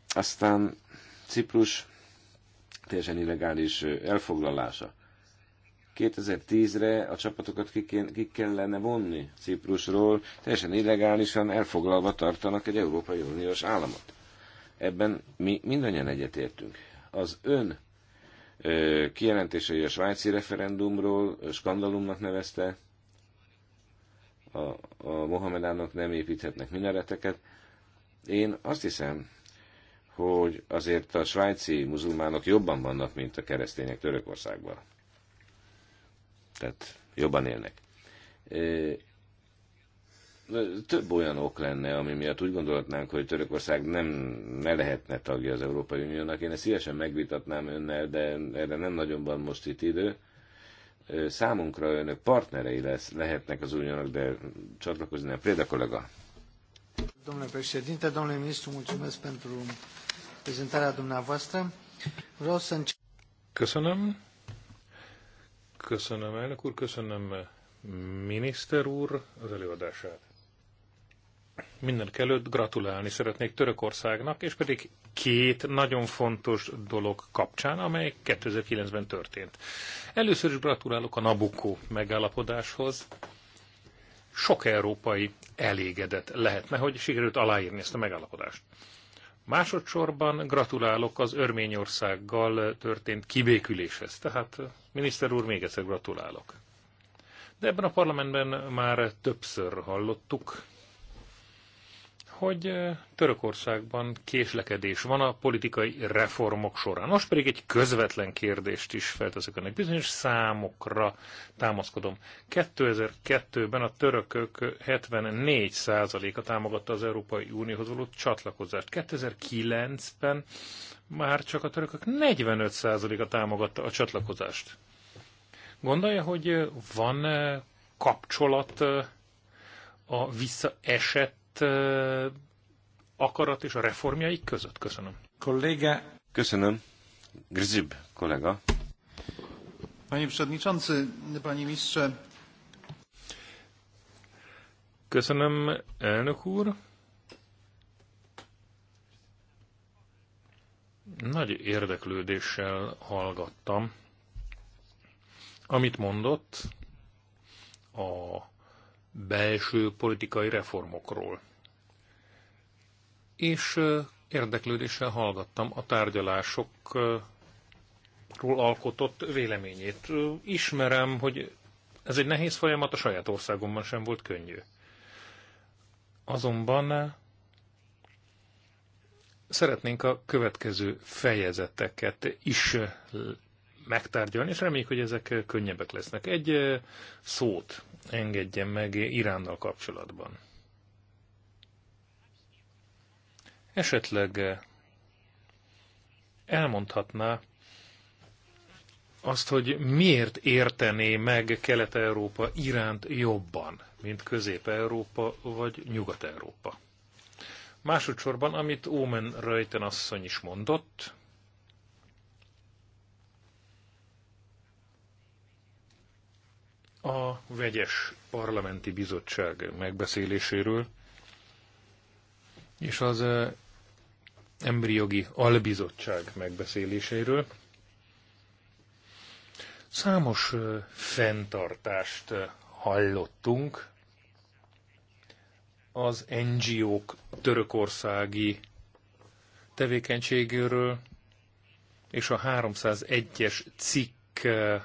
Aztán Ciprus teljesen illegális elfoglalása. 2010-re a csapatokat ki, kéne, ki kellene vonni Ciprusról, teljesen illegálisan elfoglalva tartanak egy Európai Uniós államot. Ebben mi mindannyian egyetértünk. Az ön ö, kijelentései a svájci referendumról skandalumnak nevezte, a, a Mohamedánok nem építhetnek minareteket. Én azt hiszem, hogy azért a svájci muzulmánok jobban vannak, mint a keresztények Törökországban tehát jobban élnek. Több olyan ok lenne, ami miatt úgy gondolhatnánk, hogy Törökország nem ne lehetne tagja az Európai Uniónak. Én ezt szívesen megvitatnám önnel, de erre nem nagyon van most itt idő számunkra önök partnerei lesz, lehetnek az uniónak, de csatlakozni a Préda kollega. Domnule președinte, domnule ministru, mulțumesc pentru prezentarea dumneavoastră. Vreau să încep... Köszönöm. Köszönöm, elnök úr, köszönöm miniszter úr az előadását. Mindenek előtt gratulálni szeretnék Törökországnak, és pedig két nagyon fontos dolog kapcsán, amely 2009-ben történt. Először is gratulálok a Nabucco megállapodáshoz. Sok európai elégedett lehetne, hogy sikerült aláírni ezt a megállapodást. Másodszorban gratulálok az Örményországgal történt kibéküléshez, tehát Miniszter úr, még egyszer gratulálok. De ebben a parlamentben már többször hallottuk, hogy eh, Törökországban késlekedés van a politikai reformok során. Most pedig egy közvetlen kérdést is felteszek önnek. Bizonyos számokra támaszkodom. 2002-ben a törökök 74%-a támogatta az Európai Unióhoz való csatlakozást. 2009-ben már csak a törökök 45%-a támogatta a csatlakozást. Gondolja, hogy van kapcsolat a visszaesett akarat és a reformjaik között? Köszönöm. Kolléga. Köszönöm. Grzib, kollega. Panie Przewodniczący, Panie Mistrze. Köszönöm, elnök úr. Nagy érdeklődéssel hallgattam, amit mondott a belső politikai reformokról. És érdeklődéssel hallgattam a tárgyalásokról alkotott véleményét. Ismerem, hogy ez egy nehéz folyamat, a saját országomban sem volt könnyű. Azonban szeretnénk a következő fejezeteket is megtárgyalni, és reméljük, hogy ezek könnyebbek lesznek. Egy szót engedjen meg Iránnal kapcsolatban. Esetleg elmondhatná azt, hogy miért értené meg Kelet-Európa Iránt jobban, mint Közép-Európa vagy Nyugat-Európa. Másodszorban, amit Ómen Röjten asszony is mondott, a vegyes parlamenti bizottság megbeszéléséről, és az embriogi albizottság megbeszéléséről. Számos fenntartást hallottunk az NGO-k törökországi tevékenységéről, és a 301-es cikk eh,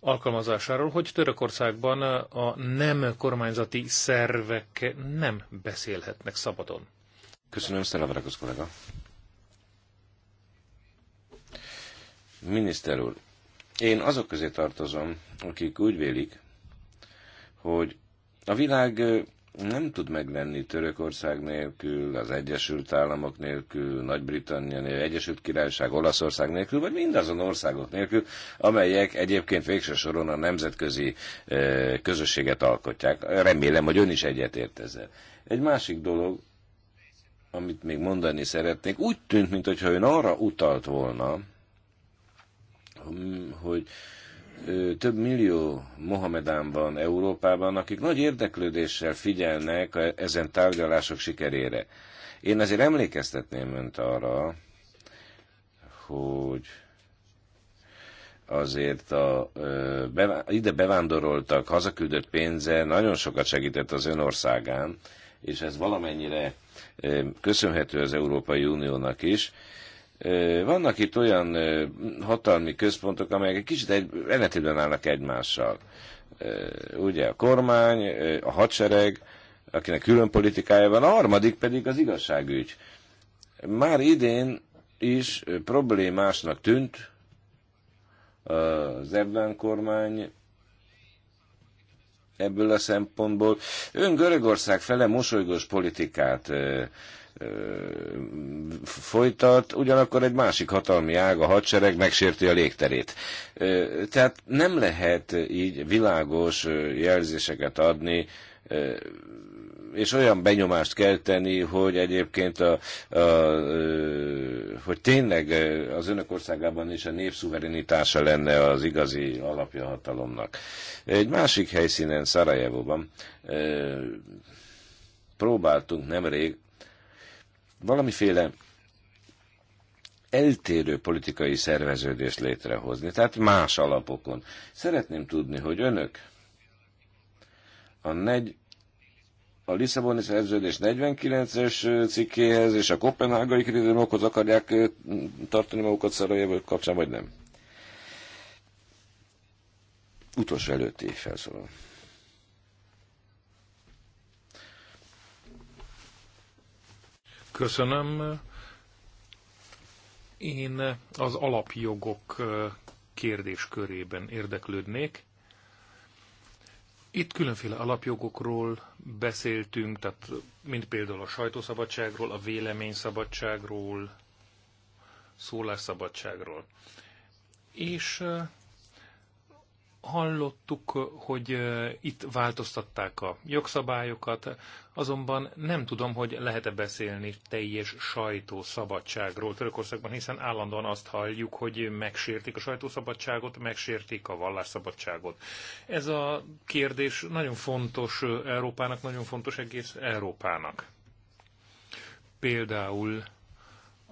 alkalmazásáról, hogy Törökországban eh, a nem kormányzati szervek nem beszélhetnek szabadon. Köszönöm, Szelavarakos kollega. Miniszter úr, én azok közé tartozom, akik úgy vélik, hogy a világ eh, nem tud meglenni Törökország nélkül, az Egyesült Államok nélkül, Nagy-Britannia nélkül, Egyesült Királyság, Olaszország nélkül, vagy mindazon országok nélkül, amelyek egyébként végső soron a nemzetközi eh, közösséget alkotják. Remélem, hogy ön is egyetért ezzel. Egy másik dolog, amit még mondani szeretnék, úgy tűnt, mintha ön arra utalt volna, hogy több millió Mohamedán van Európában, akik nagy érdeklődéssel figyelnek ezen tárgyalások sikerére. Én azért emlékeztetném önt arra, hogy azért a be, ide bevándoroltak, hazaküldött pénze nagyon sokat segített az ön országán, és ez valamennyire köszönhető az Európai Uniónak is, vannak itt olyan hatalmi központok, amelyek egy kicsit egy, ellentétben állnak egymással. Ugye a kormány, a hadsereg, akinek külön politikája van, a harmadik pedig az igazságügy. Már idén is problémásnak tűnt az ebben kormány ebből a szempontból. Ön Görögország fele mosolygós politikát ö, folytat, ugyanakkor egy másik hatalmi ág, a hadsereg megsérti a légterét. Tehát nem lehet így világos jelzéseket adni és olyan benyomást kell tenni, hogy egyébként a, a, hogy tényleg az önök országában is a népszuverenitása lenne az igazi alapja hatalomnak. Egy másik helyszínen, Szarajevóban próbáltunk nemrég valamiféle eltérő politikai szerveződést létrehozni, tehát más alapokon. Szeretném tudni, hogy önök a, negy, a Lisszaboni szerződés 49-es cikkéhez és a kopenhágai kritériumokhoz akarják tartani magukat Szarajevő kapcsán, vagy nem? Utolsó előtti felszólal. Köszönöm. Én az alapjogok kérdéskörében érdeklődnék. Itt különféle alapjogokról beszéltünk, tehát mint például a sajtószabadságról, a véleményszabadságról, szólásszabadságról. És Hallottuk, hogy itt változtatták a jogszabályokat, azonban nem tudom, hogy lehet-e beszélni teljes sajtószabadságról Törökországban, hiszen állandóan azt halljuk, hogy megsértik a sajtószabadságot, megsértik a vallásszabadságot. Ez a kérdés nagyon fontos Európának, nagyon fontos egész Európának. Például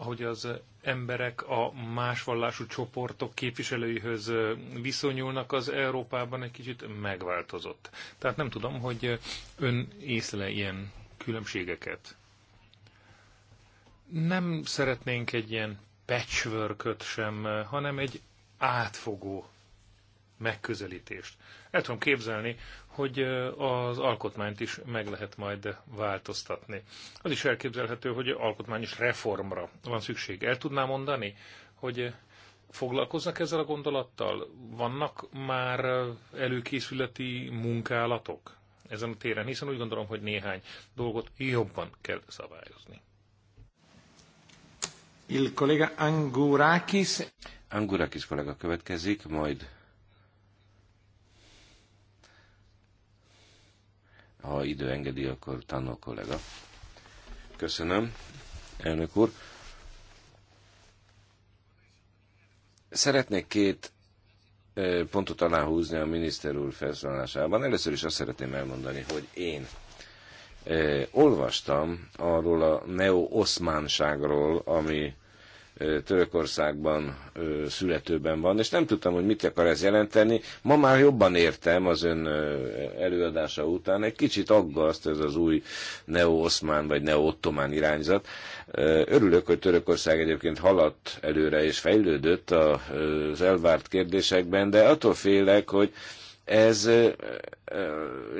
ahogy az emberek a más vallású csoportok képviselőihöz viszonyulnak az Európában egy kicsit megváltozott. Tehát nem tudom, hogy ön észle ilyen különbségeket. Nem szeretnénk egy ilyen patchwork sem, hanem egy átfogó megközelítést. El tudom képzelni, hogy az alkotmányt is meg lehet majd változtatni. Az is elképzelhető, hogy alkotmányos reformra van szükség. El tudná mondani, hogy foglalkoznak ezzel a gondolattal? Vannak már előkészületi munkálatok ezen a téren? Hiszen úgy gondolom, hogy néhány dolgot jobban kell szabályozni. Il kollega Angurakis. Angurakis kollega következik, majd Ha idő engedi, akkor Tannó kollega. Köszönöm, elnök úr. Szeretnék két pontot aláhúzni a miniszter úr felszólalásában. Először is azt szeretném elmondani, hogy én olvastam arról a neo-oszmánságról, ami Törökországban születőben van, és nem tudtam, hogy mit akar ez jelenteni. Ma már jobban értem az ön előadása után, egy kicsit aggaszt ez az új neo-oszmán vagy neo-ottomán irányzat. Örülök, hogy Törökország egyébként haladt előre és fejlődött az elvárt kérdésekben, de attól félek, hogy ez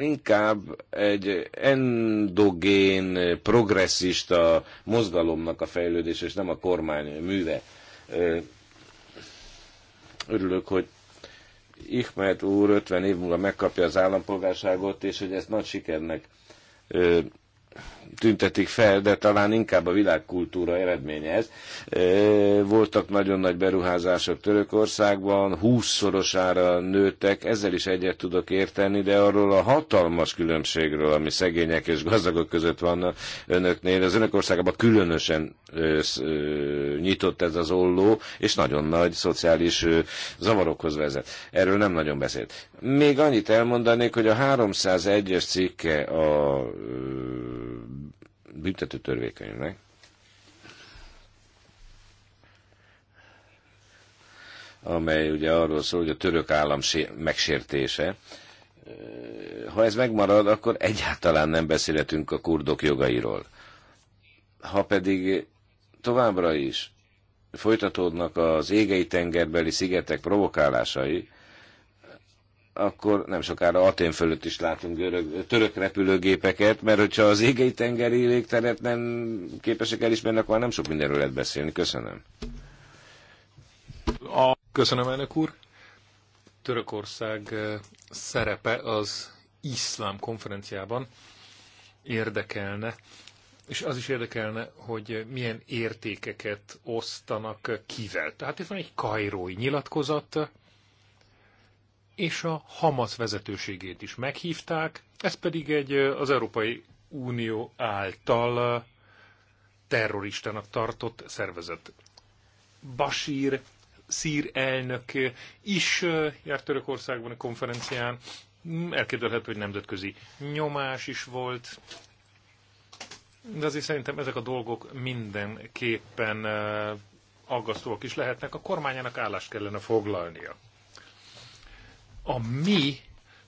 inkább egy endogén, progresszista mozgalomnak a fejlődés, és nem a kormány műve. Örülök, hogy Ihmet úr 50 év múlva megkapja az állampolgárságot, és hogy ezt nagy sikernek tüntetik fel, de talán inkább a világkultúra eredménye ez. Voltak nagyon nagy beruházások Törökországban, húszszorosára nőttek, ezzel is egyet tudok érteni, de arról a hatalmas különbségről, ami szegények és gazdagok között van önöknél, az önök országában különösen nyitott ez az olló, és nagyon nagy szociális zavarokhoz vezet. Erről nem nagyon beszélt. Még annyit elmondanék, hogy a 301-es cikke a büntető törvékenynek, amely ugye arról szól, hogy a török állam megsértése. Ha ez megmarad, akkor egyáltalán nem beszélhetünk a kurdok jogairól. Ha pedig továbbra is folytatódnak az égei tengerbeli szigetek provokálásai, akkor nem sokára Atén fölött is látunk görög, török repülőgépeket, mert hogyha az égei tengeri légteret nem képesek elismerni, akkor már nem sok mindenről lehet beszélni. Köszönöm. A... Köszönöm, elnök úr. Törökország eh, szerepe az iszlám konferenciában érdekelne, és az is érdekelne, hogy milyen értékeket osztanak kivel. Tehát itt van egy kairói nyilatkozat, és a Hamas vezetőségét is meghívták, ez pedig egy az Európai Unió által terroristának tartott szervezet. Basír, szír elnök is járt Törökországban a konferencián, mm, elképzelhető, hogy nemzetközi nyomás is volt, de azért szerintem ezek a dolgok mindenképpen aggasztóak is lehetnek, a kormányának állást kellene foglalnia a mi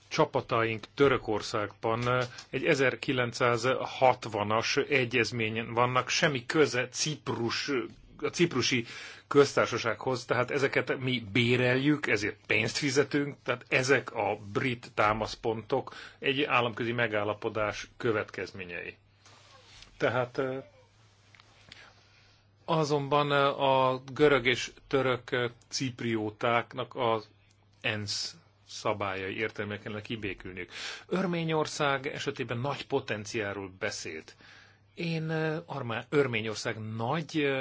csapataink Törökországban egy 1960-as egyezményen vannak, semmi köze Ciprus, a ciprusi köztársasághoz, tehát ezeket mi béreljük, ezért pénzt fizetünk, tehát ezek a brit támaszpontok egy államközi megállapodás következményei. Tehát eh, azonban eh, a görög és török eh, cipriótáknak az ENSZ szabályai értelme kellene kibékülniük. Örményország esetében nagy potenciáról beszélt. Én Armá- Örményország nagy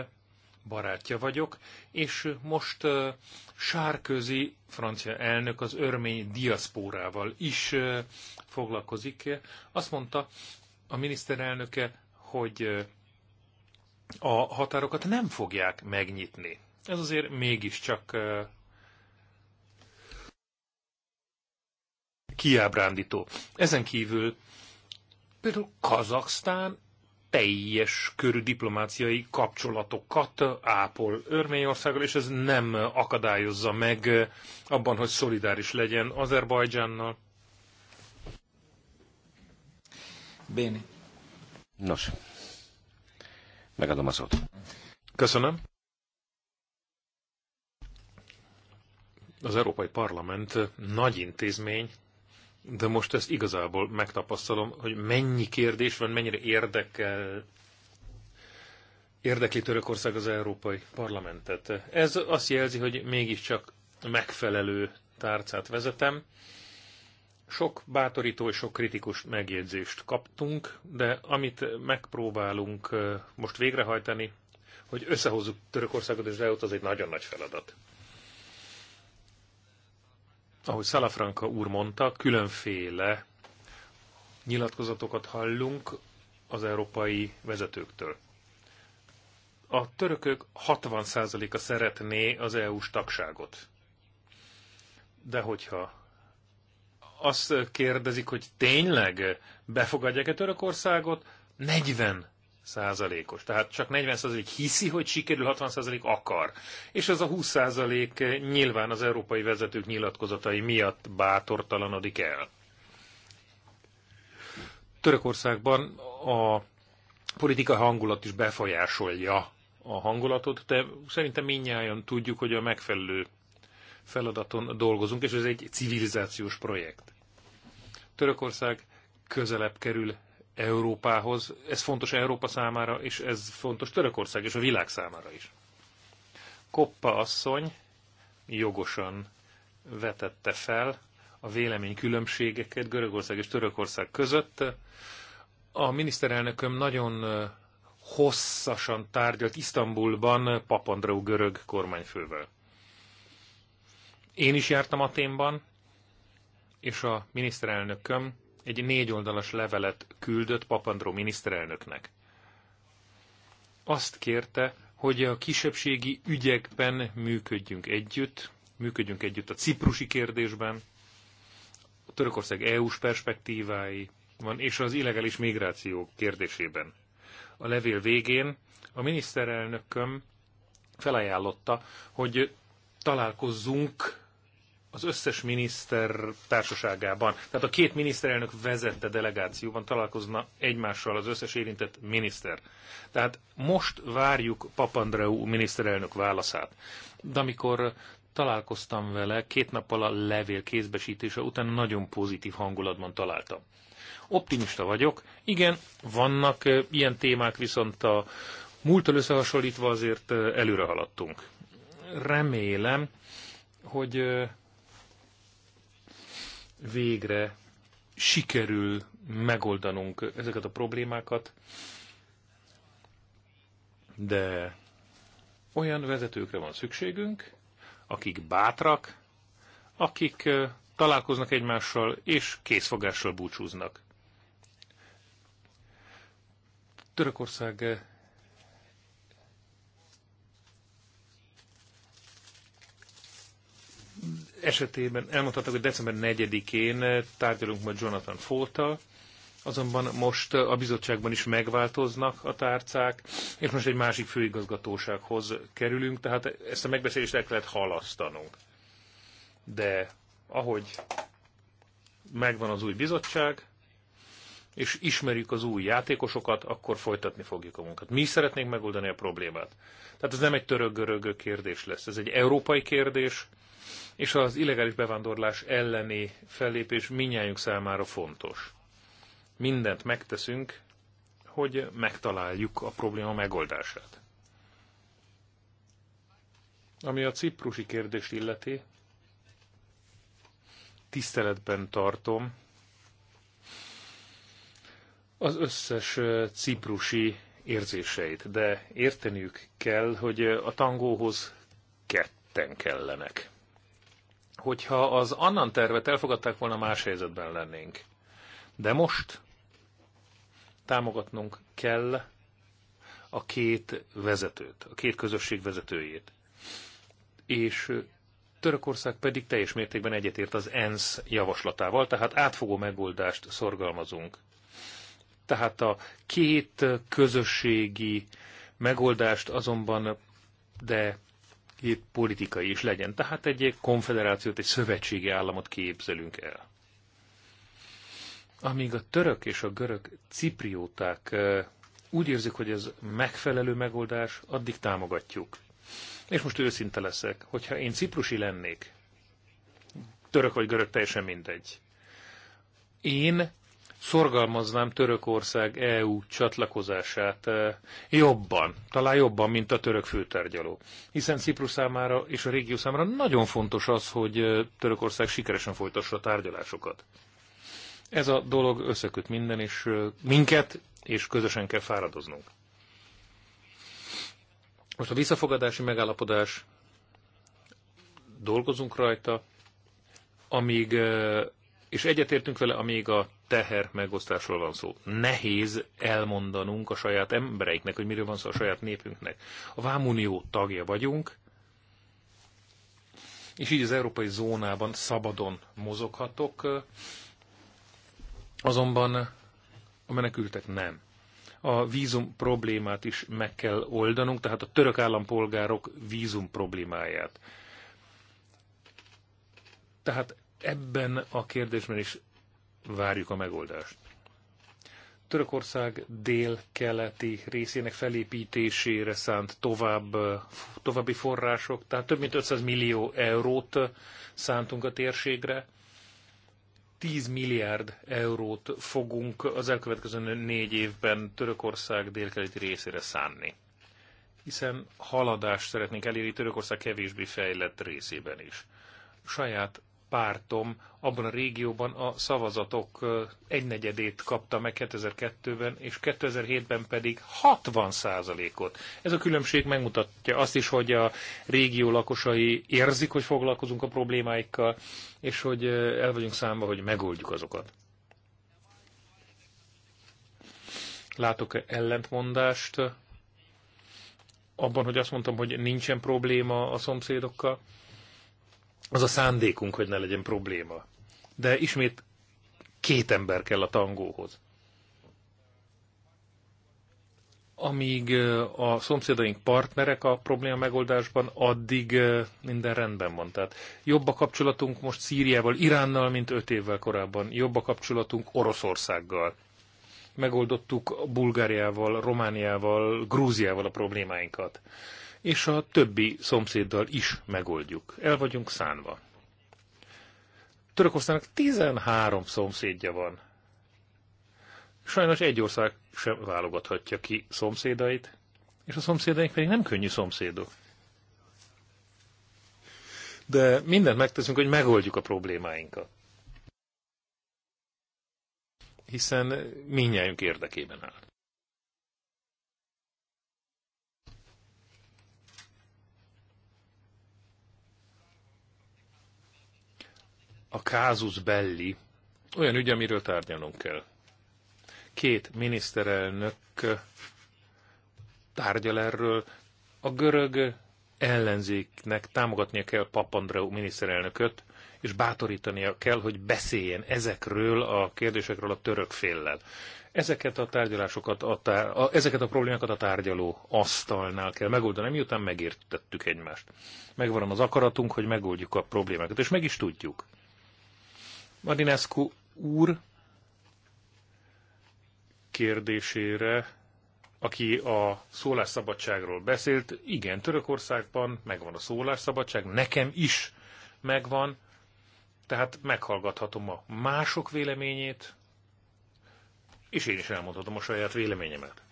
barátja vagyok, és most sárközi francia elnök az örmény diaszpórával is foglalkozik. Azt mondta a miniszterelnöke, hogy a határokat nem fogják megnyitni. Ez azért mégiscsak kiábrándító. Ezen kívül például Kazaksztán teljes körű diplomáciai kapcsolatokat ápol Örményországgal, és ez nem akadályozza meg abban, hogy szolidáris legyen Azerbajdzsánnal. Béni. Nos, megadom a szót. Köszönöm. Az Európai Parlament nagy intézmény, de most ezt igazából megtapasztalom, hogy mennyi kérdés van, mennyire érdekel, érdekli Törökország az Európai Parlamentet. Ez azt jelzi, hogy mégiscsak megfelelő tárcát vezetem. Sok bátorító és sok kritikus megjegyzést kaptunk, de amit megpróbálunk eh, most végrehajtani, hogy összehozzuk Törökországot és EU-t, az egy nagyon nagy feladat ahogy Salafranca úr mondta, különféle nyilatkozatokat hallunk az európai vezetőktől. A törökök 60%-a szeretné az EU-s tagságot. De hogyha azt kérdezik, hogy tényleg befogadják-e Törökországot, 40 százalékos. Tehát csak 40 százalék hiszi, hogy sikerül, 60 százalék akar. És ez a 20 százalék nyilván az európai vezetők nyilatkozatai miatt bátortalanodik el. Törökországban a politika hangulat is befolyásolja a hangulatot, de szerintem minnyáján tudjuk, hogy a megfelelő feladaton dolgozunk, és ez egy civilizációs projekt. Törökország közelebb kerül Európához. Ez fontos Európa számára, és ez fontos Törökország és a világ számára is. Koppa asszony jogosan vetette fel a vélemény különbségeket Görögország és Törökország között. A miniszterelnököm nagyon hosszasan tárgyalt Isztambulban Papandreou görög kormányfővel. Én is jártam Aténban, és a miniszterelnököm egy négy oldalas levelet küldött Papandró miniszterelnöknek. Azt kérte, hogy a kisebbségi ügyekben működjünk együtt, működjünk együtt a ciprusi kérdésben, a Törökország EU-s perspektívái van, és az illegális migráció kérdésében. A levél végén a miniszterelnököm felajánlotta, hogy találkozzunk az összes miniszter társaságában, tehát a két miniszterelnök vezette delegációban találkozna egymással az összes érintett miniszter. Tehát most várjuk Papandreou miniszterelnök válaszát. De amikor találkoztam vele, két nappal a levél kézbesítése után nagyon pozitív hangulatban találtam. Optimista vagyok, igen, vannak ilyen témák, viszont a múlttal összehasonlítva azért előre haladtunk. Remélem, hogy végre sikerül megoldanunk ezeket a problémákat, de olyan vezetőkre van szükségünk, akik bátrak, akik találkoznak egymással és készfogással búcsúznak. Törökország esetében elmondhatok, hogy december 4-én tárgyalunk majd Jonathan Foltal, azonban most a bizottságban is megváltoznak a tárcák, és most egy másik főigazgatósághoz kerülünk, tehát ezt a megbeszélést el kellett halasztanunk. De ahogy megvan az új bizottság, és ismerjük az új játékosokat, akkor folytatni fogjuk a munkát. Mi szeretnénk megoldani a problémát. Tehát ez nem egy török-görög kérdés lesz, ez egy európai kérdés, és az illegális bevándorlás elleni fellépés minnyájunk számára fontos. Mindent megteszünk, hogy megtaláljuk a probléma megoldását. Ami a ciprusi kérdést illeti, tiszteletben tartom az összes ciprusi érzéseit, de érteniük kell, hogy a tangóhoz ketten kellenek hogyha az annan tervet elfogadták volna, más helyzetben lennénk. De most támogatnunk kell a két vezetőt, a két közösség vezetőjét. És Törökország pedig teljes mértékben egyetért az ENSZ javaslatával, tehát átfogó megoldást szorgalmazunk. Tehát a két közösségi megoldást azonban, de két politikai is legyen. Tehát egy konfederációt, egy szövetségi államot képzelünk el. Amíg a török és a görög ciprióták eh, úgy érzik, hogy ez megfelelő megoldás, addig támogatjuk. És most őszinte leszek, hogyha én ciprusi lennék, török vagy görög, teljesen mindegy. Én szorgalmaznám Törökország EU csatlakozását eh, jobban, talán jobban, mint a török főtárgyaló. Hiszen Ciprus számára és a régió számára nagyon fontos az, hogy eh, Törökország sikeresen folytassa a tárgyalásokat. Ez a dolog összeköt minden, és eh, minket, és közösen kell fáradoznunk. Most a visszafogadási megállapodás, dolgozunk rajta, amíg és egyetértünk vele, amíg a teher megosztásról van szó. Nehéz elmondanunk a saját embereiknek, hogy miről van szó a saját népünknek. A Vámunió tagja vagyunk, és így az európai zónában szabadon mozoghatok, azonban a menekültek nem. A vízum problémát is meg kell oldanunk, tehát a török állampolgárok vízum problémáját. Tehát ebben a kérdésben is várjuk a megoldást. Törökország dél-keleti részének felépítésére szánt tovább, további források, tehát több mint 500 millió eurót szántunk a térségre. 10 milliárd eurót fogunk az elkövetkező négy évben Törökország délkeleti részére szánni. Hiszen haladást szeretnénk elérni Törökország kevésbé fejlett részében is. Saját pártom abban a régióban a szavazatok egynegyedét kapta meg 2002-ben, és 2007-ben pedig 60 százalékot. Ez a különbség megmutatja azt is, hogy a régió lakosai érzik, hogy foglalkozunk a problémáikkal, és hogy el vagyunk számba, hogy megoldjuk azokat. Látok-e ellentmondást abban, hogy azt mondtam, hogy nincsen probléma a szomszédokkal? az a szándékunk, hogy ne legyen probléma. De ismét két ember kell a tangóhoz. Amíg a szomszédaink partnerek a probléma megoldásban, addig minden rendben van. Tehát jobb a kapcsolatunk most Szíriával, Iránnal, mint öt évvel korábban. Jobb a kapcsolatunk Oroszországgal. Megoldottuk Bulgáriával, Romániával, Grúziával a problémáinkat és a többi szomszéddal is megoldjuk. El vagyunk szánva. Törökországnak 13 szomszédja van. Sajnos egy ország sem válogathatja ki szomszédait, és a szomszédaink pedig nem könnyű szomszédok. De mindent megteszünk, hogy megoldjuk a problémáinkat. Hiszen minnyájunk érdekében áll. a kázus belli olyan ügy, amiről tárgyalnunk kell. Két miniszterelnök tárgyal erről. A görög ellenzéknek támogatnia kell Papandreou miniszterelnököt, és bátorítania kell, hogy beszéljen ezekről a kérdésekről a török féllel. Ezeket a tárgyalásokat, a tár, a, ezeket a problémákat a tárgyaló asztalnál kell megoldani, miután megértettük egymást. Megvan az akaratunk, hogy megoldjuk a problémákat, és meg is tudjuk. Marinescu úr kérdésére, aki a szólásszabadságról beszélt, igen, Törökországban megvan a szólásszabadság, nekem is megvan, tehát meghallgathatom a mások véleményét, és én is elmondhatom a saját véleményemet.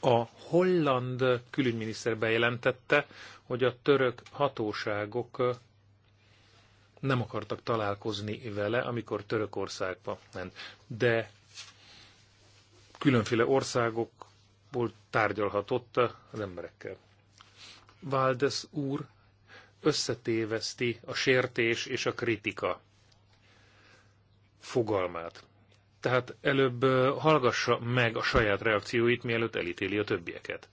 A holland külügyminiszter bejelentette, hogy a török hatóságok nem akartak találkozni vele, amikor Törökországba ment. De különféle országokból tárgyalhatott az emberekkel. Valdes úr összetéveszti a sértés és a kritika fogalmát. Tehát előbb hallgassa meg a saját reakcióit, mielőtt elítéli a többieket.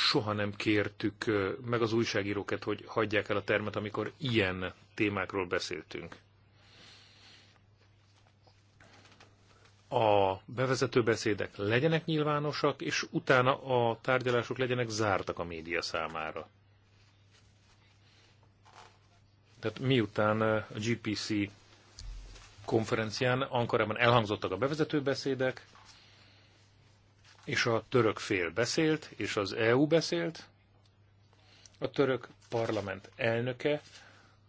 soha nem kértük meg az újságíróket, hogy hagyják el a termet, amikor ilyen témákról beszéltünk. A bevezető beszédek legyenek nyilvánosak, és utána a tárgyalások legyenek zártak a média számára. Tehát miután a GPC konferencián Ankarában elhangzottak a bevezető beszédek, és a török fél beszélt, és az EU beszélt. A török parlament elnöke,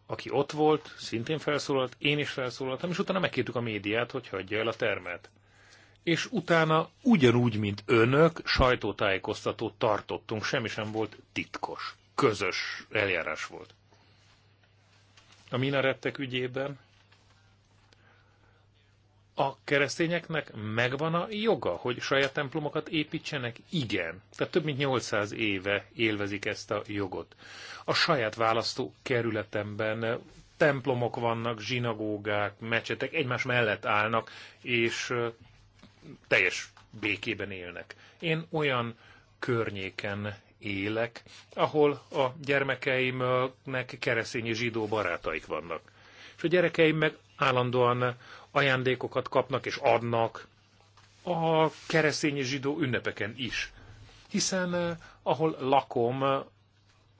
aki ott volt, szintén felszólalt, én is felszólaltam, és utána megkértük a médiát, hogy hagyja el a termet. És utána ugyanúgy, mint önök, sajtótájékoztatót tartottunk, semmi sem volt titkos. Közös eljárás volt. A minarettek ügyében a keresztényeknek megvan a joga, hogy saját templomokat építsenek? Igen. Tehát több mint 800 éve élvezik ezt a jogot. A saját választó kerületemben templomok vannak, zsinagógák, mecsetek egymás mellett állnak, és teljes békében élnek. Én olyan környéken élek, ahol a gyermekeimnek keresztény zsidó barátaik vannak. És a gyerekeim meg állandóan ajándékokat kapnak és adnak a keresztény és zsidó ünnepeken is. Hiszen eh, ahol lakom,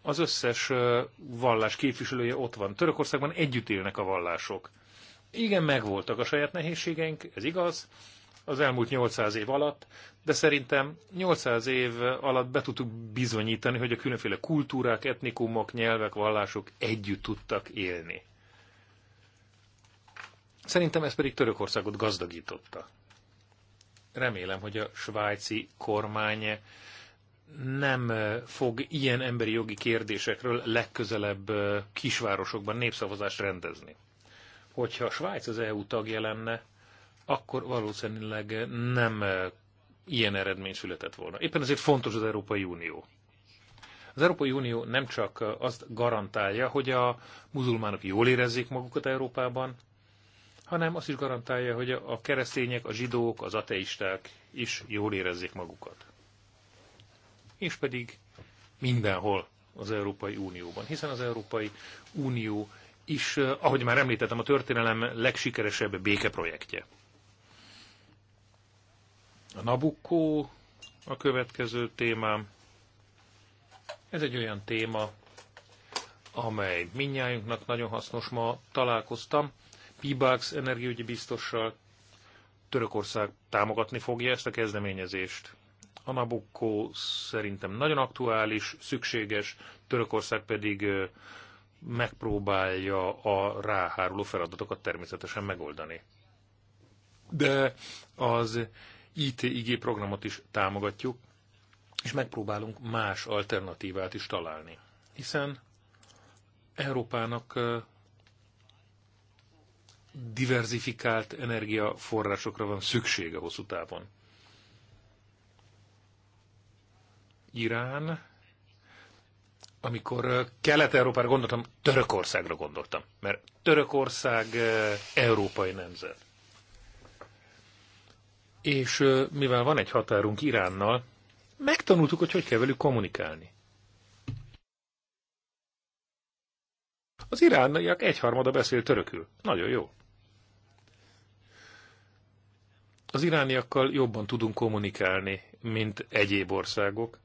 az összes eh, vallás képviselője ott van. Törökországban együtt élnek a vallások. Igen, megvoltak a saját nehézségeink, ez igaz, az elmúlt 800 év alatt, de szerintem 800 év alatt be tudtuk bizonyítani, hogy a különféle kultúrák, etnikumok, nyelvek, vallások együtt tudtak élni. Szerintem ez pedig Törökországot gazdagította. Remélem, hogy a svájci kormány nem fog ilyen emberi jogi kérdésekről legközelebb kisvárosokban népszavazást rendezni. Hogyha Svájc az EU tagja lenne, akkor valószínűleg nem ilyen eredmény született volna. Éppen ezért fontos az Európai Unió. Az Európai Unió nem csak azt garantálja, hogy a muzulmánok jól érezzék magukat Európában, hanem azt is garantálja, hogy a keresztények, a zsidók, az ateisták is jól érezzék magukat. És pedig mindenhol az Európai Unióban, hiszen az Európai Unió is, eh, ahogy már említettem, a történelem legsikeresebb békeprojektje. A Nabucco a következő témám. Ez egy olyan téma, amely minnyájunknak nagyon hasznos. Ma találkoztam Pibax energiaügyi biztossal. Törökország támogatni fogja ezt a kezdeményezést. A Nabucco szerintem nagyon aktuális, szükséges, Törökország pedig megpróbálja a ráháruló feladatokat természetesen megoldani. De az ITIG programot is támogatjuk, és megpróbálunk más alternatívát is találni. Hiszen Európának diverzifikált energiaforrásokra van szüksége hosszú távon. Irán, amikor Kelet-Európára gondoltam, Törökországra gondoltam, mert Törökország európai nemzet. És mivel van egy határunk Iránnal, megtanultuk, hogy hogy kell velük kommunikálni. Az irániak egyharmada beszél törökül. Nagyon jó. Az irániakkal jobban tudunk kommunikálni, mint egyéb országok.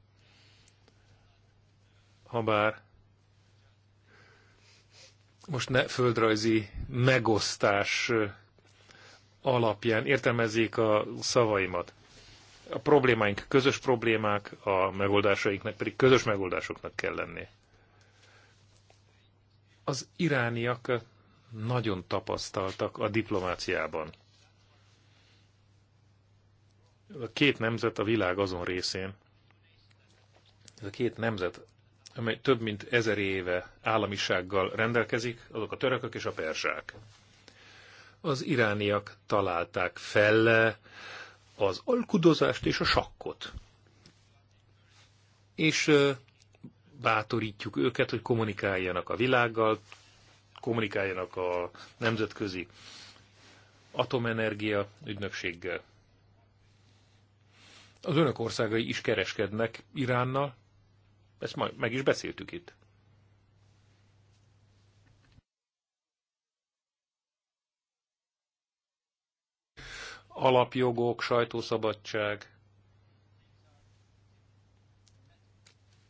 Habár most ne földrajzi megosztás alapján értelmezzék a szavaimat. A problémáink közös problémák, a megoldásainknak pedig közös megoldásoknak kell lenni. Az irániak nagyon tapasztaltak a diplomáciában a két nemzet a világ azon részén, ez a két nemzet, amely több mint ezer éve államisággal rendelkezik, azok a törökök és a persák. Az irániak találták fel az alkudozást és a sakkot. És bátorítjuk őket, hogy kommunikáljanak a világgal, kommunikáljanak a nemzetközi atomenergia ügynökséggel. Az önök országai is kereskednek Iránnal, ezt majd meg is beszéltük itt. Alapjogok, sajtószabadság.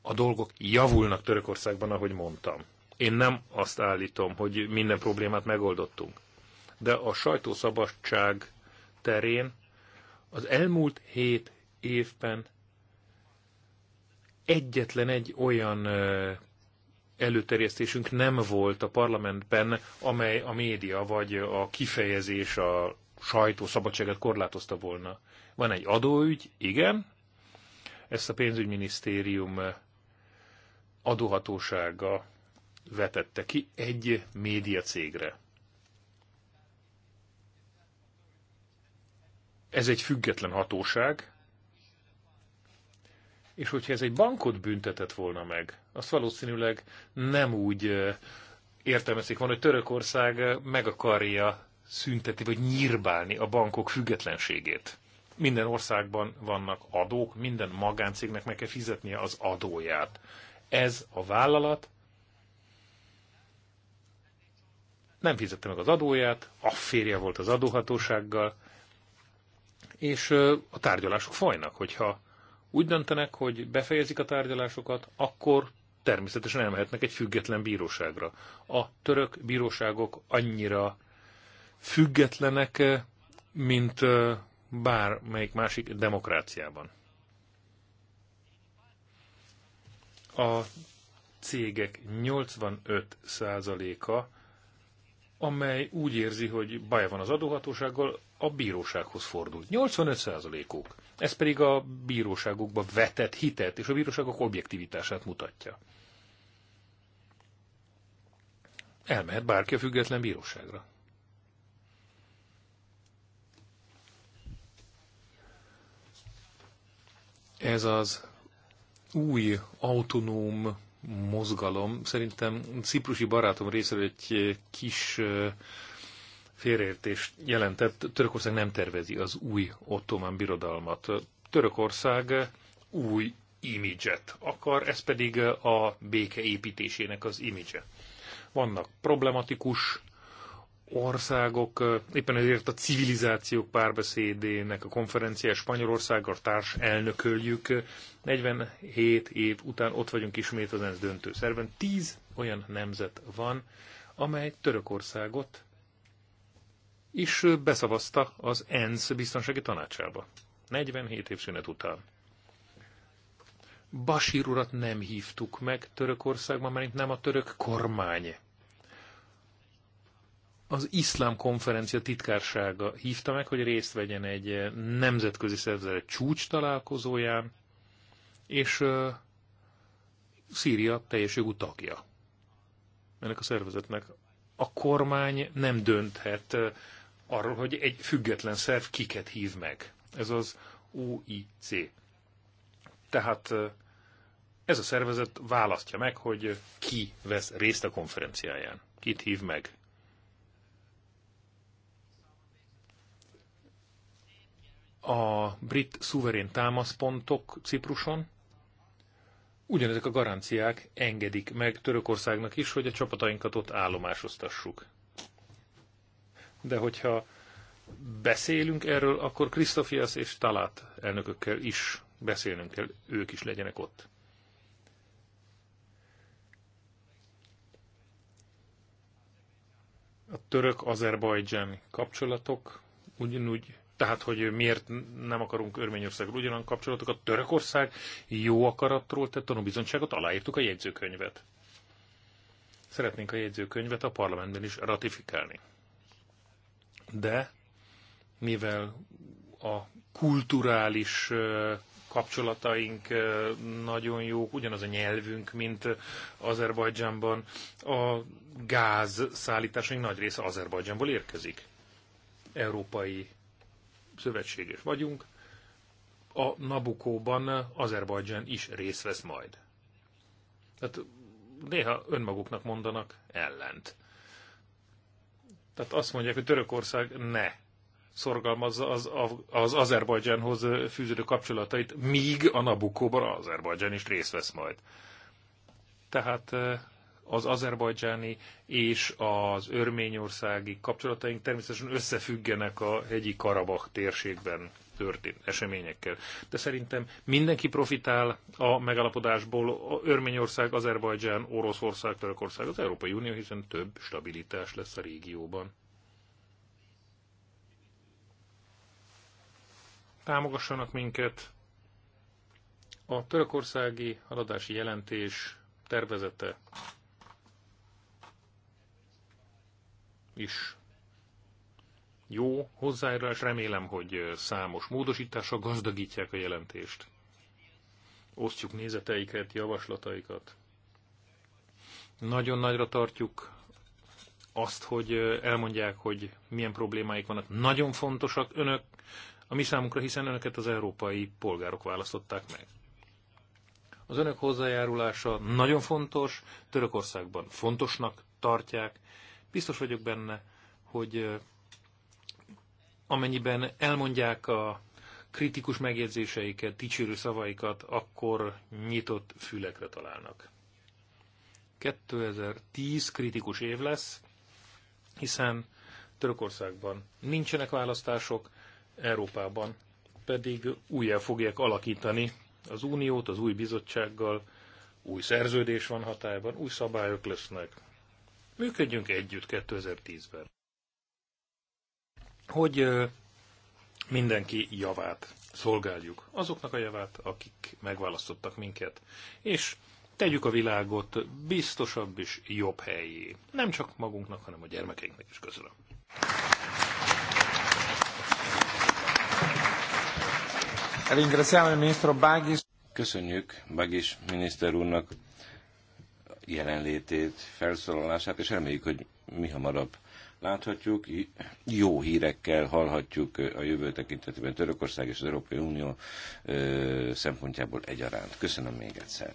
A dolgok javulnak Törökországban, ahogy mondtam. Én nem azt állítom, hogy minden problémát megoldottunk. De a sajtószabadság terén az elmúlt hét évben egyetlen egy olyan előterjesztésünk nem volt a parlamentben, amely a média vagy a kifejezés, a sajtó szabadságát korlátozta volna. Van egy adóügy, igen, ezt a pénzügyminisztérium adóhatósága vetette ki egy média cégre. Ez egy független hatóság, és hogyha ez egy bankot büntetett volna meg, azt valószínűleg nem úgy értelmezik van, hogy Törökország meg akarja szünteti vagy nyírbálni a bankok függetlenségét. Minden országban vannak adók, minden magáncégnek meg kell fizetnie az adóját. Ez a vállalat nem fizette meg az adóját, afférje volt az adóhatósággal, és a tárgyalások folynak, hogyha úgy döntenek, hogy befejezik a tárgyalásokat, akkor természetesen elmehetnek egy független bíróságra. A török bíróságok annyira függetlenek, eh, mint eh, bármelyik másik demokráciában. A cégek 85%-a, amely úgy érzi, hogy baj van az adóhatósággal, a bírósághoz fordul. 85%-uk. Ez pedig a bíróságokba vetett hitet és a bíróságok objektivitását mutatja. Elmehet bárki a független bíróságra. Ez az új autonóm mozgalom szerintem ciprusi barátom részéről egy kis félreértést jelentett. Törökország nem tervezi az új ottomán birodalmat. Törökország új imidzset akar, ez pedig a béke építésének az imidzse. Vannak problematikus országok, éppen ezért a civilizációk párbeszédének a konferenciája Spanyolországgal társ elnököljük. 47 év után ott vagyunk ismét az ENSZ döntőszerben. Tíz olyan nemzet van, amely Törökországot is beszavazta az ENSZ biztonsági tanácsába. 47 év szünet után. Basír urat nem hívtuk meg Törökországban, mert nem a török kormány. Az iszlám konferencia titkársága hívta meg, hogy részt vegyen egy nemzetközi szervezet csúcs találkozóján, és uh, Szíria teljes jogú tagja ennek a szervezetnek. A kormány nem dönthet arról, hogy egy független szerv kiket hív meg. Ez az OIC. Tehát ez a szervezet választja meg, hogy ki vesz részt a konferenciáján. Kit hív meg. A brit szuverén támaszpontok Cipruson, Ugyanezek a garanciák engedik meg Törökországnak is, hogy a csapatainkat ott állomásoztassuk de hogyha beszélünk erről, akkor Krisztofiasz és Talát elnökökkel is beszélnünk kell, ők is legyenek ott. A török-azerbajdzsáni kapcsolatok ugyanúgy tehát hogy miért nem akarunk Örményországról ugyanan kapcsolatokat. Törökország jó akaratról tett tanúbizonyságot, aláírtuk a jegyzőkönyvet. Szeretnénk a jegyzőkönyvet a parlamentben is ratifikálni de mivel a kulturális kapcsolataink nagyon jók, ugyanaz a nyelvünk, mint Azerbajdzsánban. A gáz szállításaink nagy része Azerbajdzsánból érkezik. Európai szövetséges vagyunk. A Nabukóban Azerbajdzsán is részt vesz majd. Tehát néha önmaguknak mondanak ellent. Tehát azt mondják, hogy Törökország ne szorgalmazza az, az Azerbajdzsánhoz fűződő kapcsolatait, míg a Nabukóban Azerbajdzsán is részt vesz majd. Tehát az azerbajdzsáni és az örményországi kapcsolataink természetesen összefüggenek a hegyi Karabach térségben történt eseményekkel. De szerintem mindenki profitál a megalapodásból, Örményország, Azerbajdzsán, Oroszország, Törökország, az Európai Unió, hiszen több stabilitás lesz a régióban. Támogassanak minket. A törökországi haladási jelentés tervezete is jó hozzájárulás. Remélem, hogy számos módosítással gazdagítják a jelentést. Osztjuk nézeteiket, javaslataikat. Nagyon nagyra tartjuk azt, hogy elmondják, hogy milyen problémáik vannak. Nagyon fontosak önök a mi számunkra, hiszen önöket az európai polgárok választották meg. Az önök hozzájárulása nagyon fontos, Törökországban fontosnak tartják. Biztos vagyok benne, hogy amennyiben elmondják a kritikus megjegyzéseiket, dicsérő szavaikat, akkor nyitott fülekre találnak. 2010 kritikus év lesz, hiszen Törökországban nincsenek választások, Európában pedig újjá fogják alakítani az uniót, az új bizottsággal, új szerződés van hatályban, új szabályok lesznek. Működjünk együtt 2010-ben hogy mindenki javát szolgáljuk. Azoknak a javát, akik megválasztottak minket. És tegyük a világot biztosabb és jobb helyé. Nem csak magunknak, hanem a gyermekeinknek is közülön. Köszönjük Bagis miniszter úrnak jelenlétét, felszólalását, és reméljük, hogy mi hamarabb láthatjuk, jó hírekkel hallhatjuk a jövő tekintetében Törökország és az Európai Unió szempontjából egyaránt. Köszönöm még egyszer.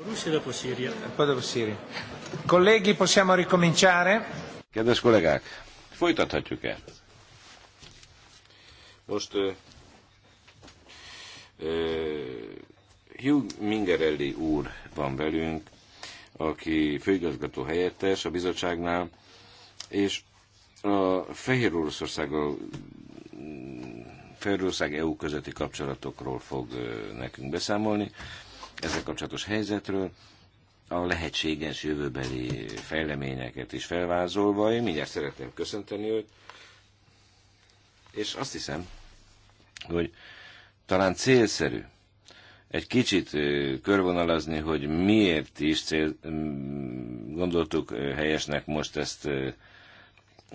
E Kedves kollégák, folytathatjuk-e? Most uh, Hugh Mingerelli úr van velünk, aki főigazgató helyettes a bizottságnál, és a Fehér Oroszországgal Oroszország EU e közötti kapcsolatokról fog nekünk beszámolni ezzel kapcsolatos helyzetről, a lehetséges jövőbeli fejleményeket is felvázolva. Én mindjárt szeretném köszönteni őt, és azt hiszem, hogy talán célszerű egy kicsit körvonalazni, hogy miért is cél, gondoltuk helyesnek most ezt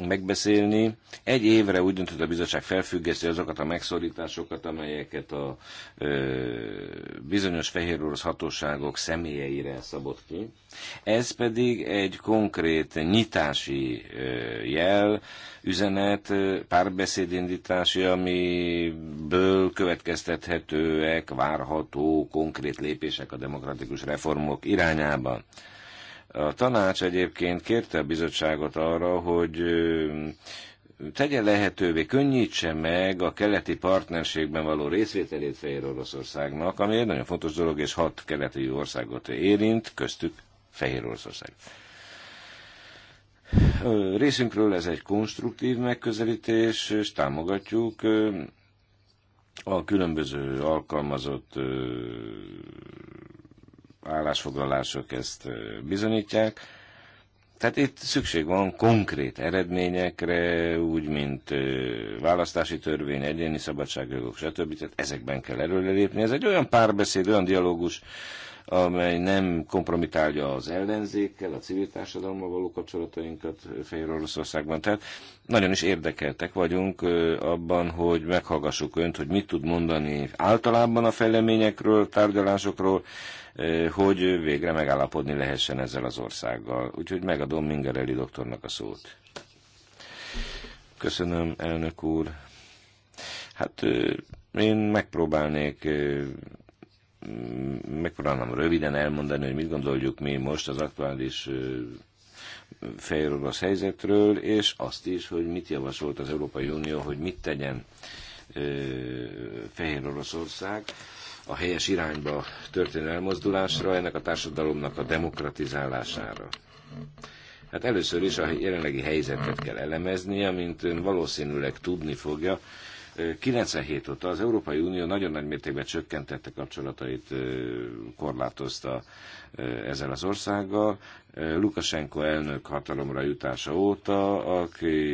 megbeszélni. Egy évre úgy döntött a bizottság felfüggeszti azokat a megszorításokat, amelyeket a ö, bizonyos fehér orosz hatóságok személyeire szabott ki. Ez pedig egy konkrét nyitási ö, jel, üzenet, párbeszédindítási, amiből következtethetőek, várható konkrét lépések a demokratikus reformok irányában. A tanács egyébként kérte a bizottságot arra, hogy tegye lehetővé, könnyítse meg a keleti partnerségben való részvételét Fehér Oroszországnak, ami egy nagyon fontos dolog, és hat keleti országot érint, köztük Fehér Oroszország. Részünkről ez egy konstruktív megközelítés, és támogatjuk a különböző alkalmazott állásfoglalások ezt bizonyítják. Tehát itt szükség van konkrét eredményekre, úgy, mint választási törvény, egyéni szabadságjogok, stb. Tehát ezekben kell előrelépni. Ez egy olyan párbeszéd, olyan dialógus, amely nem kompromitálja az ellenzékkel, a civil társadalommal való kapcsolatainkat Fehér Oroszországban. Tehát nagyon is érdekeltek vagyunk abban, hogy meghallgassuk önt, hogy mit tud mondani általában a fejleményekről, tárgyalásokról, Eh, hogy végre megállapodni lehessen ezzel az országgal. Úgyhogy megadom Mingereli doktornak a szót. Köszönöm, elnök úr. Hát eh, én megpróbálnék eh, megpróbálnám röviden elmondani, hogy mit gondoljuk mi most az aktuális fehér orosz helyzetről, és azt is, hogy mit javasolt az Európai Unió, hogy mit tegyen Fehér Oroszország a helyes irányba történő elmozdulásra, ennek a társadalomnak a demokratizálására. Hát először is a jelenlegi helyzetet kell elemeznie, mint ön valószínűleg tudni fogja. 97 óta az Európai Unió nagyon nagy mértékben csökkentette kapcsolatait, korlátozta ezzel az országgal. Lukasenko elnök hatalomra jutása óta, aki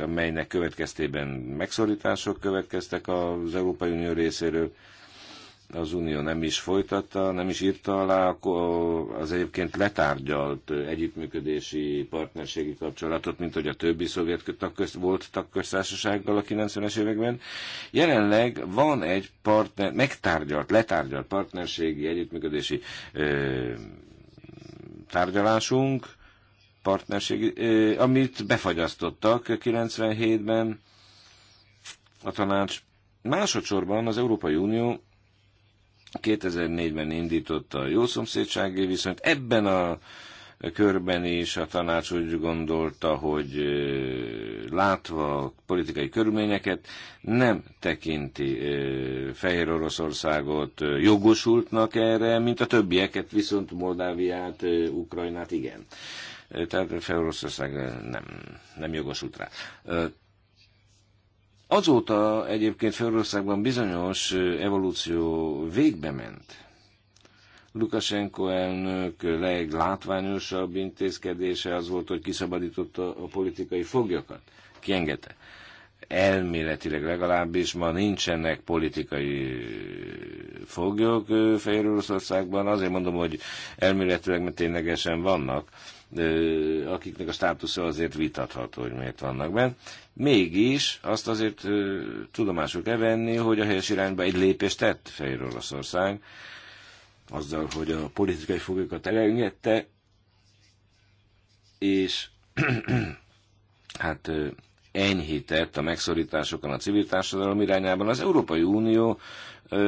amelynek következtében megszorítások következtek az Európai Unió részéről, az Unió nem is folytatta, nem is írta alá az egyébként letárgyalt együttműködési partnerségi kapcsolatot, mint hogy a többi szovjet tagköz, volt tagköztársasággal a 90-es években. Jelenleg van egy partner, megtárgyalt, letárgyalt partnerségi együttműködési ö, tárgyalásunk, partnerség, amit befagyasztottak 97-ben a tanács. Másodszorban az Európai Unió 2004-ben indította a jószomszédsági viszonyt. Ebben a körben is a tanács úgy gondolta, hogy látva a politikai körülményeket nem tekinti Fehér Oroszországot jogosultnak erre, mint a többieket, viszont Moldáviát, Ukrajnát igen tehát Feoroszország nem, nem jogosult rá. Azóta egyébként Feoroszországban bizonyos evolúció végbe ment. Lukasenko elnök leglátványosabb intézkedése az volt, hogy kiszabadította a politikai foglyokat, kiengedte. Elméletileg legalábbis ma nincsenek politikai foglyok Fehér Oroszországban. Azért mondom, hogy elméletileg, mert ténylegesen vannak akiknek a státusza azért vitatható, hogy miért vannak benne. Mégis azt azért tudomásul kell venni, hogy a helyes irányba egy lépést tett Fehér Oroszország, azzal, hogy a politikai foglyokat elengedte, és hát enyhített a megszorításokon a civil társadalom irányában. Az Európai Unió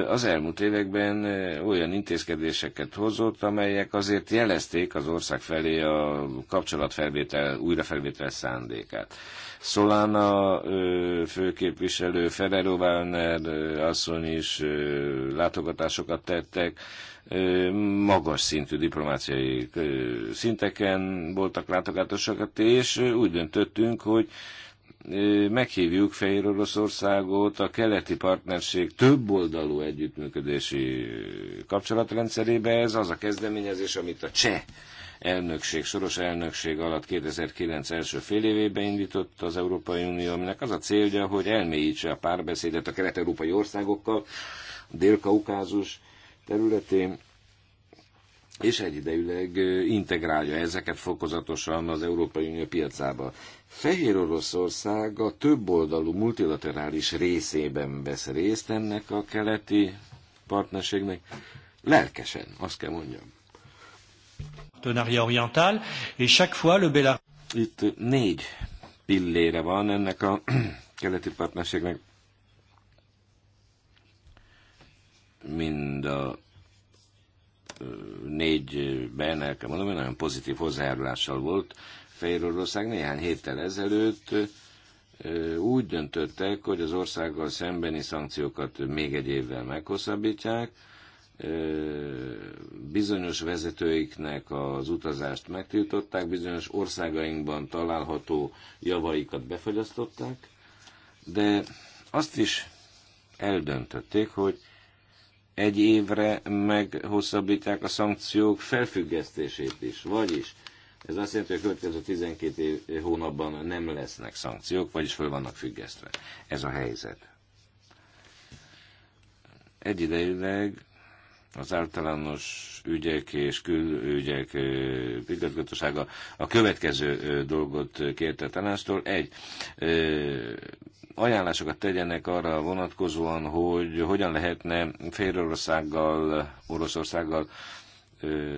az elmúlt években olyan intézkedéseket hozott, amelyek azért jelezték az ország felé a kapcsolatfelvétel, újrafelvétel szándékát. Solana főképviselő, Ferrero Wallner asszony is látogatásokat tettek, magas szintű diplomáciai szinteken voltak látogatásokat, és úgy döntöttünk, hogy meghívjuk Fehér Oroszországot a keleti partnerség több oldalú együttműködési kapcsolatrendszerébe. Ez az a kezdeményezés, amit a cseh elnökség, soros elnökség alatt 2009 első fél évében indított az Európai Unió, aminek az a célja, hogy elmélyítse a párbeszédet a kelet-európai országokkal, a dél-kaukázus területén, és egyidejűleg integrálja ezeket fokozatosan az Európai Unió piacába. Fehér Oroszország a többoldalú multilaterális részében vesz részt ennek a keleti partnerségnek. Lelkesen, azt kell mondjam. Oriental, és chaque fois le Bélarus... Itt négy pillére van ennek a keleti partnerségnek. Mind a négyben el kell mondom, hogy nagyon pozitív hozzájárulással volt Fejérország néhány héttel ezelőtt úgy döntöttek, hogy az országgal szembeni szankciókat még egy évvel meghosszabbítják, bizonyos vezetőiknek az utazást megtiltották, bizonyos országainkban található javaikat befagyasztották, de azt is eldöntötték, hogy egy évre meghosszabbítják a szankciók felfüggesztését is. Vagyis ez azt jelenti, hogy a következő 12 év, hónapban nem lesznek szankciók, vagyis föl vannak függesztve. Ez a helyzet. Egyidejűleg az általános ügyek és külügyek igazgatósága a következő dolgot kérte a tanástól. Egy, ajánlásokat tegyenek arra vonatkozóan, hogy hogyan lehetne Félországgal, Oroszországgal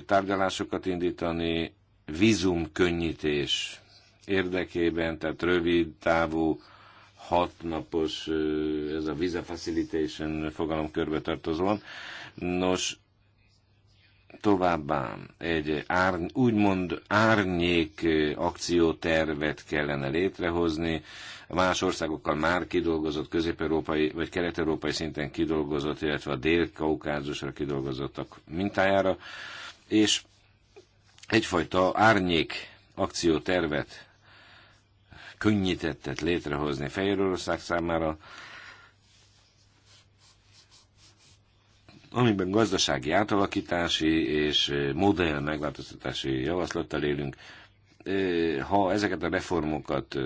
tárgyalásokat indítani, vízumkönnyítés érdekében, tehát rövid távú hatnapos, ez a visa facilitation fogalom körbe tartozóan. Nos, továbbá egy ár, úgymond árnyék akciótervet kellene létrehozni, más országokkal már kidolgozott, közép-európai vagy kelet-európai szinten kidolgozott, illetve a dél-kaukázusra kidolgozottak mintájára, és egyfajta árnyék akciótervet könnyítettet létrehozni Fehérország számára, amiben gazdasági átalakítási és eh, modell megváltoztatási javaslattal élünk. Eh, ha ezeket a reformokat eh,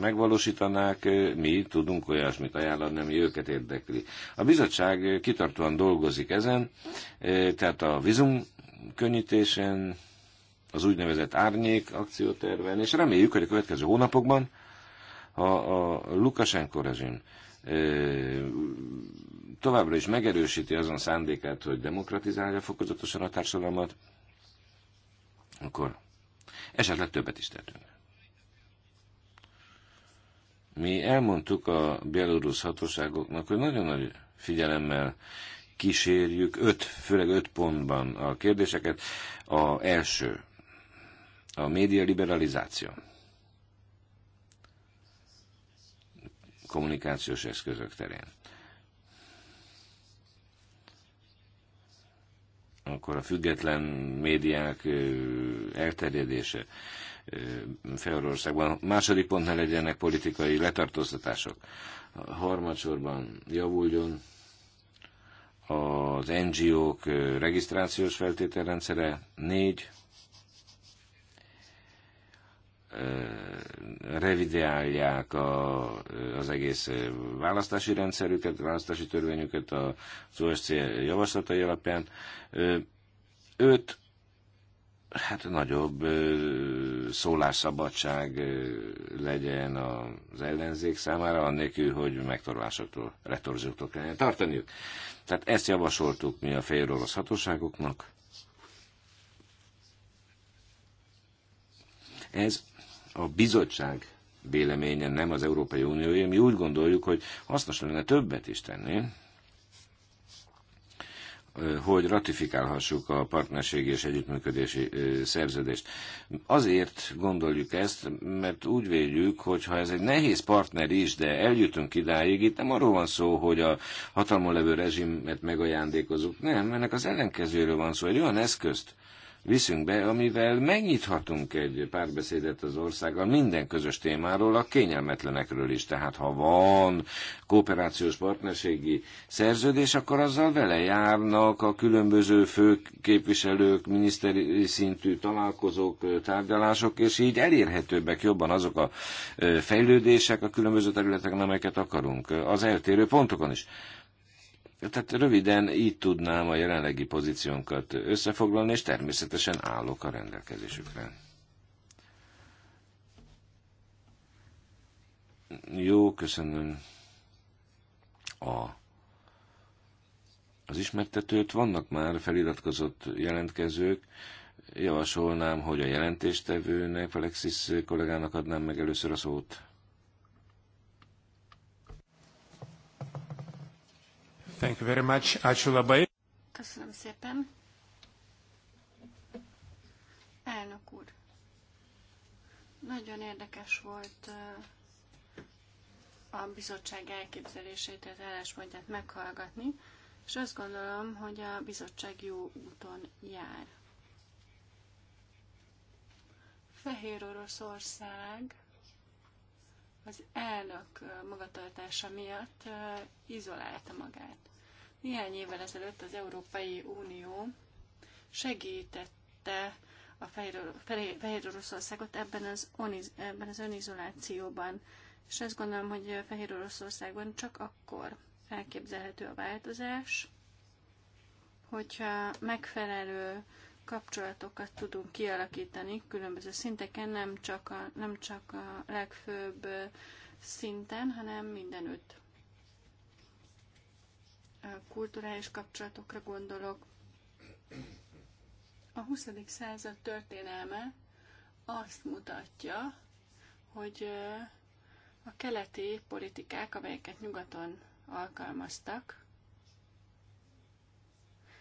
megvalósítanák, mi tudunk olyasmit ajánlani, ami őket érdekli. A bizottság kitartóan dolgozik ezen, tehát a vizum könnyítésen, az úgynevezett árnyék akcióterven, és reméljük, hogy a következő hónapokban, ha a Lukasenko rezsim továbbra is megerősíti azon szándékát, hogy demokratizálja fokozatosan a társadalmat, akkor esetleg többet is tettünk. Mi elmondtuk a belorusz hatóságoknak, hogy nagyon nagy figyelemmel kísérjük, öt, főleg öt pontban a kérdéseket. A első, a média liberalizáció. kommunikációs eszközök terén. akkor a független médiák elterjedése Feorországban. Második pont ne legyenek politikai letartóztatások. Harmadsorban javuljon az NGO-k regisztrációs feltételrendszere. Négy, revideálják a, az egész választási rendszerüket, választási törvényüket az OSC javaslatai alapján. Öt hát nagyobb szólásszabadság legyen az ellenzék számára, annélkül, hogy megtorlásoktól, retorzióktól kellene tartaniuk. Tehát ezt javasoltuk mi a fél orosz hatóságoknak. Ez a bizottság véleménye, nem az Európai Unióé. Mi úgy gondoljuk, hogy hasznos lenne többet is tenni, hogy ratifikálhassuk a partnerségi és együttműködési szerződést. Azért gondoljuk ezt, mert úgy védjük, hogy ha ez egy nehéz partner is, de eljutunk idáig, itt nem arról van szó, hogy a hatalmon levő rezsimet megajándékozunk, nem, ennek az ellenkezőről van szó, egy olyan eszközt viszünk be, amivel megnyithatunk egy párbeszédet az országgal minden közös témáról, a kényelmetlenekről is. Tehát ha van kooperációs partnerségi szerződés, akkor azzal vele járnak a különböző főképviselők, miniszteri szintű találkozók, tárgyalások, és így elérhetőbbek jobban azok a fejlődések a különböző területeken, amelyeket akarunk, az eltérő pontokon is. Tehát röviden így tudnám a jelenlegi pozíciónkat összefoglalni, és természetesen állok a rendelkezésükre. Jó, köszönöm a, az ismertetőt. Vannak már feliratkozott jelentkezők. Javasolnám, hogy a jelentéstevőnek, Alexis kollégának adnám meg először a szót. Thank you very much. labai. Köszönöm szépen. Elnök úr, nagyon érdekes volt uh, a bizottság elképzelését, az álláspontját meghallgatni, és azt gondolom, hogy a bizottság jó úton jár. Fehér Oroszország az elnök magatartása miatt uh, izolálta magát. Néhány évvel ezelőtt az Európai Unió segítette a Fehér Oroszországot ebben az, oniz, ebben az önizolációban. És azt gondolom, hogy Fehér Oroszországban csak akkor elképzelhető a változás, hogyha megfelelő kapcsolatokat tudunk kialakítani különböző szinteken, nem csak a, nem csak a legfőbb szinten, hanem mindenütt kulturális kapcsolatokra gondolok. A 20. század történelme azt mutatja, hogy a keleti politikák, amelyeket nyugaton alkalmaztak,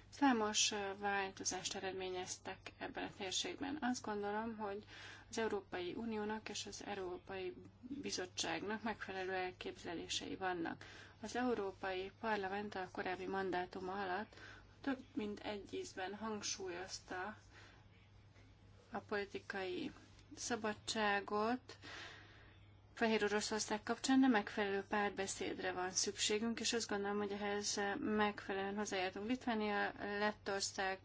számos változást eredményeztek ebben a térségben. Azt gondolom, hogy az Európai Uniónak és az Európai Bizottságnak megfelelő elképzelései vannak az Európai Parlament a korábbi mandátuma alatt több mint egy ízben hangsúlyozta a politikai szabadságot, Fehér Oroszország kapcsán nem megfelelő párbeszédre van szükségünk, és azt gondolom, hogy ehhez megfelelően hozzájártunk Litvánia, Lettország,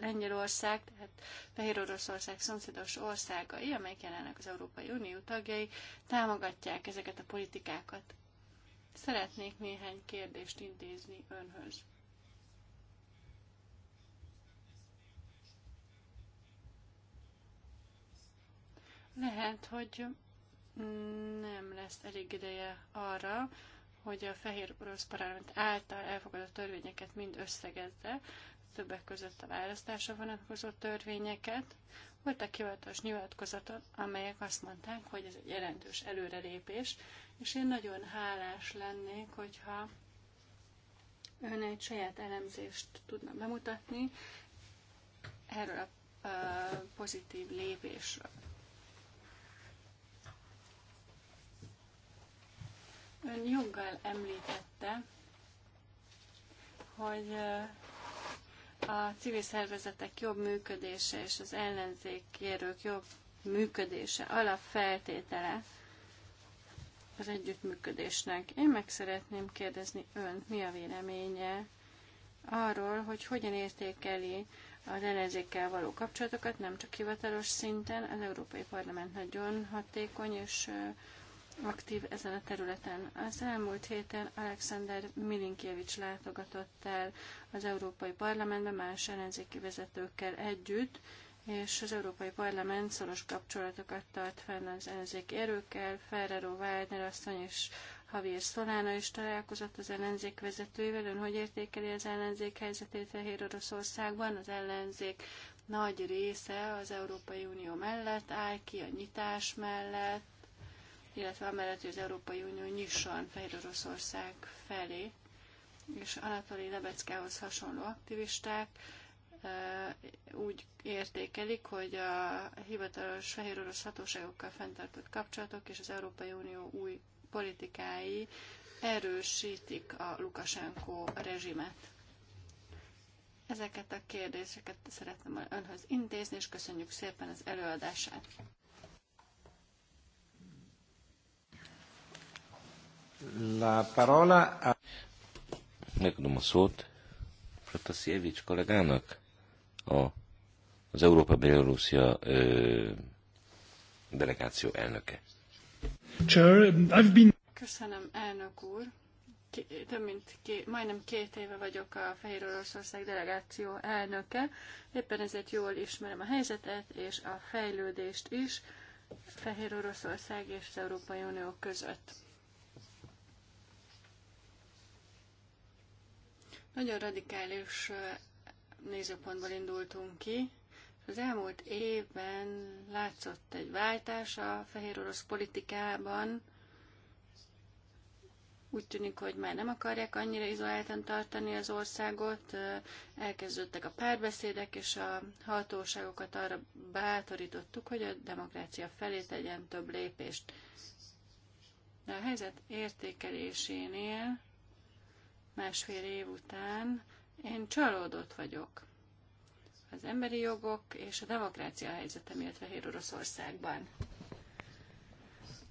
Lengyelország, tehát Fehér Oroszország szomszédos országai, amelyek jelenleg az Európai Unió tagjai, támogatják ezeket a politikákat. Szeretnék néhány kérdést intézni önhöz. Lehet, hogy mm, nem lesz elég ideje arra, hogy a Fehér Orosz Parlament által elfogadott törvényeket mind összegezze, többek között a választásra vonatkozó törvényeket, voltak hivatalos nyilatkozatok, amelyek azt mondták, hogy ez egy jelentős előrelépés, és én nagyon hálás lennék, hogyha ön egy saját elemzést tudna bemutatni erről a pozitív lépésről. Ön joggal említette, hogy a civil szervezetek jobb működése és az ellenzékérők jobb működése alapfeltétele az együttműködésnek. Én meg szeretném kérdezni ön, mi a véleménye arról, hogy hogyan értékeli az ellenzékkel való kapcsolatokat, nem csak hivatalos szinten. Az Európai Parlament nagyon hatékony és aktív ezen a területen. Az elmúlt héten Alexander Milinkiewicz látogatott el az Európai Parlamentbe más ellenzéki vezetőkkel együtt, és az Európai Parlament szoros kapcsolatokat tart fenn az ellenzéki erőkkel, Ferrero Wagner asszony és Javier Szolána is találkozott az ellenzék vezetőivel. Ön hogy értékeli az ellenzék helyzetét Fehér Oroszországban? Az ellenzék nagy része az Európai Unió mellett áll ki, a nyitás mellett, illetve amellett, hogy az Európai Unió nyisson Fehér Oroszország felé, és Anatoli Lebeckához hasonló aktivisták úgy értékelik, hogy a hivatalos fehér orosz hatóságokkal fenntartott kapcsolatok és az Európai Unió új politikái erősítik a Lukasenko rezsimet. Ezeket a kérdéseket szeretném önhöz intézni, és köszönjük szépen az előadását. La parola a... Megadom a szót Protasievics kollégának a, az Európa-Belorusszia delegáció elnöke. Chair, I've been... Köszönöm, elnök úr. K- több mint ké- majdnem két éve vagyok a Fehér Oroszország delegáció elnöke. Éppen ezért jól ismerem a helyzetet és a fejlődést is Fehér Oroszország és az Európai Unió között. Nagyon radikális nézőpontból indultunk ki. Az elmúlt évben látszott egy váltás a fehér orosz politikában. Úgy tűnik, hogy már nem akarják annyira izoláltan tartani az országot. Elkezdődtek a párbeszédek, és a hatóságokat arra bátorítottuk, hogy a demokrácia felé tegyen több lépést. De a helyzet értékelésénél másfél év után én csalódott vagyok az emberi jogok és a demokrácia helyzete miatt Fehér Oroszországban.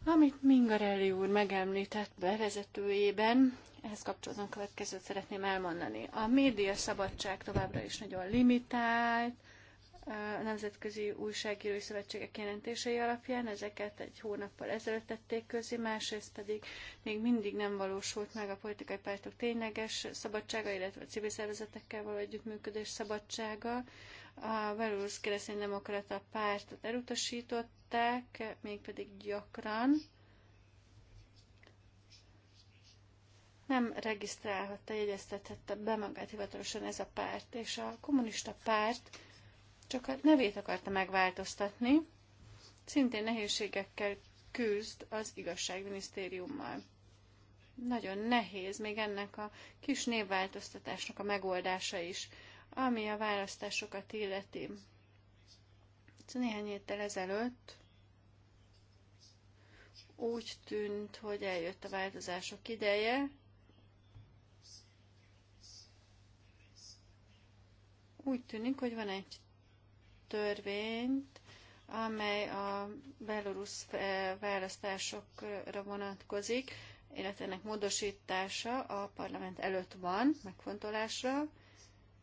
Amit Mingarelli úr megemlített bevezetőjében, ehhez kapcsolatban következőt szeretném elmondani. A média szabadság továbbra is nagyon limitált, Nemzetközi Újságírói Szövetségek jelentései alapján, ezeket egy hónappal ezelőtt tették közé, másrészt pedig még mindig nem valósult meg a politikai pártok tényleges szabadsága, illetve a civil szervezetekkel való együttműködés szabadsága. A Belarus keresztény demokrata pártot elutasították, mégpedig gyakran. nem regisztrálhatta, jegyeztethette be magát hivatalosan ez a párt, és a kommunista párt csak a nevét akarta megváltoztatni. Szintén nehézségekkel küzd az igazságminisztériummal. Nagyon nehéz még ennek a kis névváltoztatásnak a megoldása is, ami a választásokat illeti. Szóval néhány héttel ezelőtt úgy tűnt, hogy eljött a változások ideje. Úgy tűnik, hogy van egy törvényt, amely a belorusz eh, választásokra vonatkozik, illetve ennek módosítása a parlament előtt van megfontolásra,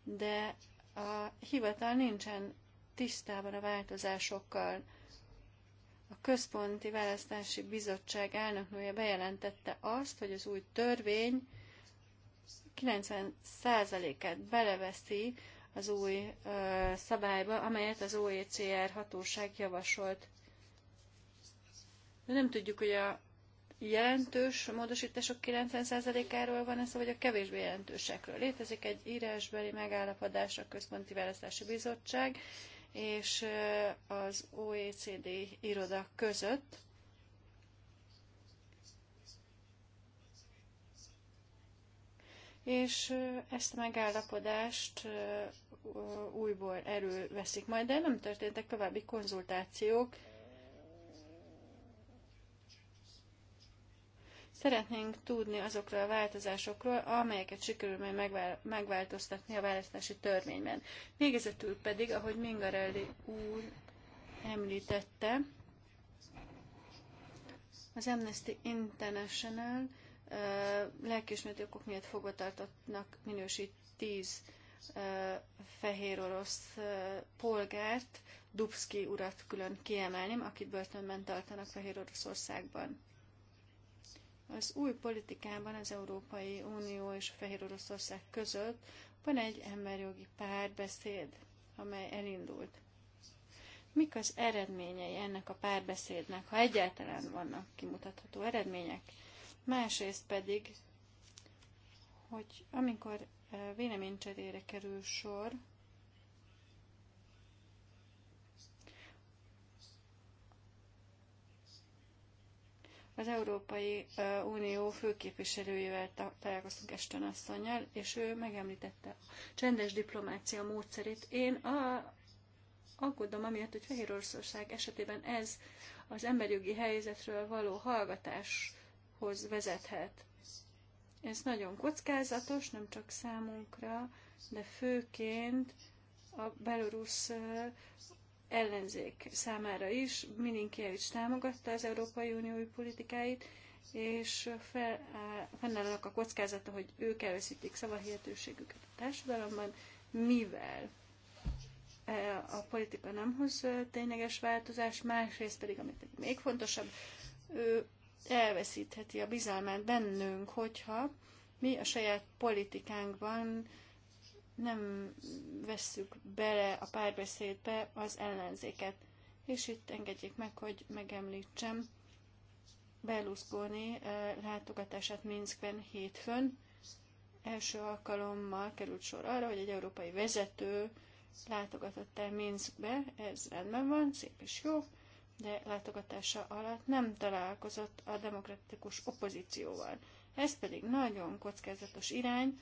de a hivatal nincsen tisztában a változásokkal. A Központi Választási Bizottság elnöknője bejelentette azt, hogy az új törvény 90%-át beleveszi az új szabályba, amelyet az OECR hatóság javasolt. De nem tudjuk, hogy a jelentős módosítások 90%-áról van ez, vagy a kevésbé jelentősekről. Létezik egy írásbeli megállapodás a Központi Választási Bizottság és az OECD iroda között, és ezt a megállapodást újból veszik majd, de nem történtek további konzultációk. Szeretnénk tudni azokról a változásokról, amelyeket sikerül majd megváltoztatni a választási törvényben. Végezetül pedig, ahogy Mingarelli úr említette, az Amnesty International lelkismerti okok miatt tartottnak minősít 10 fehér orosz polgárt, Dubszki urat külön kiemelném, akit börtönben tartanak Fehér Oroszországban. Az új politikában az Európai Unió és Fehér Oroszország között van egy emberjogi párbeszéd, amely elindult. Mik az eredményei ennek a párbeszédnek, ha egyáltalán vannak kimutatható eredmények? Másrészt pedig hogy amikor véleménycserére kerül sor, az Európai Unió főképviselőjével találkoztunk Eston asszonynal, és ő megemlítette a csendes diplomácia módszerét. Én a, aggódom amiatt, hogy Fehéroroszország esetében ez az emberjogi helyzetről való hallgatáshoz vezethet. Ez nagyon kockázatos, nem csak számunkra, de főként a belorusz ellenzék számára is. Mininkiewicz támogatta az Európai Unió politikáit, és fel, fennállnak a kockázata, hogy ők elveszítik szavahihetőségüket a társadalomban, mivel a politika nem hoz tényleges változás, másrészt pedig, amit még fontosabb, ő elveszítheti a bizalmát bennünk, hogyha mi a saját politikánkban nem vesszük bele a párbeszédbe az ellenzéket. És itt engedjék meg, hogy megemlítsem Berlusconi eh, látogatását Minskben hétfőn. Első alkalommal került sor arra, hogy egy európai vezető látogatott el Minskbe, ez rendben van, szép és jó, de látogatása alatt nem találkozott a demokratikus opozícióval. Ez pedig nagyon kockázatos irány.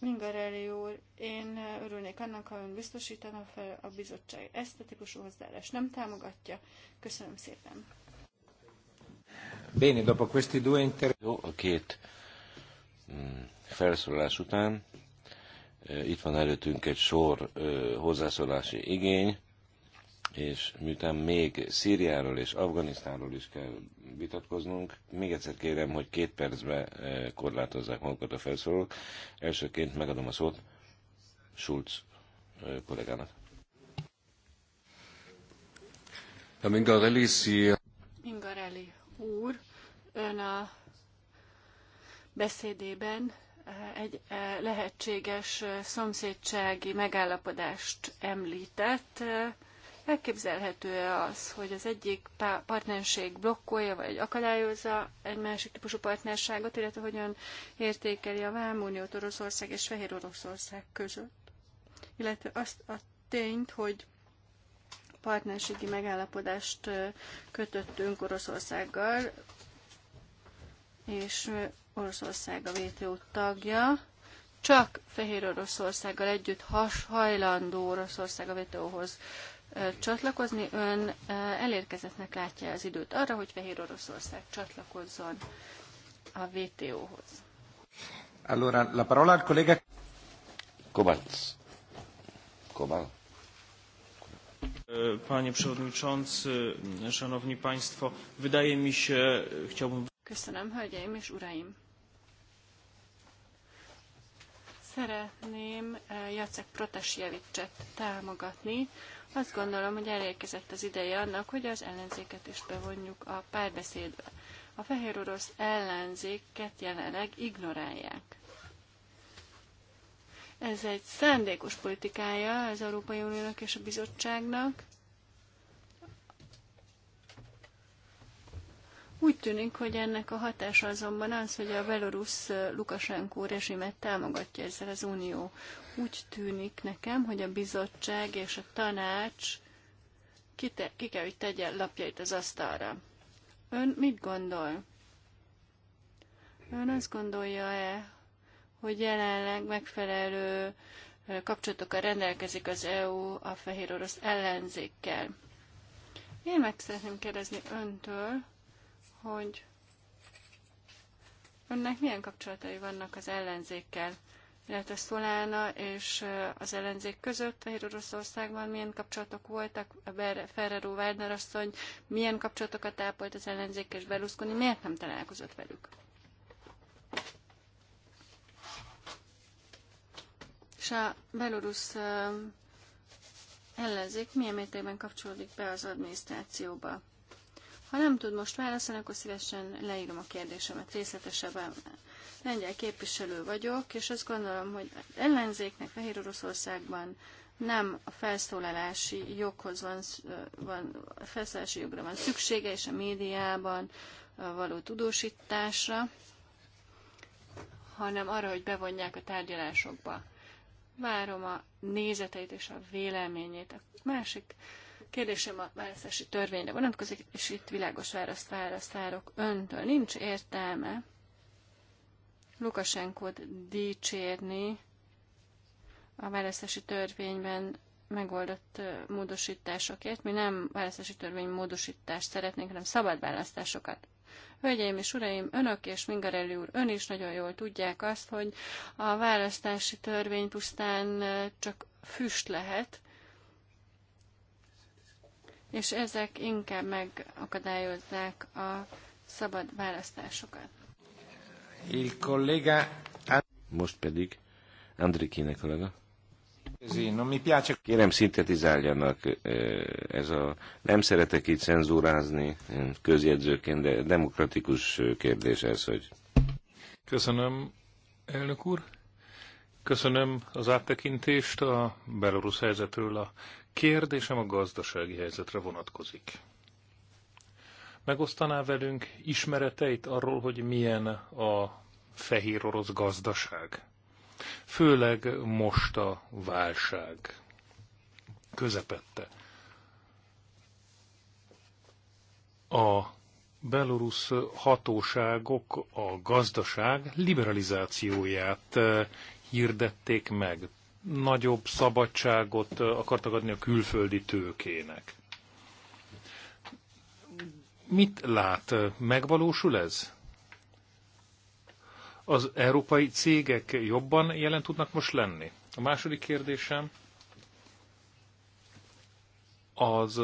Mingarelli úr, én örülnék annak, ha ön biztosítana fel a bizottság ezt a nem támogatja. Köszönöm szépen. Bene, dopo questi due inter... a két mm, felszólás után eh, itt van előttünk egy sor eh, hozzászólási igény és miután még Szíriáról és Afganisztánról is kell vitatkoznunk, még egyszer kérem, hogy két percbe eh, korlátozzák magukat a felszólalók. Elsőként megadom a szót Schulz eh, kollégának. Mingarelli, szia! Mingarelli úr, ön a beszédében eh, egy lehetséges szomszédsági megállapodást említett. Elképzelhető-e az, hogy az egyik partnerség blokkolja vagy akadályozza egy másik típusú partnerságot, illetve hogyan értékeli a Vámuniót Oroszország és Fehér Oroszország között? Illetve azt a tényt, hogy partnerségi megállapodást kötöttünk Oroszországgal, és Oroszország a WTO tagja, csak Fehér Oroszországgal együtt has, hajlandó Oroszország a WTO-hoz csatlakozni. Ön elérkezettnek látja az időt arra, hogy Fehér Oroszország csatlakozzon a WTO-hoz. Allora, la parola al collega Kovács. Kowal. E, panie Przewodniczący, Szanowni Państwo, wydaje mi się, chciałbym... Köszönöm, hölgyeim és uraim! Szeretném e, Jacek Protasiewiczet támogatni, azt gondolom, hogy elérkezett az ideje annak, hogy az ellenzéket is bevonjuk a párbeszédbe. A fehér orosz ellenzéket jelenleg ignorálják. Ez egy szándékos politikája az Európai Uniónak és a bizottságnak, Úgy tűnik, hogy ennek a hatása azonban az, hogy a belorusz Lukasenko rezsimet támogatja ezzel az unió. Úgy tűnik nekem, hogy a bizottság és a tanács te, ki kell, hogy tegye lapjait az asztalra. Ön mit gondol? Ön azt gondolja-e, hogy jelenleg megfelelő kapcsolatokkal rendelkezik az EU a fehér orosz ellenzékkel? Én meg szeretném kérdezni öntől, hogy önnek milyen kapcsolatai vannak az ellenzékkel, illetve Szolána és az ellenzék között a Oroszországban milyen kapcsolatok voltak, a Ferrero Wagner asszony milyen kapcsolatokat ápolt az ellenzék és Berlusconi, miért nem találkozott velük? És a belorusz ellenzék milyen mértékben kapcsolódik be az adminisztrációba? Ha nem tud most válaszolni, akkor szívesen leírom a kérdésemet részletesebben. Lengyel képviselő vagyok, és azt gondolom, hogy ellenzéknek Fehér Oroszországban nem a felszólalási joghoz van, van a felszólalási jogra van szüksége, és a médiában való tudósításra, hanem arra, hogy bevonják a tárgyalásokba. Várom a nézeteit és a véleményét. A másik kérdésem a választási törvényre vonatkozik, és itt világos választ választ várok öntől. Nincs értelme Lukasenkot dicsérni a választási törvényben megoldott módosításokért. Mi nem választási törvény módosítást szeretnénk, hanem szabad választásokat. Hölgyeim és uraim, önök és Mingarelli úr, ön is nagyon jól tudják azt, hogy a választási törvény pusztán csak füst lehet, és ezek inkább megakadályozzák a szabad választásokat. Il collega... Most pedig Andrikine kollega. Kérem, szintetizáljanak, ez a, nem szeretek itt cenzúrázni közjegyzőként, de demokratikus kérdés ez, hogy... Köszönöm, elnök úr. Köszönöm az áttekintést a belorusz helyzetről a Kérdésem a gazdasági helyzetre vonatkozik. Megosztaná velünk ismereteit arról, hogy milyen a fehér orosz gazdaság? Főleg most a válság közepette. A belorusz hatóságok a gazdaság liberalizációját hirdették meg nagyobb szabadságot akartak adni a külföldi tőkének. Mit lát? Megvalósul ez? Az európai cégek jobban jelen tudnak most lenni? A második kérdésem az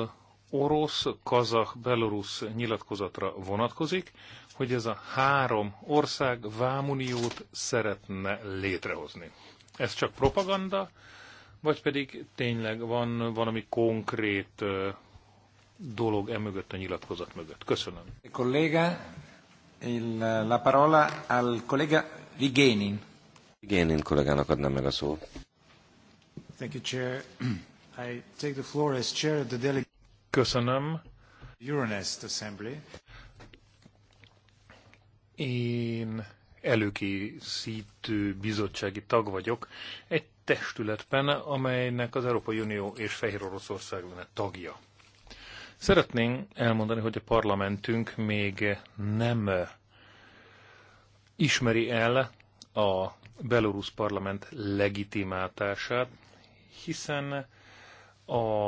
orosz, kazah, belorusz nyilatkozatra vonatkozik, hogy ez a három ország vámuniót szeretne létrehozni. Ez csak propaganda, vagy pedig tényleg van valami konkrét dolog e mögött a nyilatkozat mögött? Köszönöm. Kolléga, il, la parola al kolléga Vigénin. Vigénin kollégának adnám meg a szót. Thank you, Chair. I take the floor as chair of the delegation. Köszönöm. Euronest Assembly. Én előkészítő bizottsági tag vagyok egy testületben, amelynek az Európai Unió és Fehér Oroszország lenne tagja. Szeretném elmondani, hogy a parlamentünk még nem ismeri el a belorusz parlament legitimátását, hiszen a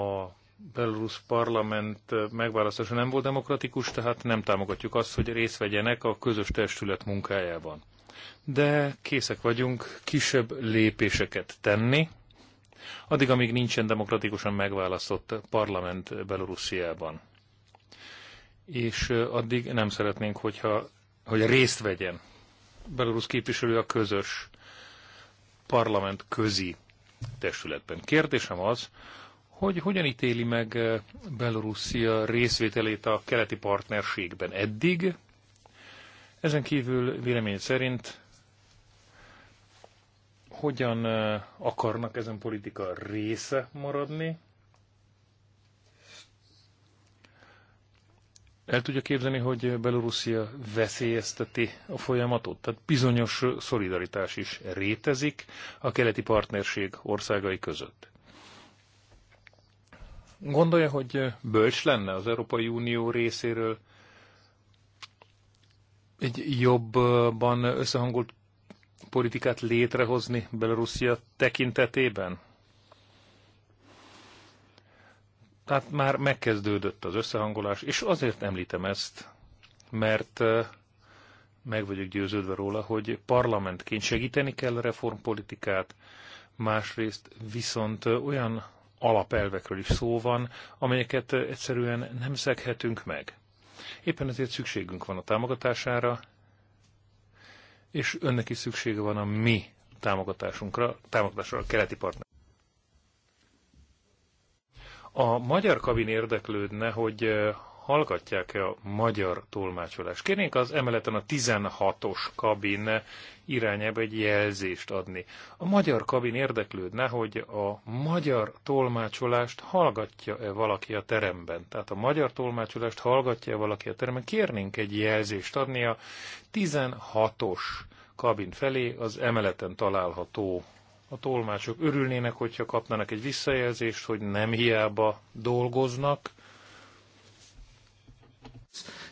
Belarus parlament megválasztása nem volt demokratikus, tehát nem támogatjuk azt, hogy részt vegyenek a közös testület munkájában. De készek vagyunk kisebb lépéseket tenni, addig, amíg nincsen demokratikusan megválasztott parlament Belorussziában. És addig nem szeretnénk, hogyha, hogy részt vegyen Belarus képviselő a közös parlament közi testületben. Kérdésem az, hogy hogyan ítéli meg eh, Belorusszia részvételét a keleti partnerségben eddig. Ezen kívül vélemény szerint hogyan eh, akarnak ezen politika része maradni. El tudja képzelni, hogy Belorusszia veszélyezteti a folyamatot? Tehát bizonyos szolidaritás is rétezik a keleti partnerség országai között. Gondolja, hogy bölcs lenne az Európai Unió részéről egy jobban összehangolt politikát létrehozni Belarusia tekintetében? Tehát már megkezdődött az összehangolás, és azért említem ezt, mert meg vagyok győződve róla, hogy parlamentként segíteni kell a reformpolitikát, másrészt viszont olyan alapelvekről is szó van, amelyeket egyszerűen nem szeghetünk meg. Éppen ezért szükségünk van a támogatására, és önnek is szüksége van a mi támogatásunkra, támogatásra a keleti partner. A magyar kabin érdeklődne, hogy eh, hallgatják-e a magyar tolmácsolást. Kérnénk az emeleten a 16-os kabin irányába egy jelzést adni. A magyar kabin érdeklődne, hogy a magyar tolmácsolást hallgatja-e valaki a teremben. Tehát a magyar tolmácsolást hallgatja-e valaki a teremben. Kérnénk egy jelzést adni a 16-os kabin felé az emeleten található a tolmácsok örülnének, hogyha kapnának egy visszajelzést, hogy nem hiába dolgoznak,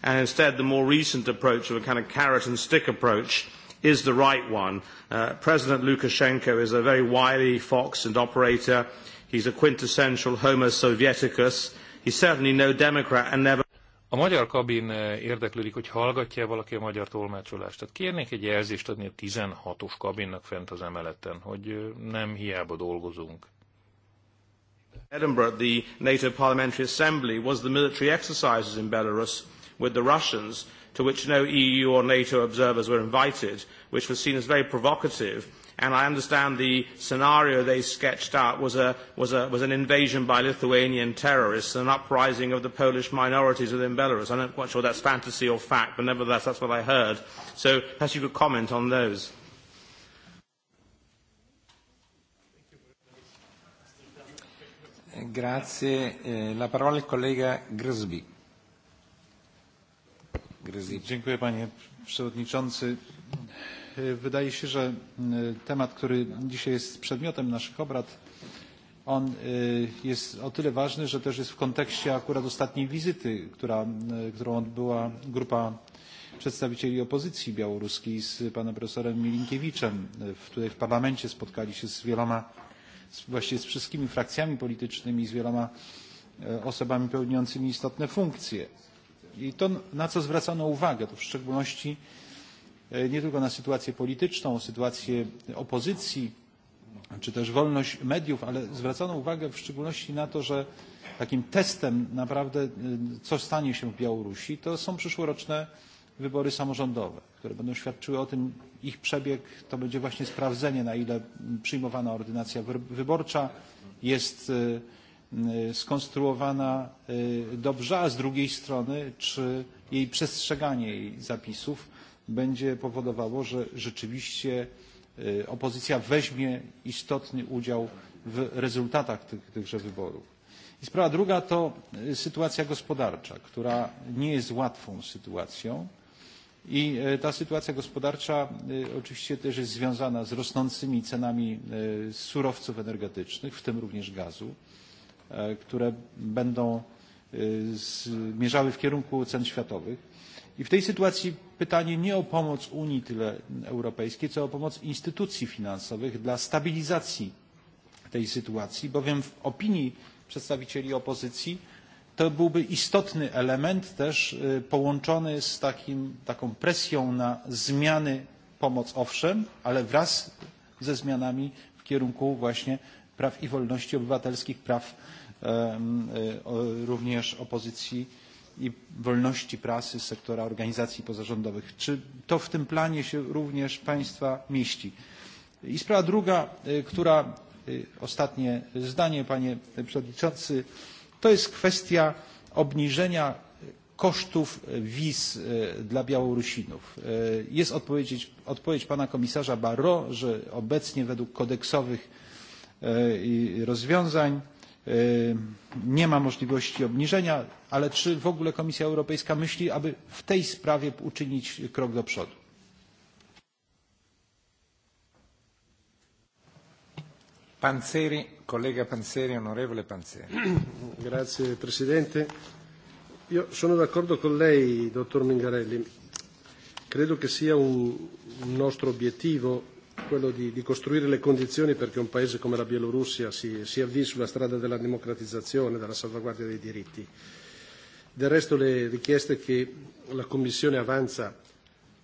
and instead the more recent approach of a kind of carrot and stick approach is the right one. Uh, President Lukashenko is a very wily fox and operator. He's a quintessential Homo Sovieticus. He's certainly no Democrat and never... A magyar kabin eh, érdeklődik, hogy hallgatja valaki a magyar tolmácsolást. Tehát kérnék egy jelzést adni a 16-os kabinnak fent az emeleten, hogy eh, nem hiába dolgozunk. Edinburgh, the NATO Parliamentary Assembly was the military exercises in Belarus with the Russians to which no EU or NATO observers were invited, which was seen as very provocative. And I understand the scenario they sketched out was, a, was, a, was an invasion by Lithuanian terrorists, an uprising of the Polish minorities within Belarus. I'm not quite sure that's fantasy or fact, but nevertheless, that's what I heard. So perhaps you could comment on those. Grazie. Eh, la parola al collega Grzbik. Wydaje się, że e, temat, który dzisiaj jest przedmiotem naszych obrad, e, jest o tyle ważny, że też jest w kontekście akurat ostatniej wizyty, e, którą odbyła grupa przedstawicieli opozycji białoruskiej z panem profesorem Milinkiewiczem. Tutaj w parlamencie spotkali się z wieloma, właściwie z wszystkimi frakcjami politycznymi, z wieloma osobami pełniącymi istotne funkcje I to, na co zwracano uwagę, to w szczególności e, nie tylko na sytuację polityczną, sytuację opozycji, czy też wolność mediów, ale zwracano uwagę w szczególności na to, że takim testem naprawdę, e, co stanie się w Białorusi, to są przyszłoroczne wybory samorządowe, które będą świadczyły o tym, ich przebieg to będzie właśnie sprawdzenie, na ile przyjmowana ordynacja wyborcza jest e, skonstruowana dobrze, a z drugiej strony czy jej przestrzeganie jej zapisów będzie powodowało, że rzeczywiście opozycja weźmie istotny udział w rezultatach tych, tychże wyborów. I sprawa druga to sytuacja gospodarcza, która nie jest łatwą sytuacją. I ta sytuacja gospodarcza oczywiście też jest związana z rosnącymi cenami surowców energetycznych, w tym również gazu E, które będą e, zmierzały w kierunku cen światowych. I w tej sytuacji pytanie nie o pomoc Unii tyle europejskiej, co o pomoc instytucji finansowych dla stabilizacji tej sytuacji, bowiem w opinii przedstawicieli opozycji to byłby istotny element też e, połączony z takim, taką presją na zmiany pomoc owszem, ale wraz ze zmianami w kierunku właśnie praw i wolności obywatelskich, praw e, również opozycji i wolności prasy, sektora organizacji pozarządowych. Czy to w tym planie się również Państwa mieści? I sprawa druga, e, która e, ostatnie zdanie, panie przewodniczący, to jest kwestia obniżenia kosztów wiz dla Białorusinów. Jest odpowiedź, odpowiedź pana komisarza Barro, że obecnie według kodeksowych E, i rozwiązań. E, nie ma możliwości obniżenia, ale czy w ogóle Komisja Europejska myśli, aby w tej sprawie uczynić krok do przodu? Panzeri, collega Panzeri, onorevole Panzeri. Grazie Presidente. Io sono d'accordo con lei, dottor Mingarelli. Credo che sia un nostro obiettivo quello di, di costruire le condizioni perché un paese come la Bielorussia si, si avvii sulla strada della democratizzazione, della salvaguardia dei diritti. Del resto le richieste che la Commissione avanza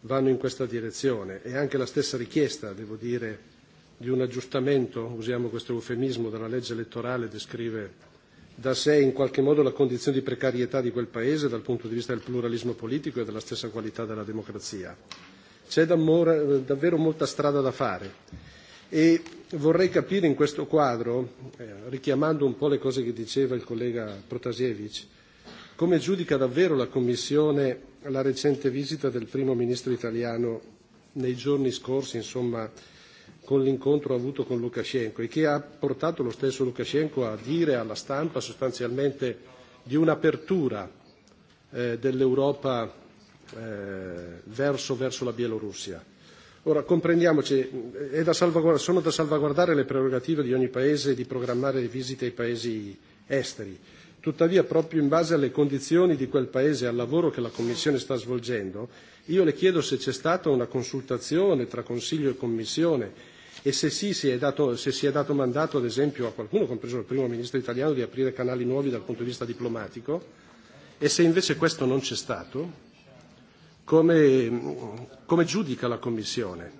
vanno in questa direzione e anche la stessa richiesta, devo dire, di un aggiustamento, usiamo questo eufemismo, della legge elettorale descrive da sé in qualche modo la condizione di precarietà di quel paese dal punto di vista del pluralismo politico e della stessa qualità della democrazia C'è davvero molta strada da fare e vorrei capire in questo quadro, eh, richiamando un po' le cose che diceva il collega Protasevich, come giudica davvero la Commissione la recente visita del primo ministro italiano nei giorni scorsi, insomma, con l'incontro avuto con Lukashenko e che ha portato lo stesso Lukashenko a dire alla stampa sostanzialmente di un'apertura eh, dell'Europa eh, verso, verso la Bielorussia. Ora, comprendiamoci, è da sono da salvaguardare le prerogative di ogni Paese di programmare visite ai Paesi esteri. Tuttavia, proprio in base alle condizioni di quel Paese e al lavoro che la Commissione sta svolgendo, io le chiedo se c'è stata una consultazione tra Consiglio e Commissione e se sì si è dato, se si è dato mandato, ad esempio, a qualcuno, compreso il primo ministro italiano, di aprire canali nuovi dal punto di vista diplomatico e se invece questo non c'è stato, Come, come giudica la Commissione?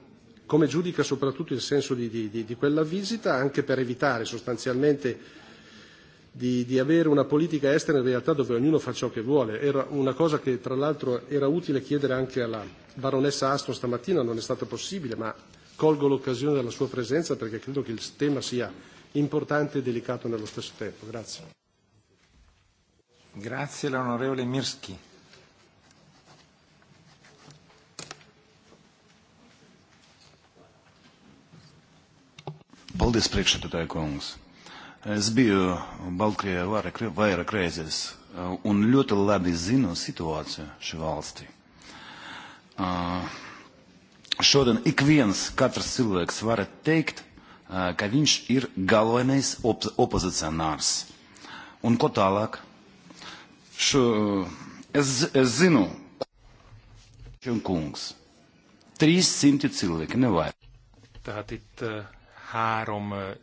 Come giudica soprattutto il senso di, di, di quella visita, anche per evitare sostanzialmente di, di avere una politica estera in realtà dove ognuno fa ciò che vuole. Era una cosa che tra l'altro era utile chiedere anche alla baronessa Aston stamattina, non è stato possibile, ma colgo l'occasione della sua presenza perché credo che il tema sia importante e delicato nello stesso tempo. Grazie. Grazie l'onorevole Mirski. Paldies priekšsēdētāju kungs. Es biju Baltkrievijā vairāk, reizes eh, un ļoti labi zinu situāciju šī valstī. Eh, šodien ik viens, katrs cilvēks var teikt, eh, ka viņš ir galvenais op opozicionārs. Un ko tālāk? Šo, es, es zinu, kungs, 300 cilvēki, nevajag. Tātad, uh 300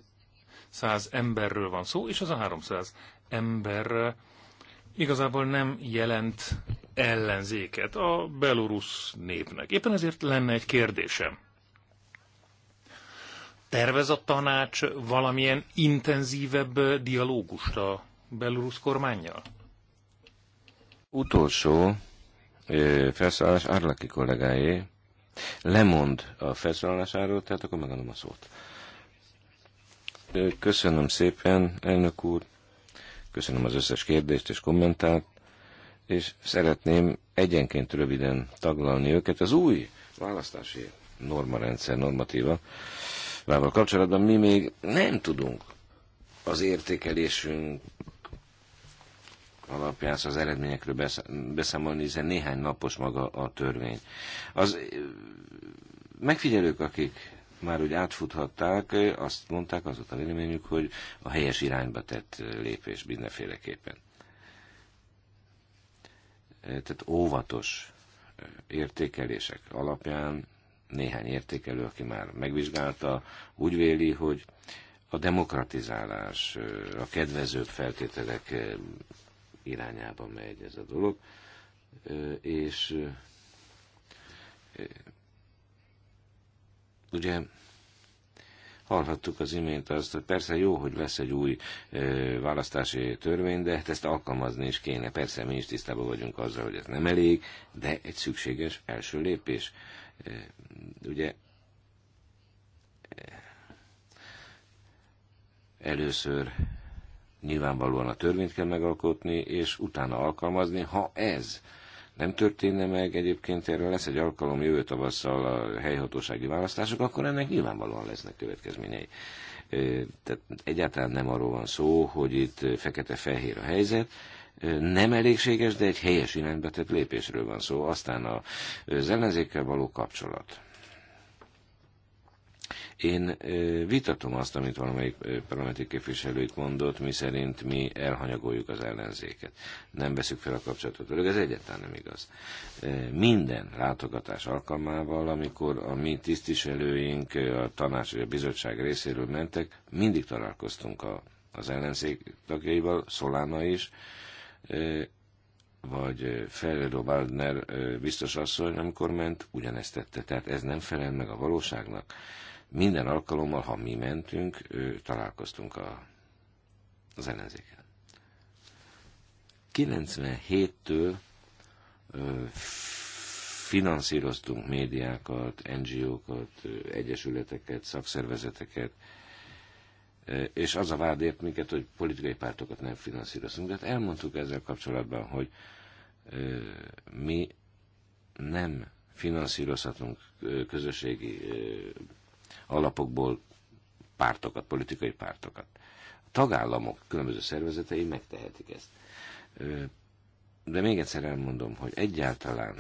emberről van szó, és az a 300 ember igazából nem jelent ellenzéket a belorusz népnek. Éppen ezért lenne egy kérdésem. Tervez a tanács valamilyen intenzívebb dialógust a belorusz kormányjal? Utolsó eh, felszállás Árlaki kollégáé lemond a felszállásáról, tehát akkor megadom a szót. Köszönöm szépen, elnök úr. Köszönöm az összes kérdést és kommentát. és szeretném egyenként röviden taglalni őket. Az új választási normarendszer, normatíva vával kapcsolatban mi még nem tudunk az értékelésünk alapján az eredményekről beszámolni, hiszen néhány napos maga a törvény. Az megfigyelők, akik már úgy átfuthatták, azt mondták, az volt a véleményük, hogy a helyes irányba tett lépés mindenféleképpen. E, tehát óvatos e, értékelések alapján néhány értékelő, aki már megvizsgálta, úgy véli, hogy a demokratizálás, e, a kedvezőbb feltételek irányába megy ez a dolog, és Ugye hallhattuk az imént azt, hogy persze jó, hogy lesz egy új ö, választási törvény, de hát ezt alkalmazni is kéne. Persze mi is tisztában vagyunk azzal, hogy ez nem elég, de egy szükséges első lépés. Ö, ugye először nyilvánvalóan a törvényt kell megalkotni, és utána alkalmazni, ha ez nem történne meg, egyébként erről lesz egy alkalom jövő tavasszal a helyhatósági választások, akkor ennek nyilvánvalóan lesznek következményei. Tehát egyáltalán nem arról van szó, hogy itt fekete-fehér a helyzet, nem elégséges, de egy helyes irányba tett lépésről van szó. Aztán az ellenzékkel való kapcsolat. Én vitatom azt, amit valamelyik parlamenti képviselő itt mondott, mi szerint mi elhanyagoljuk az ellenzéket. Nem veszük fel a kapcsolatot velük, ez egyáltalán nem igaz. Minden látogatás alkalmával, amikor a mi tisztviselőink a tanács vagy a bizottság részéről mentek, mindig találkoztunk a, az ellenzék tagjaival, Szolána is, vagy Ferrero Waldner biztos asszony, amikor ment, ugyanezt tette. Tehát ez nem felel meg a valóságnak minden alkalommal, ha mi mentünk, ő, találkoztunk a, az ellenzéken. 97-től finanszíroztunk médiákat, NGO-kat, egyesületeket, szakszervezeteket, és az a vád ért minket, hogy politikai pártokat nem finanszírozunk. De hát elmondtuk ezzel kapcsolatban, hogy mi nem finanszírozhatunk közösségi alapokból pártokat, politikai pártokat. A tagállamok különböző szervezetei megtehetik ezt. De még egyszer elmondom, hogy egyáltalán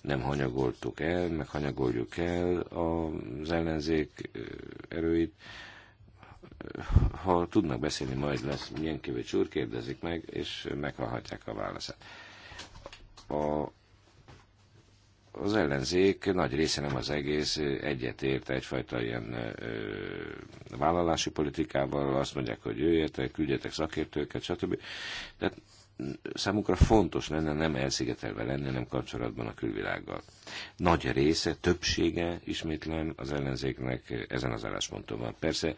nem hanyagoltuk el, meg hanyagoljuk el az ellenzék erőit. Ha tudnak beszélni, majd lesz milyen kevés úr, kérdezik meg, és meghallhatják a válaszát. A az ellenzék nagy része, nem az egész, egyetért egyfajta ilyen ö, vállalási politikával, azt mondják, hogy jöjjetek, küldjetek szakértőket, stb. De számukra fontos lenne nem elszigetelve lenni, nem kapcsolatban a külvilággal. Nagy része, többsége ismétlen az ellenzéknek ezen az állásponton van. Persze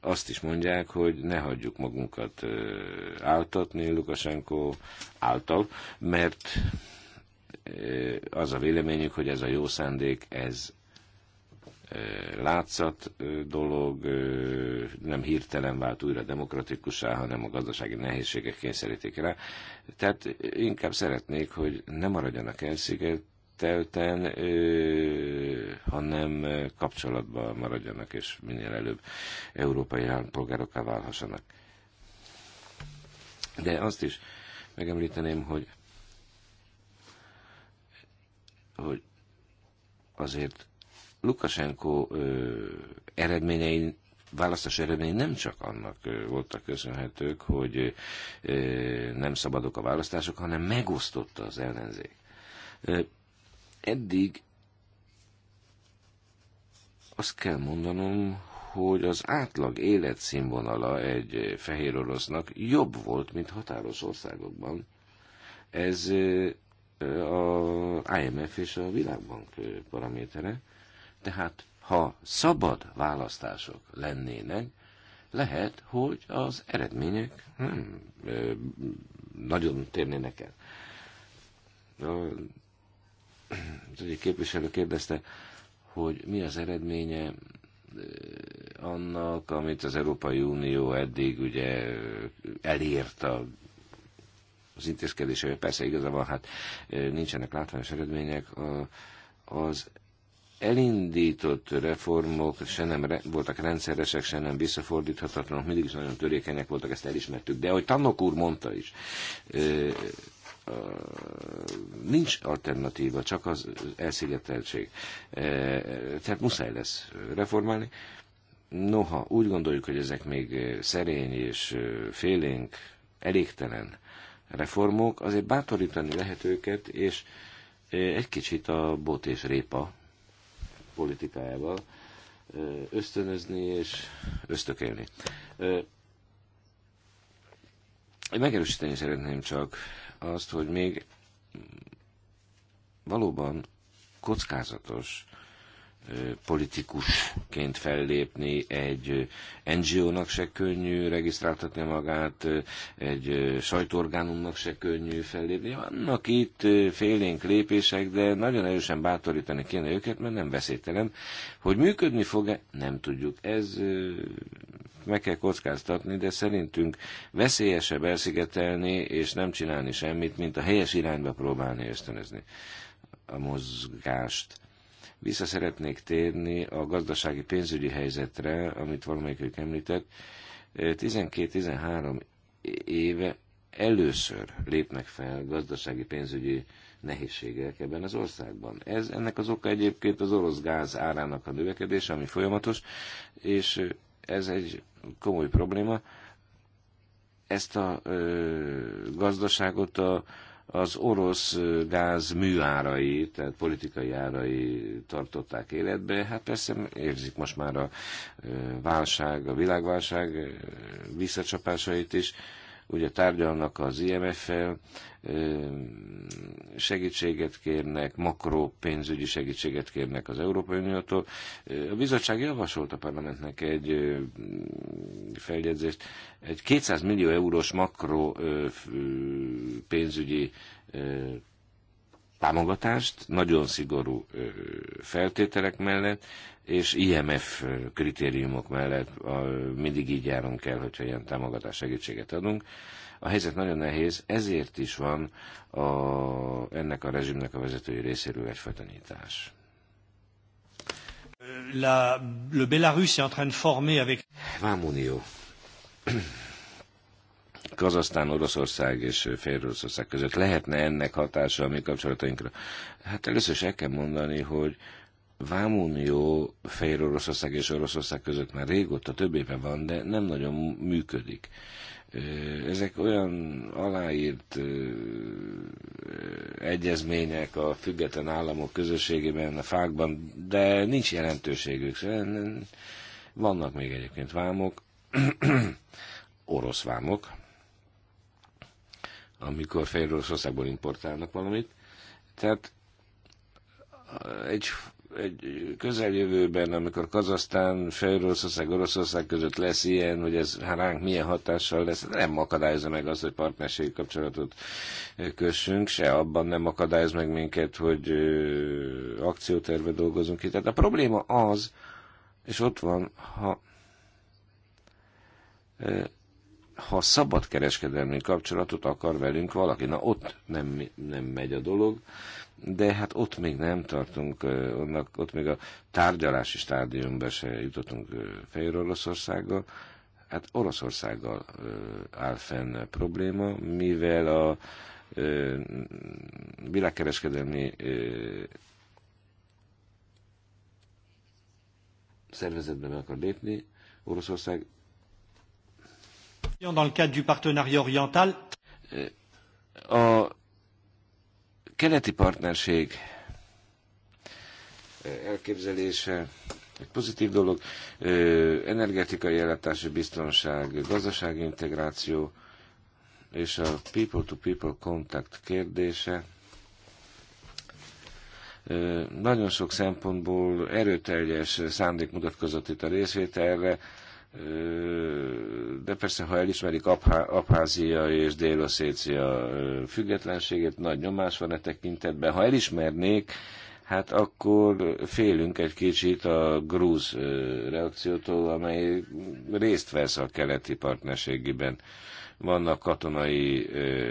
azt is mondják, hogy ne hagyjuk magunkat áltatni Lukasenko által, mert az a véleményük, hogy ez a jó szándék, ez látszat dolog, nem hirtelen vált újra demokratikusá, hanem a gazdasági nehézségek kényszerítik rá. Tehát inkább szeretnék, hogy ne maradjanak elszigetelten, hanem kapcsolatban maradjanak, és minél előbb európai állampolgárokká válhassanak. De azt is megemlíteném, hogy hogy azért Lukasenko ö, eredményei választási eredményei nem csak annak voltak köszönhetők, hogy nem szabadok a választások, hanem megosztotta az ellenzék. Eddig azt kell mondanom, hogy az átlag életszínvonala egy fehér orosznak jobb volt, mint határos országokban. Ez a IMF és a Világbank paramétere. Tehát ha szabad választások lennének, lehet, hogy az eredmények nem nagyon térnének el. Az egyik képviselő kérdezte, hogy mi az eredménye annak, amit az Európai Unió eddig ugye elért a az intézkedésével. Persze igaza van, hát nincsenek látványos eredmények. Az elindított reformok se nem re- voltak rendszeresek, se nem visszafordíthatatlanok, mindig is nagyon törékenyek voltak, ezt elismertük. De ahogy Tannok úr mondta is, ö, ö, nincs alternatíva, csak az elszigeteltség. E, tehát muszáj lesz reformálni. Noha úgy gondoljuk, hogy ezek még szerény és félénk, elégtelen reformok, azért bátorítani lehet őket, és e, egy kicsit a bot és répa politikájával e, ösztönözni és ösztökélni. E, megerősíteni szeretném csak azt, hogy még valóban kockázatos politikusként fellépni, egy NGO-nak se könnyű regisztráltatni magát, egy sajtóorgánumnak se könnyű fellépni. Vannak itt félénk lépések, de nagyon erősen bátorítani kéne őket, mert nem veszélytelen. Hogy működni fog-e, nem tudjuk. Ez meg kell kockáztatni, de szerintünk veszélyesebb elszigetelni és nem csinálni semmit, mint a helyes irányba próbálni ösztönözni a mozgást vissza szeretnék térni a gazdasági pénzügyi helyzetre, amit valamelyikük említett. 12-13 éve először lépnek fel gazdasági pénzügyi nehézségek ebben az országban. Ez, ennek az oka egyébként az orosz gáz árának a növekedése, ami folyamatos, és ez egy komoly probléma. Ezt a ö, gazdaságot a az orosz gáz műárai, tehát politikai árai tartották életbe. Hát persze érzik most már a válság, a világválság visszacsapásait is ugye tárgyalnak az IMF-fel, segítséget kérnek, makró pénzügyi segítséget kérnek az Európai Uniótól. A bizottság javasolt a parlamentnek egy feljegyzést, egy 200 millió eurós makró pénzügyi támogatást, nagyon szigorú feltételek mellett, és IMF kritériumok mellett mindig így járunk el, hogyha ilyen támogatás segítséget adunk. A helyzet nagyon nehéz, ezért is van a, ennek a rezsimnek a vezetői részéről egyfajta nyitás. La, le Belarus est en train de former avec... Vámunió. Kazasztán, Oroszország és oroszország között. Lehetne ennek hatása a mi kapcsolatainkra? Hát először is el kell mondani, hogy Vámunió fél Oroszország és Oroszország között már régóta, több éve van, de nem nagyon működik. Ezek olyan aláírt egyezmények a független államok közösségében, a fákban, de nincs jelentőségük. Szóval vannak még egyébként vámok, orosz vámok, amikor Fehér Oroszországból importálnak valamit. Tehát egy, egy közeljövőben, amikor Kazasztán, Fehér Oroszország, Oroszország között lesz ilyen, hogy ez ránk milyen hatással lesz, nem akadályozza meg azt, hogy partnerségi kapcsolatot kössünk, se abban nem akadályoz meg minket, hogy akcióterve dolgozunk ki. Tehát a probléma az, és ott van, ha ha szabad kereskedelmi kapcsolatot akar velünk valaki, na ott nem, nem megy a dolog, de hát ott még nem tartunk, onnak, ott még a tárgyalási stádiumba se jutottunk Fejér Oroszországgal, hát Oroszországgal áll fenn probléma, mivel a világkereskedelmi szervezetben akar lépni, Oroszország a keleti partnerség eh, elképzelése egy pozitív dolog, eh, energetikai ellátási biztonság, gazdasági integráció és a people-to-people -people contact kérdése eh, nagyon sok szempontból erőteljes szándék mutatkozott itt a részvételre, de persze, ha elismerik Abházia és dél függetlenségét, nagy nyomás van e tekintetben. Ha elismernék, hát akkor félünk egy kicsit a grúz reakciótól, amely részt vesz a keleti partnerségiben. Vannak katonai ö,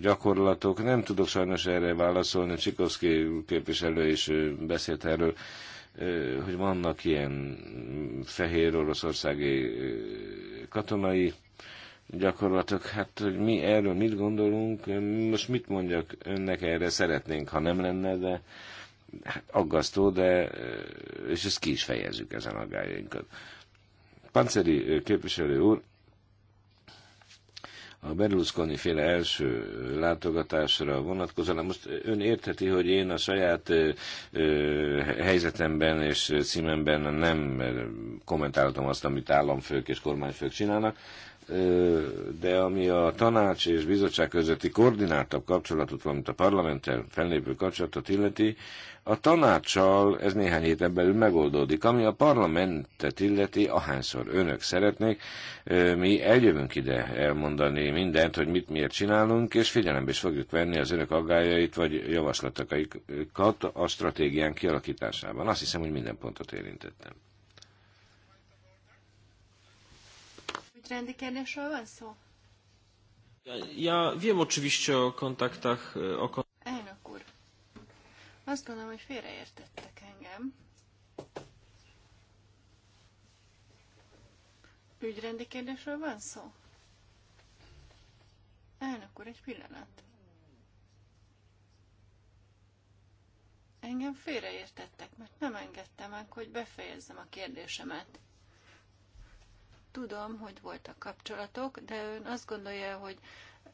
gyakorlatok, nem tudok sajnos erre válaszolni, Csikovszki képviselő is beszélt erről. Ö, hogy vannak ilyen fehér oroszországi katonai gyakorlatok, hát hogy mi erről mit gondolunk, most mit mondjak önnek erre, szeretnénk, ha nem lenne, de hát aggasztó, de és ezt ki is fejezzük ezen a gájainkat. Panceri képviselő úr a Berlusconi féle első látogatásra vonatkozóan. Hát most ön értheti, hogy én a saját helyzetemben és címemben nem kommentálhatom azt, amit államfők és kormányfők csinálnak, de ami a tanács és bizottság közötti koordináltabb kapcsolatot, valamint a parlamenttel fellépő kapcsolatot illeti, a tanácssal ez néhány héten belül megoldódik, ami a parlamentet illeti, ahányszor önök szeretnék, mi eljövünk ide elmondani mindent, hogy mit miért csinálunk, és figyelembe is fogjuk venni az önök aggájait vagy javaslataikat a stratégián kialakításában. Azt hiszem, hogy minden pontot érintettem. Rendi kérdésről van szó? Ja, ja wiem oczywiście o kontaktach, e, o kont- azt gondolom, hogy félreértettek engem. Ügyrendi kérdésről van szó? Elnök úr, egy pillanat. Engem félreértettek, mert nem engedtem meg, hogy befejezzem a kérdésemet. Tudom, hogy voltak kapcsolatok, de ön azt gondolja, hogy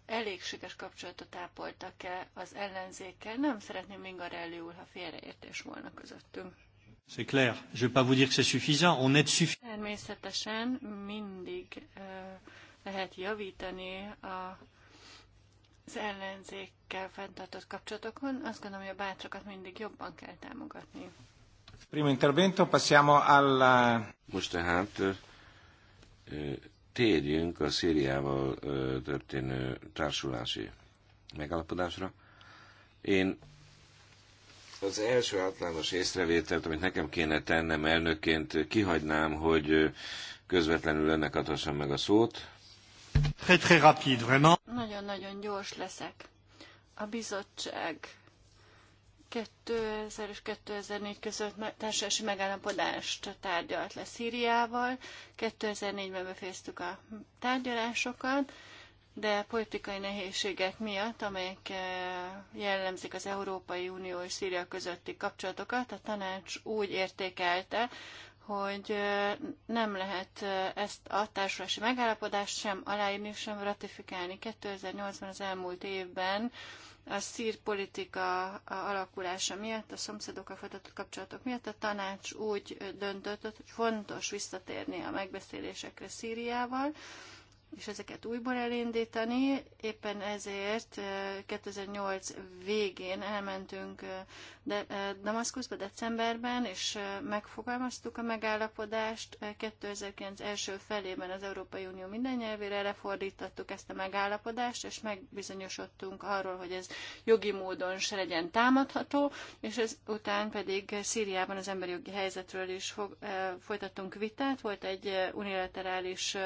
elégséges kapcsolatot ápoltak-e az ellenzékkel. Nem szeretném Mingarelli úr, ha félreértés volna közöttünk. C'est clair. Je ne vais pas vous dire que c'est suffisant. On est suffisant. Természetesen mindig lehet javítani a az ellenzékkel fenntartott kapcsolatokon, azt gondolom, hogy a bátrakat mindig jobban kell támogatni. Primo intervento, passiamo al. Most tehát térjünk a Szíriával történő társulási megállapodásra. Én az első általános észrevételt, amit nekem kéne tennem elnökként, kihagynám, hogy közvetlenül önnek adhassam meg a szót. Très, très rapide, vraiment. Nagyon-nagyon gyors leszek. A bizottság 2000 és 2004 között társadalmi megállapodást tárgyalt le Szíriával. 2004-ben befejeztük a tárgyalásokat, de politikai nehézségek miatt, amelyek eh, jellemzik az Európai Unió és Szíria közötti kapcsolatokat, a tanács úgy értékelte, hogy eh, nem lehet eh, ezt a társulási megállapodást sem aláírni, sem ratifikálni. 2008-ban az elmúlt évben a szír politika alakulása miatt, a szomszédokkal folytatott kapcsolatok miatt a tanács úgy döntött, hogy fontos visszatérni a megbeszélésekre Szíriával, és ezeket újból elindítani. Éppen ezért 2008 végén elmentünk de Damaszkuszba decemberben, és megfogalmaztuk a megállapodást. 2009 első felében az Európai Unió minden nyelvére lefordítottuk ezt a megállapodást, és megbizonyosodtunk arról, hogy ez jogi módon se legyen támadható, és ez után pedig Szíriában az emberi jogi helyzetről is fog, folytattunk vitát. Volt egy unilaterális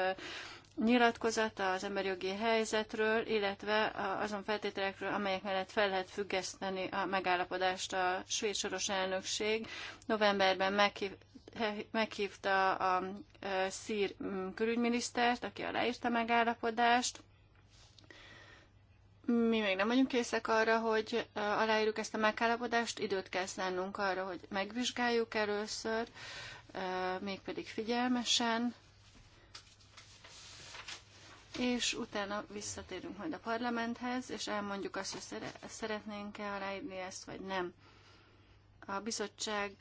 nyilatkozata az emberi jogi helyzetről, illetve azon feltételekről, amelyek mellett fel lehet függeszteni a megállapodást a svéd soros elnökség. Novemberben meghív, meghívta a e, szír mm, külügyminisztert, aki aláírta a megállapodást. Mi még nem vagyunk készek arra, hogy e, aláírjuk ezt a megállapodást, időt kell szánnunk arra, hogy megvizsgáljuk először, e, mégpedig figyelmesen, és utána visszatérünk majd a parlamenthez, és elmondjuk azt, hogy szeretnénk-e aláírni ezt, vagy nem. A bizottság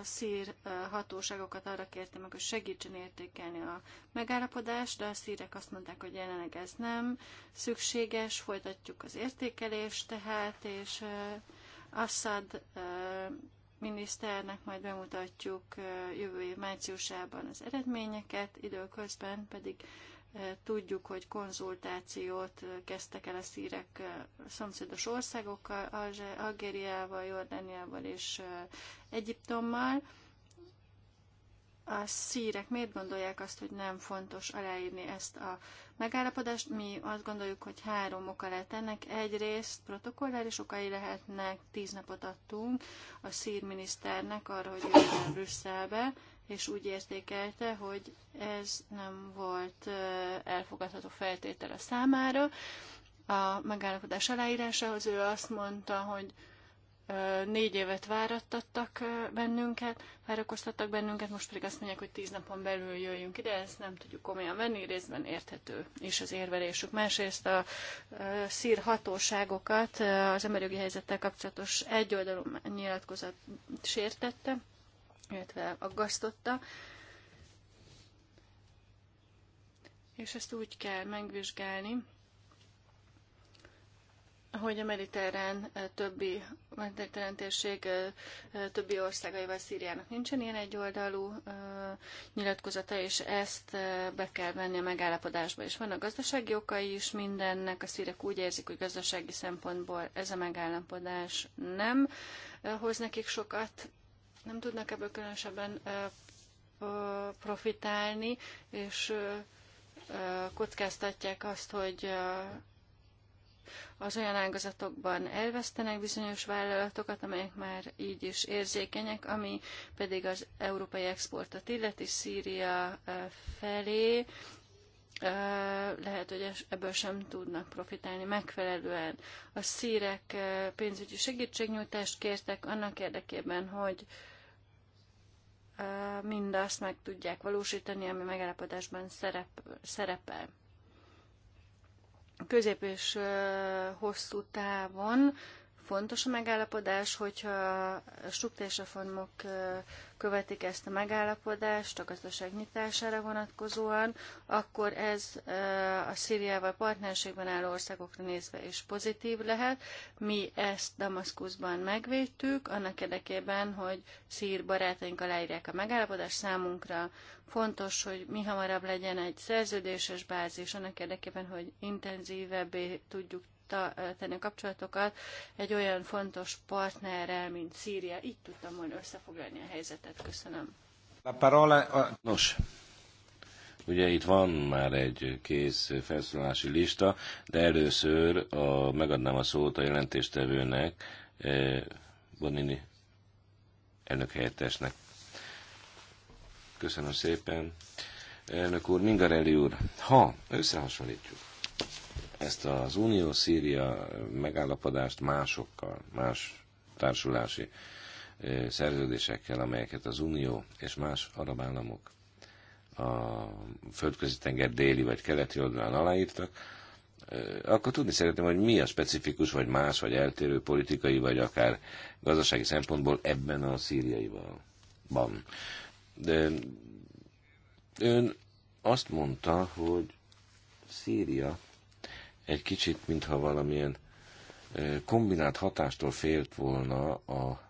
a szír hatóságokat arra kérte meg, hogy segítsen értékelni a megállapodást, de a szírek azt mondták, hogy jelenleg ez nem szükséges, folytatjuk az értékelést tehát, és Assad miniszternek majd bemutatjuk jövő év márciusában az eredményeket, időközben pedig Tudjuk, hogy konzultációt kezdtek el a szírek szomszédos országokkal, Algériával, Jordániával és Egyiptommal. A szírek miért gondolják azt, hogy nem fontos aláírni ezt a megállapodást? Mi azt gondoljuk, hogy három oka lehet ennek. Egyrészt protokollális okai lehetnek, tíz napot adtunk a szír miniszternek arra, hogy jöjjön Brüsszelbe, és úgy értékelte, hogy ez nem volt elfogadható feltétele számára. A megállapodás aláírásához ő azt mondta, hogy négy évet várattattak bennünket, várakoztattak bennünket, most pedig azt mondják, hogy tíz napon belül jöjjünk ide, ezt nem tudjuk komolyan venni, részben érthető is az érvelésük. Másrészt a szír hatóságokat az emberi helyzettel kapcsolatos egyoldalú nyilatkozat sértette, illetve aggasztotta. És ezt úgy kell megvizsgálni, hogy a mediterrán eh, többi, mediterrán térség eh, eh, többi országaival Szíriának nincsen ilyen egyoldalú nyilatkozata, és ezt be kell venni a megállapodásba. És vannak gazdasági okai is mindennek, a szírek úgy érzik, hogy gazdasági szempontból ez a megállapodás nem hoz nekik sokat, nem tudnak ebből különösebben profitálni, és kockáztatják azt, hogy az olyan ágazatokban elvesztenek bizonyos vállalatokat, amelyek már így is érzékenyek, ami pedig az európai exportot illeti Szíria felé, lehet, hogy ebből sem tudnak profitálni megfelelően. A szírek pénzügyi segítségnyújtást kértek annak érdekében, hogy mindazt meg tudják valósítani, ami megállapodásban szerep, szerepel. Közép és hosszú távon fontos a megállapodás, hogyha struktúrás reformok követik ezt a megállapodást a gazdaság nyitására vonatkozóan, akkor ez a Szíriával partnerségben álló országokra nézve is pozitív lehet. Mi ezt Damaszkuszban megvédtük, annak érdekében, hogy szír barátaink aláírják a megállapodást számunkra. Fontos, hogy mi hamarabb legyen egy szerződéses bázis, annak érdekében, hogy intenzívebbé tudjuk tenni a kapcsolatokat egy olyan fontos partnerrel, mint Szíria. Így tudtam volna összefoglalni a helyzetet. Köszönöm. La parola... Nos, Ugye itt van már egy kész felszólalási lista, de először a, megadnám a szót a jelentéstevőnek, eh, Bonini elnök helyettesnek. Köszönöm szépen. Elnök úr, Mingarelli úr, ha összehasonlítjuk ezt az Unió-Szíria megállapodást másokkal, más társulási szerződésekkel, amelyeket az Unió és más arab államok a földközi tenger déli vagy keleti oldalán aláírtak, akkor tudni szeretném, hogy mi a specifikus, vagy más, vagy eltérő politikai, vagy akár gazdasági szempontból ebben a szíriaival van. De ön azt mondta, hogy Szíria egy kicsit, mintha valamilyen kombinált hatástól félt volna a,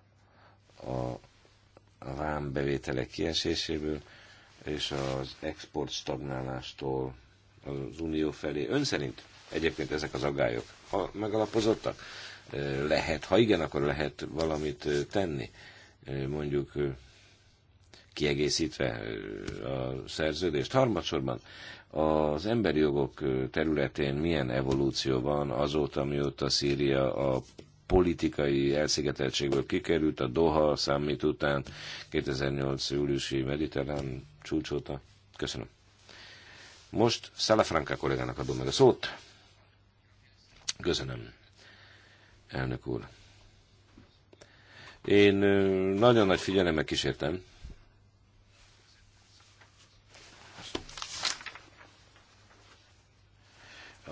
a, a bevételek kieséséből és az export stagnálástól az unió felé. Ön szerint egyébként ezek az agályok ha megalapozottak? Lehet, ha igen, akkor lehet valamit tenni, mondjuk kiegészítve a szerződést. Harmadsorban az emberi jogok területén milyen evolúció van azóta, mióta Szíria a politikai elszigeteltségből kikerült a Doha számít után 2008. júliusi mediterrán csúcsóta. Köszönöm. Most Salafranca kollégának adom meg a szót. Köszönöm, elnök úr. Én nagyon nagy figyelemmel kísértem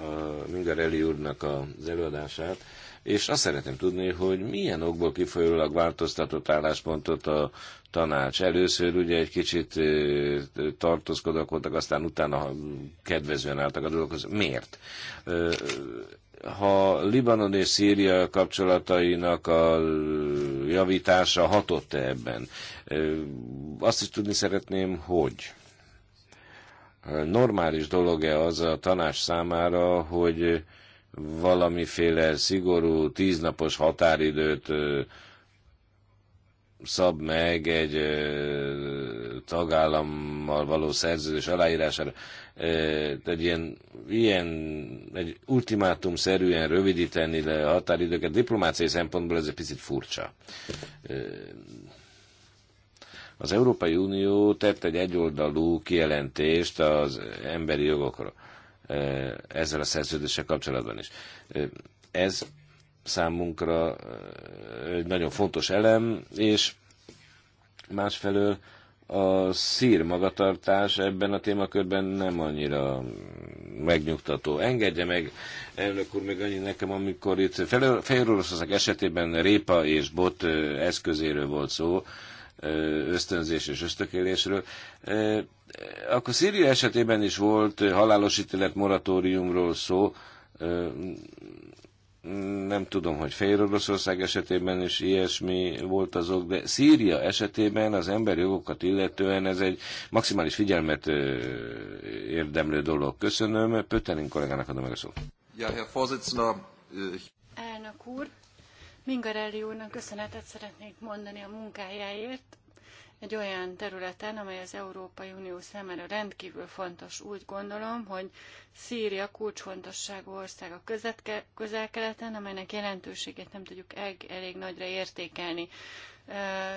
a Müller Eli úrnak az előadását, és azt szeretném tudni, hogy milyen okból kifolyólag változtatott álláspontot a tanács. Először ugye egy kicsit voltak, aztán utána kedvezően álltak a dolgokhoz. Miért? Ha Libanon és Szíria kapcsolatainak a javítása hatott -e ebben? Azt is tudni szeretném, hogy normális dolog-e az a tanács számára, hogy valamiféle szigorú tíznapos határidőt szab meg egy tagállammal való szerződés aláírására. Egy ilyen, ilyen egy ultimátum szerűen rövidíteni le a határidőket diplomáciai szempontból ez egy picit furcsa. Az Európai Unió tett egy egyoldalú kijelentést az emberi jogokról e, ezzel a szerződéssel kapcsolatban is. E, ez számunkra e, egy nagyon fontos elem, és másfelől a szír magatartás ebben a témakörben nem annyira megnyugtató. Engedje meg, elnök úr, még annyi nekem, amikor itt Fehér esetében répa és bot eszközéről volt szó, ösztönzés és ösztökélésről. Akkor Szíria esetében is volt halálos ítélet moratóriumról szó, nem tudom, hogy Fehér Oroszország esetében is ilyesmi volt azok, de Szíria esetében az emberi jogokat illetően ez egy maximális figyelmet érdemlő dolog. Köszönöm, Pötenin kollégának adom meg a szót. Ja, Herr Vorsitzender. Äh, Elnök úr, Mingarelli úrnak köszönetet szeretnék mondani a munkájáért egy olyan területen, amely az Európai Unió számára rendkívül fontos. Úgy gondolom, hogy Szíria kulcsfontosságú ország a közel-keleten, amelynek jelentőségét nem tudjuk elég, elég nagyra értékelni.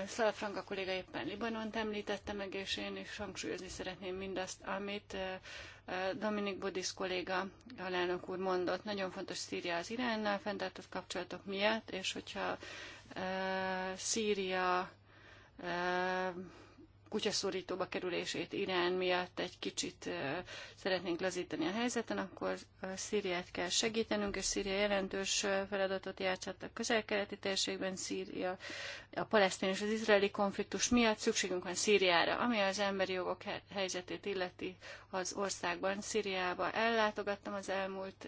Szalafranka kolléga éppen Libanont említette meg, és én is hangsúlyozni szeretném mindazt, amit Dominik Budis kolléga, alelnök úr mondott, nagyon fontos Szíria az Iránnal fenntartott kapcsolatok miatt, és hogyha Szíria kutyaszorítóba kerülését Irán miatt egy kicsit szeretnénk lazítani a helyzeten, akkor Szíriát kell segítenünk, és Szíria jelentős feladatot játszott a közel-keleti térségben, Szíria, a palesztin és az izraeli konfliktus miatt szükségünk van Szíriára, ami az emberi jogok helyzetét illeti az országban. Szíriába ellátogattam az elmúlt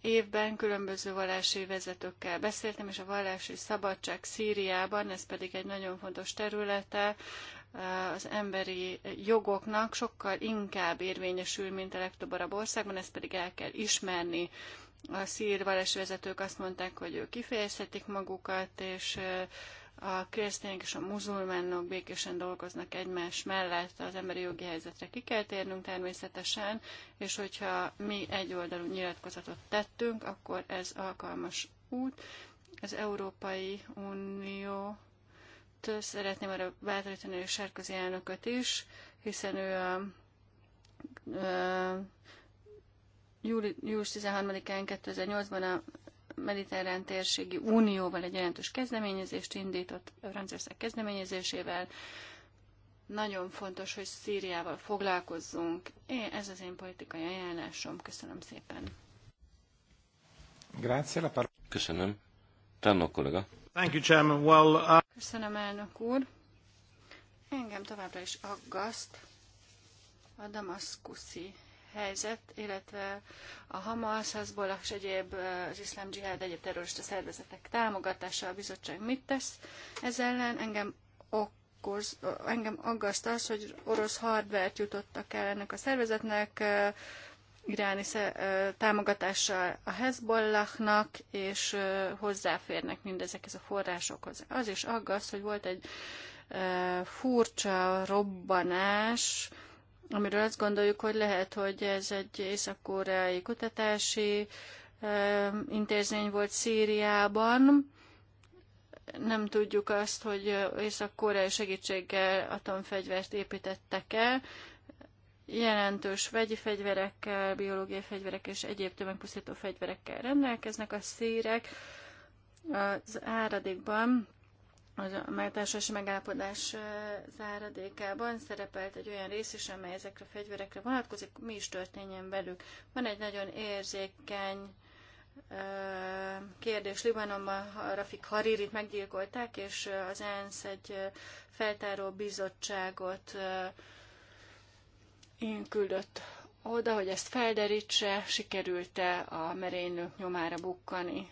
évben különböző vallási vezetőkkel beszéltem, és a vallási szabadság Szíriában, ez pedig egy nagyon fontos területe, az emberi jogoknak sokkal inkább érvényesül, mint a legtöbb arab országban, ezt pedig el kell ismerni. A szír vallási vezetők azt mondták, hogy ők kifejezhetik magukat, és a keresztények és a muzulmánok békésen dolgoznak egymás mellett, az emberi jogi helyzetre ki kell térnünk természetesen, és hogyha mi egyoldalú nyilatkozatot tettünk, akkor ez alkalmas út. Az Európai Unió szeretném arra bátorítani a Sárközi elnököt is, hiszen ő a, a július 13-án 2008-ban a mediterrán térségi unióval egy jelentős kezdeményezést indított, Franciaország kezdeményezésével. Nagyon fontos, hogy Szíriával foglalkozzunk. Én, ez az én politikai ajánlásom. Köszönöm szépen. Köszönöm. Tannok kollega. Thank you, Chairman. Well, uh... Köszönöm, elnök úr. Engem továbbra is aggaszt a damaszkuszi helyzet, illetve a Hamas, Hezbollah és egyéb az iszlám dzsihád, egyéb terrorista szervezetek támogatása a bizottság mit tesz ez ellen? Engem okoz, engem aggaszt az, hogy orosz hardvert jutottak el ennek a szervezetnek, iráni támogatással a Hezbollahnak, és hozzáférnek mindezekhez a forrásokhoz. Az is aggaszt, hogy volt egy furcsa robbanás, amiről azt gondoljuk, hogy lehet, hogy ez egy észak-koreai kutatási intézmény volt Szíriában. Nem tudjuk azt, hogy észak-koreai segítséggel atomfegyvert építettek el, jelentős vegyi fegyverekkel, biológiai fegyverek és egyéb tömegpusztító fegyverekkel rendelkeznek a szírek. Az áradékban az mártársasi megállapodás záradékában szerepelt egy olyan rész is, amely ezekre a fegyverekre vonatkozik, mi is történjen velük. Van egy nagyon érzékeny kérdés. Libanonban Rafik Haririt meggyilkolták, és az ENSZ egy feltáró bizottságot én küldött oda, hogy ezt felderítse, sikerült-e a merénylők nyomára bukkani.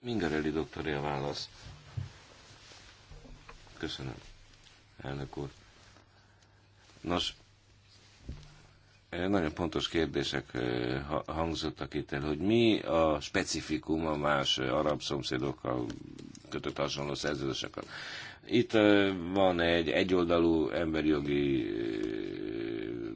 Mingarelli doktori a válasz. Köszönöm, elnök úr. Nos, eh, nagyon pontos kérdések eh, hangzottak itt el, hogy mi a specifikum a más eh, arab szomszédokkal kötött hasonló szerződésekkel. Itt van egy egyoldalú emberi jogi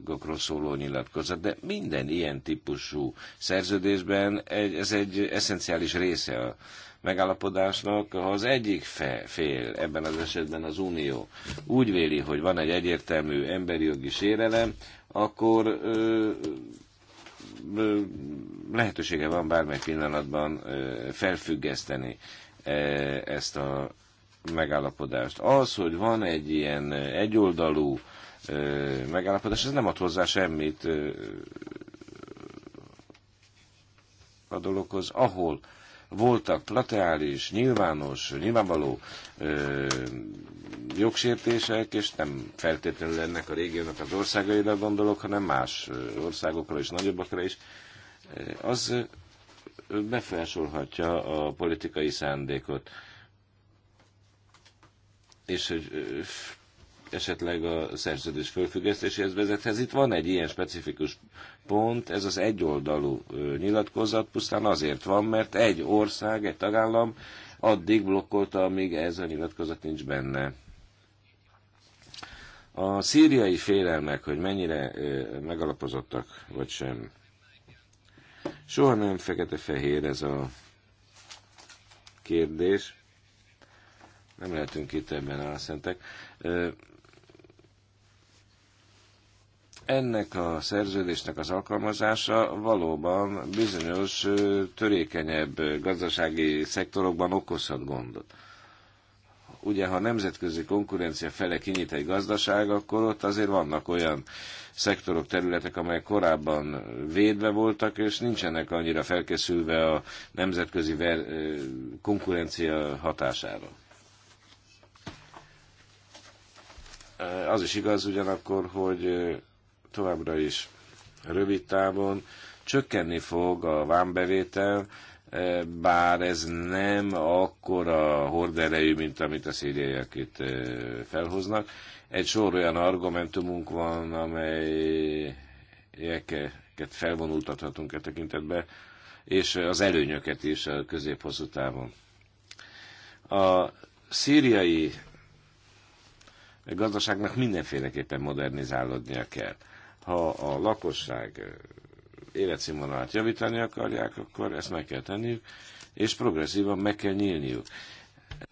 jogokról szóló nyilatkozat, de minden ilyen típusú szerződésben egy, ez egy eszenciális része a megállapodásnak, ha az egyik fél, ebben az esetben az Unió úgy véli, hogy van egy egyértelmű emberi jogi sérelem, akkor ö, ö, lehetősége van bármely pillanatban ö, felfüggeszteni e, ezt a megállapodást. Az, hogy van egy ilyen egyoldalú megállapodás, ez nem ad hozzá semmit a dologhoz, ahol voltak plateális, nyilvános, nyilvánvaló ö, jogsértések, és nem feltétlenül ennek a régiónak az országaira gondolok, hanem más országokra és nagyobbakra is, az befolyásolhatja a politikai szándékot. És hogy esetleg a szerződés fölfüggesztéséhez vezethez. Itt van egy ilyen specifikus pont, ez az egyoldalú nyilatkozat pusztán azért van, mert egy ország, egy tagállam addig blokkolta, amíg ez a nyilatkozat nincs benne. A szíriai félelmek, hogy mennyire megalapozottak, vagy sem. Soha nem fekete-fehér ez a kérdés. Nem lehetünk itt ebben álszentek ennek a szerződésnek az alkalmazása valóban bizonyos törékenyebb gazdasági szektorokban okozhat gondot. Ugye, ha nemzetközi konkurencia fele kinyit egy gazdaság, akkor ott azért vannak olyan szektorok, területek, amelyek korábban védve voltak, és nincsenek annyira felkészülve a nemzetközi ver- konkurencia hatására. Az is igaz ugyanakkor, hogy továbbra is rövid távon csökkenni fog a vámbevétel, e, bár ez nem akkora horderejű, mint amit a szíriaiak itt e, felhoznak. Egy sor olyan argumentumunk van, amelyeket felvonultathatunk e tekintetbe, és az előnyöket is a középhosszú távon. A szíriai gazdaságnak mindenféleképpen modernizálódnia kell ha a lakosság eh, életszínvonalát javítani akarják, akkor ezt meg kell tenniük, és progresszívan meg kell nyílniuk.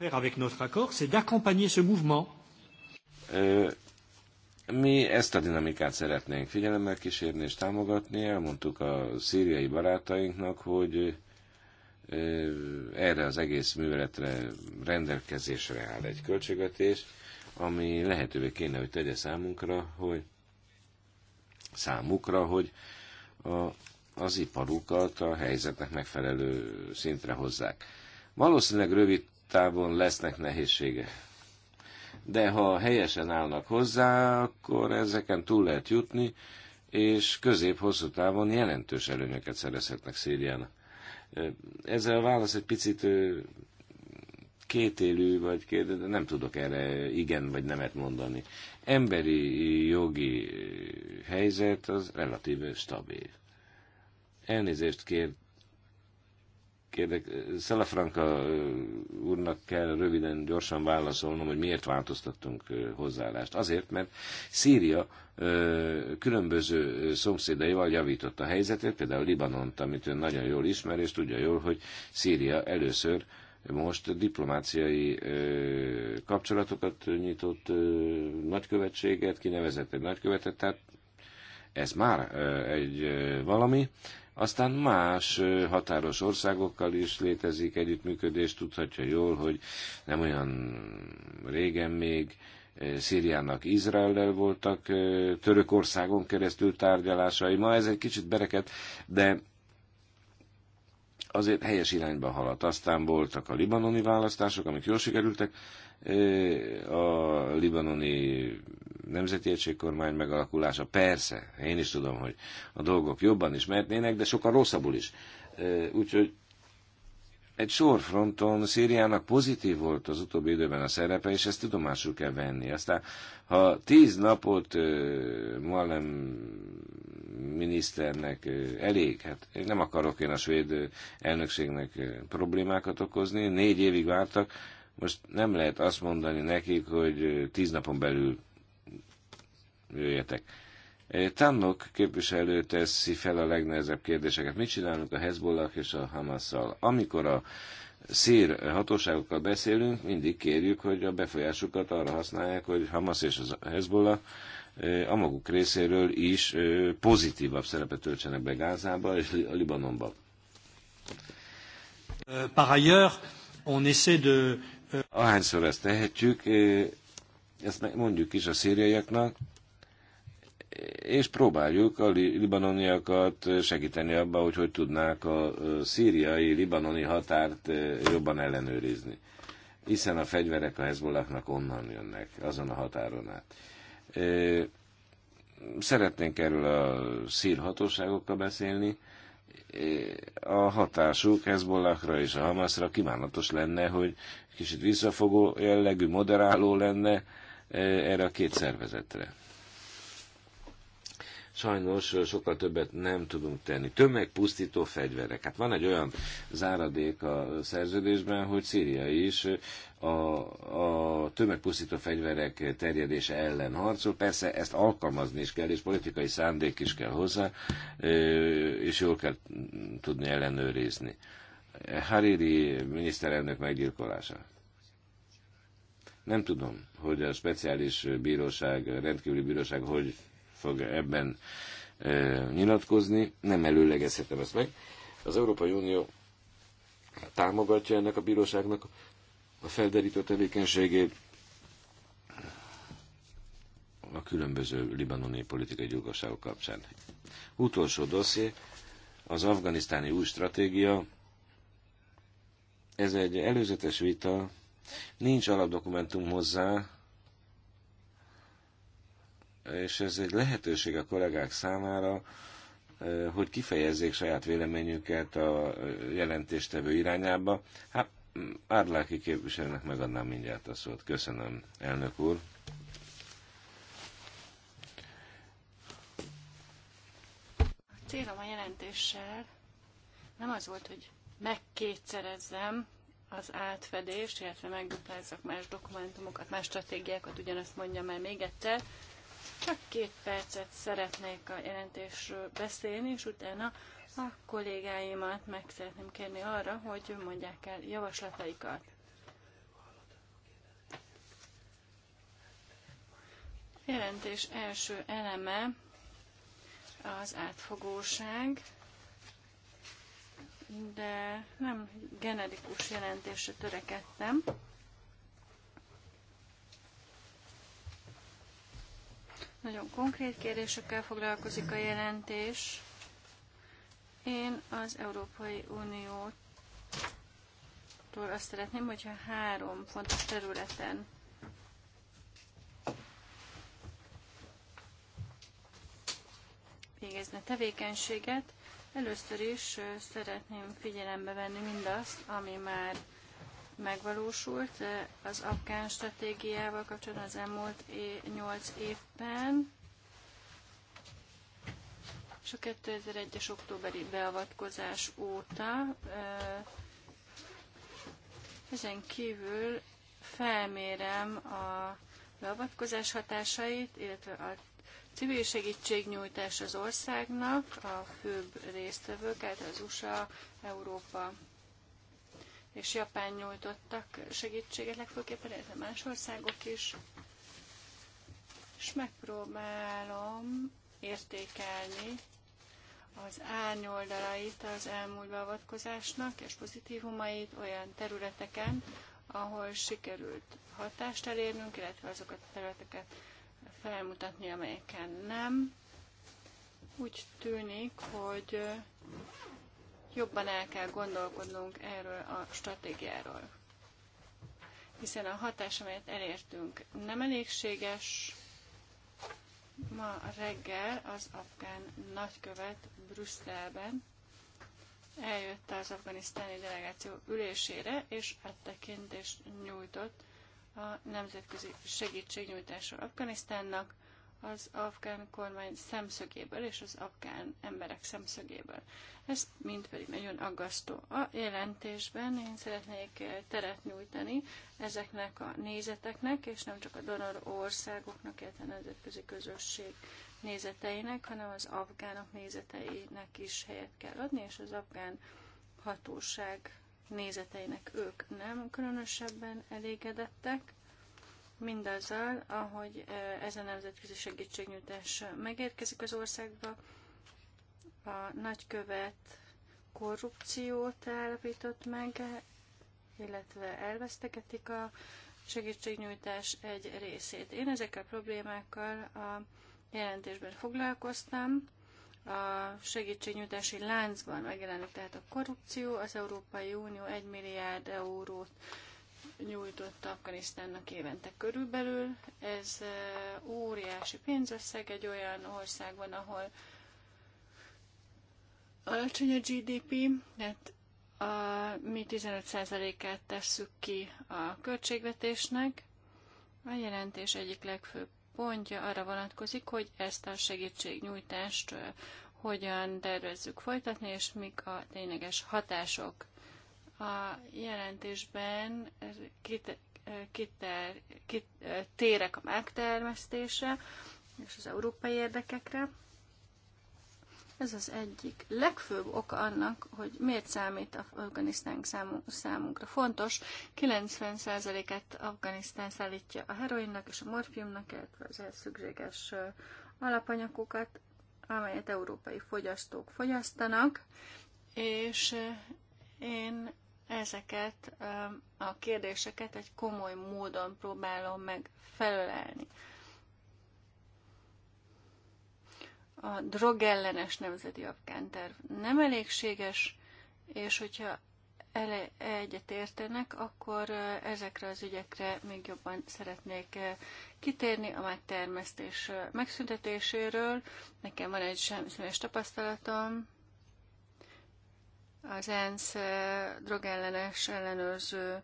Avec notre accord, c'est d'accompagner ce mouvement. Eh, mi ezt a dinamikát szeretnénk figyelemmel kísérni és támogatni. Elmondtuk a szíriai barátainknak, hogy eh, erre az egész műveletre rendelkezésre áll egy költségvetés, ami lehetővé kéne, hogy tegye számunkra, hogy számukra, hogy a, az iparukat a helyzetnek megfelelő szintre hozzák. Valószínűleg rövid távon lesznek nehézsége. De ha helyesen állnak hozzá, akkor ezeken túl lehet jutni, és közép-hosszú távon jelentős előnyöket szerezhetnek Szíriának. Ezzel a válasz egy picit kétélű vagy két, de nem tudok erre igen vagy nemet mondani. Emberi jogi helyzet az relatíve stabil. Elnézést kér, kérdek, Szelafranka úrnak kell röviden, gyorsan válaszolnom, hogy miért változtattunk hozzáállást. Azért, mert Szíria különböző szomszédaival javított a helyzetét, például Libanont, amit ön nagyon jól ismer, és tudja jól, hogy Szíria először most diplomáciai kapcsolatokat nyitott nagykövetséget, kinevezett egy nagykövetet, tehát ez már egy valami. Aztán más határos országokkal is létezik együttműködés, tudhatja jól, hogy nem olyan régen még Szíriának Izraellel voltak Törökországon keresztül tárgyalásai. Ma ez egy kicsit bereket, de azért helyes irányba haladt. Aztán voltak a libanoni választások, amik jól sikerültek, a libanoni nemzeti egységkormány megalakulása. Persze, én is tudom, hogy a dolgok jobban is mehetnének, de sokkal rosszabbul is. Úgyhogy egy sor fronton Szíriának pozitív volt az utóbbi időben a szerepe, és ezt tudomásul kell venni. Aztán, ha tíz napot uh, Malem miniszternek uh, elég, hát én nem akarok én a svéd elnökségnek uh, problémákat okozni, négy évig vártak, most nem lehet azt mondani nekik, hogy tíz napon belül jöjjetek. Uh, Eh, Tannok képviselő teszi fel a legnehezebb kérdéseket. Mit csinálunk a Hezbollah és a Hamasszal? Amikor a szír hatóságokkal beszélünk, mindig kérjük, hogy a befolyásukat arra használják, hogy Hamas és a Hezbollah eh, a maguk részéről is eh, pozitívabb szerepet töltsenek be Gázába és a Libanonba. Euh, par ailleurs, on essaie de... Euh, Ahányszor ezt tehetjük, ezt mondjuk is a szíriaiaknak, és próbáljuk a libanoniakat segíteni abba, hogy hogy tudnák a szíriai-libanoni határt jobban ellenőrizni. Hiszen a fegyverek a Hezbollahnak onnan jönnek, azon a határon át. Szeretnénk erről a szír hatóságokkal beszélni. A hatásuk Hezbollahra és a Hamasra kívánatos lenne, hogy kicsit visszafogó jellegű, moderáló lenne erre a két szervezetre sajnos sokkal többet nem tudunk tenni. Tömegpusztító fegyverek. Hát van egy olyan záradék a szerződésben, hogy Szíria is a, a tömegpusztító fegyverek terjedése ellen harcol. Persze ezt alkalmazni is kell, és politikai szándék is kell hozzá, és jól kell tudni ellenőrizni. Hariri miniszterelnök meggyilkolása. Nem tudom, hogy a speciális bíróság, rendkívüli bíróság hogy fog ebben nyilatkozni, nem előlegezhetem ezt meg. Az Európai Unió támogatja ennek a bíróságnak a felderítő tevékenységét, a különböző libanoni politikai gyilkosságok kapcsán. Utolsó dosszié, az afganisztáni új stratégia. Ez egy előzetes vita, nincs alapdokumentum hozzá, és ez egy lehetőség a kollégák számára, hogy kifejezzék saját véleményüket a jelentéstevő irányába. Hát, Árláki képviselőnek megadnám mindjárt a szót. Köszönöm, elnök úr. A célom a jelentéssel nem az volt, hogy megkétszerezzem az átfedést, illetve megduplázzak más dokumentumokat, más stratégiákat, ugyanazt mondjam el még egyszer, csak két percet szeretnék a jelentésről beszélni, és utána a kollégáimat meg szeretném kérni arra, hogy mondják el javaslataikat. A jelentés első eleme az átfogóság, de nem generikus jelentésre törekedtem. Nagyon konkrét kérdésekkel foglalkozik a jelentés. Én az Európai Uniótól azt szeretném, hogyha három fontos területen végezne tevékenységet. Először is szeretném figyelembe venni mindazt, ami már megvalósult eh, az afgán stratégiával kapcsolatban az elmúlt nyolc évben, és a 2001-es októberi beavatkozás óta eh, ezen kívül felmérem a beavatkozás hatásait, illetve a civil segítségnyújtás az országnak, a főbb résztvevők, tehát az USA, Európa, és Japán nyújtottak segítséget legfőképpen, a más országok is. És megpróbálom értékelni az árnyoldalait az elmúlt beavatkozásnak és pozitívumait olyan területeken, ahol sikerült hatást elérnünk, illetve azokat a területeket felmutatni, amelyeken nem. Úgy tűnik, hogy jobban el kell gondolkodnunk erről a stratégiáról. Hiszen a hatás, amelyet elértünk, nem elégséges. Ma reggel az afgán nagykövet Brüsszelben eljött az afganisztáni delegáció ülésére, és áttekintést nyújtott a nemzetközi segítségnyújtásról Afganisztánnak, az afgán kormány szemszögéből és az afgán emberek szemszögéből. Ez mind pedig nagyon aggasztó. A jelentésben én szeretnék teret nyújtani ezeknek a nézeteknek, és nem csak a donor országoknak, illetve nemzetközi közösség nézeteinek, hanem az afgánok nézeteinek is helyet kell adni, és az afgán hatóság nézeteinek ők nem különösebben elégedettek mindazzal, ahogy ez a nemzetközi segítségnyújtás megérkezik az országba. A nagykövet korrupciót állapított meg, illetve elvesztegetik a segítségnyújtás egy részét. Én ezekkel a problémákkal a jelentésben foglalkoztam. A segítségnyújtási láncban megjelenik tehát a korrupció, az Európai Unió 1 milliárd eurót nyújtott Afganisztánnak évente körülbelül. Ez óriási pénzösszeg egy olyan országban, ahol alacsony a GDP, tehát a, mi 15%-át tesszük ki a költségvetésnek. A jelentés egyik legfőbb pontja arra vonatkozik, hogy ezt a segítségnyújtást hogyan tervezzük folytatni, és mik a tényleges hatások. A jelentésben kit, eh, kiter, kit, eh, térek a megtermesztése és az európai érdekekre. Ez az egyik legfőbb oka annak, hogy miért számít Afganisztán számunkra fontos. 90%-et Afganisztán szállítja a heroinnak és a morfiumnak, illetve az szükséges eh, alapanyagokat, amelyet európai fogyasztók fogyasztanak, és én ezeket a kérdéseket egy komoly módon próbálom meg megfelelni. A drogellenes nemzeti afgán terv nem elégséges, és hogyha ele egyet értenek, akkor ezekre az ügyekre még jobban szeretnék kitérni a termesztés megszüntetéséről. Nekem van egy személyes tapasztalatom, az ENSZ drogellenes ellenőrző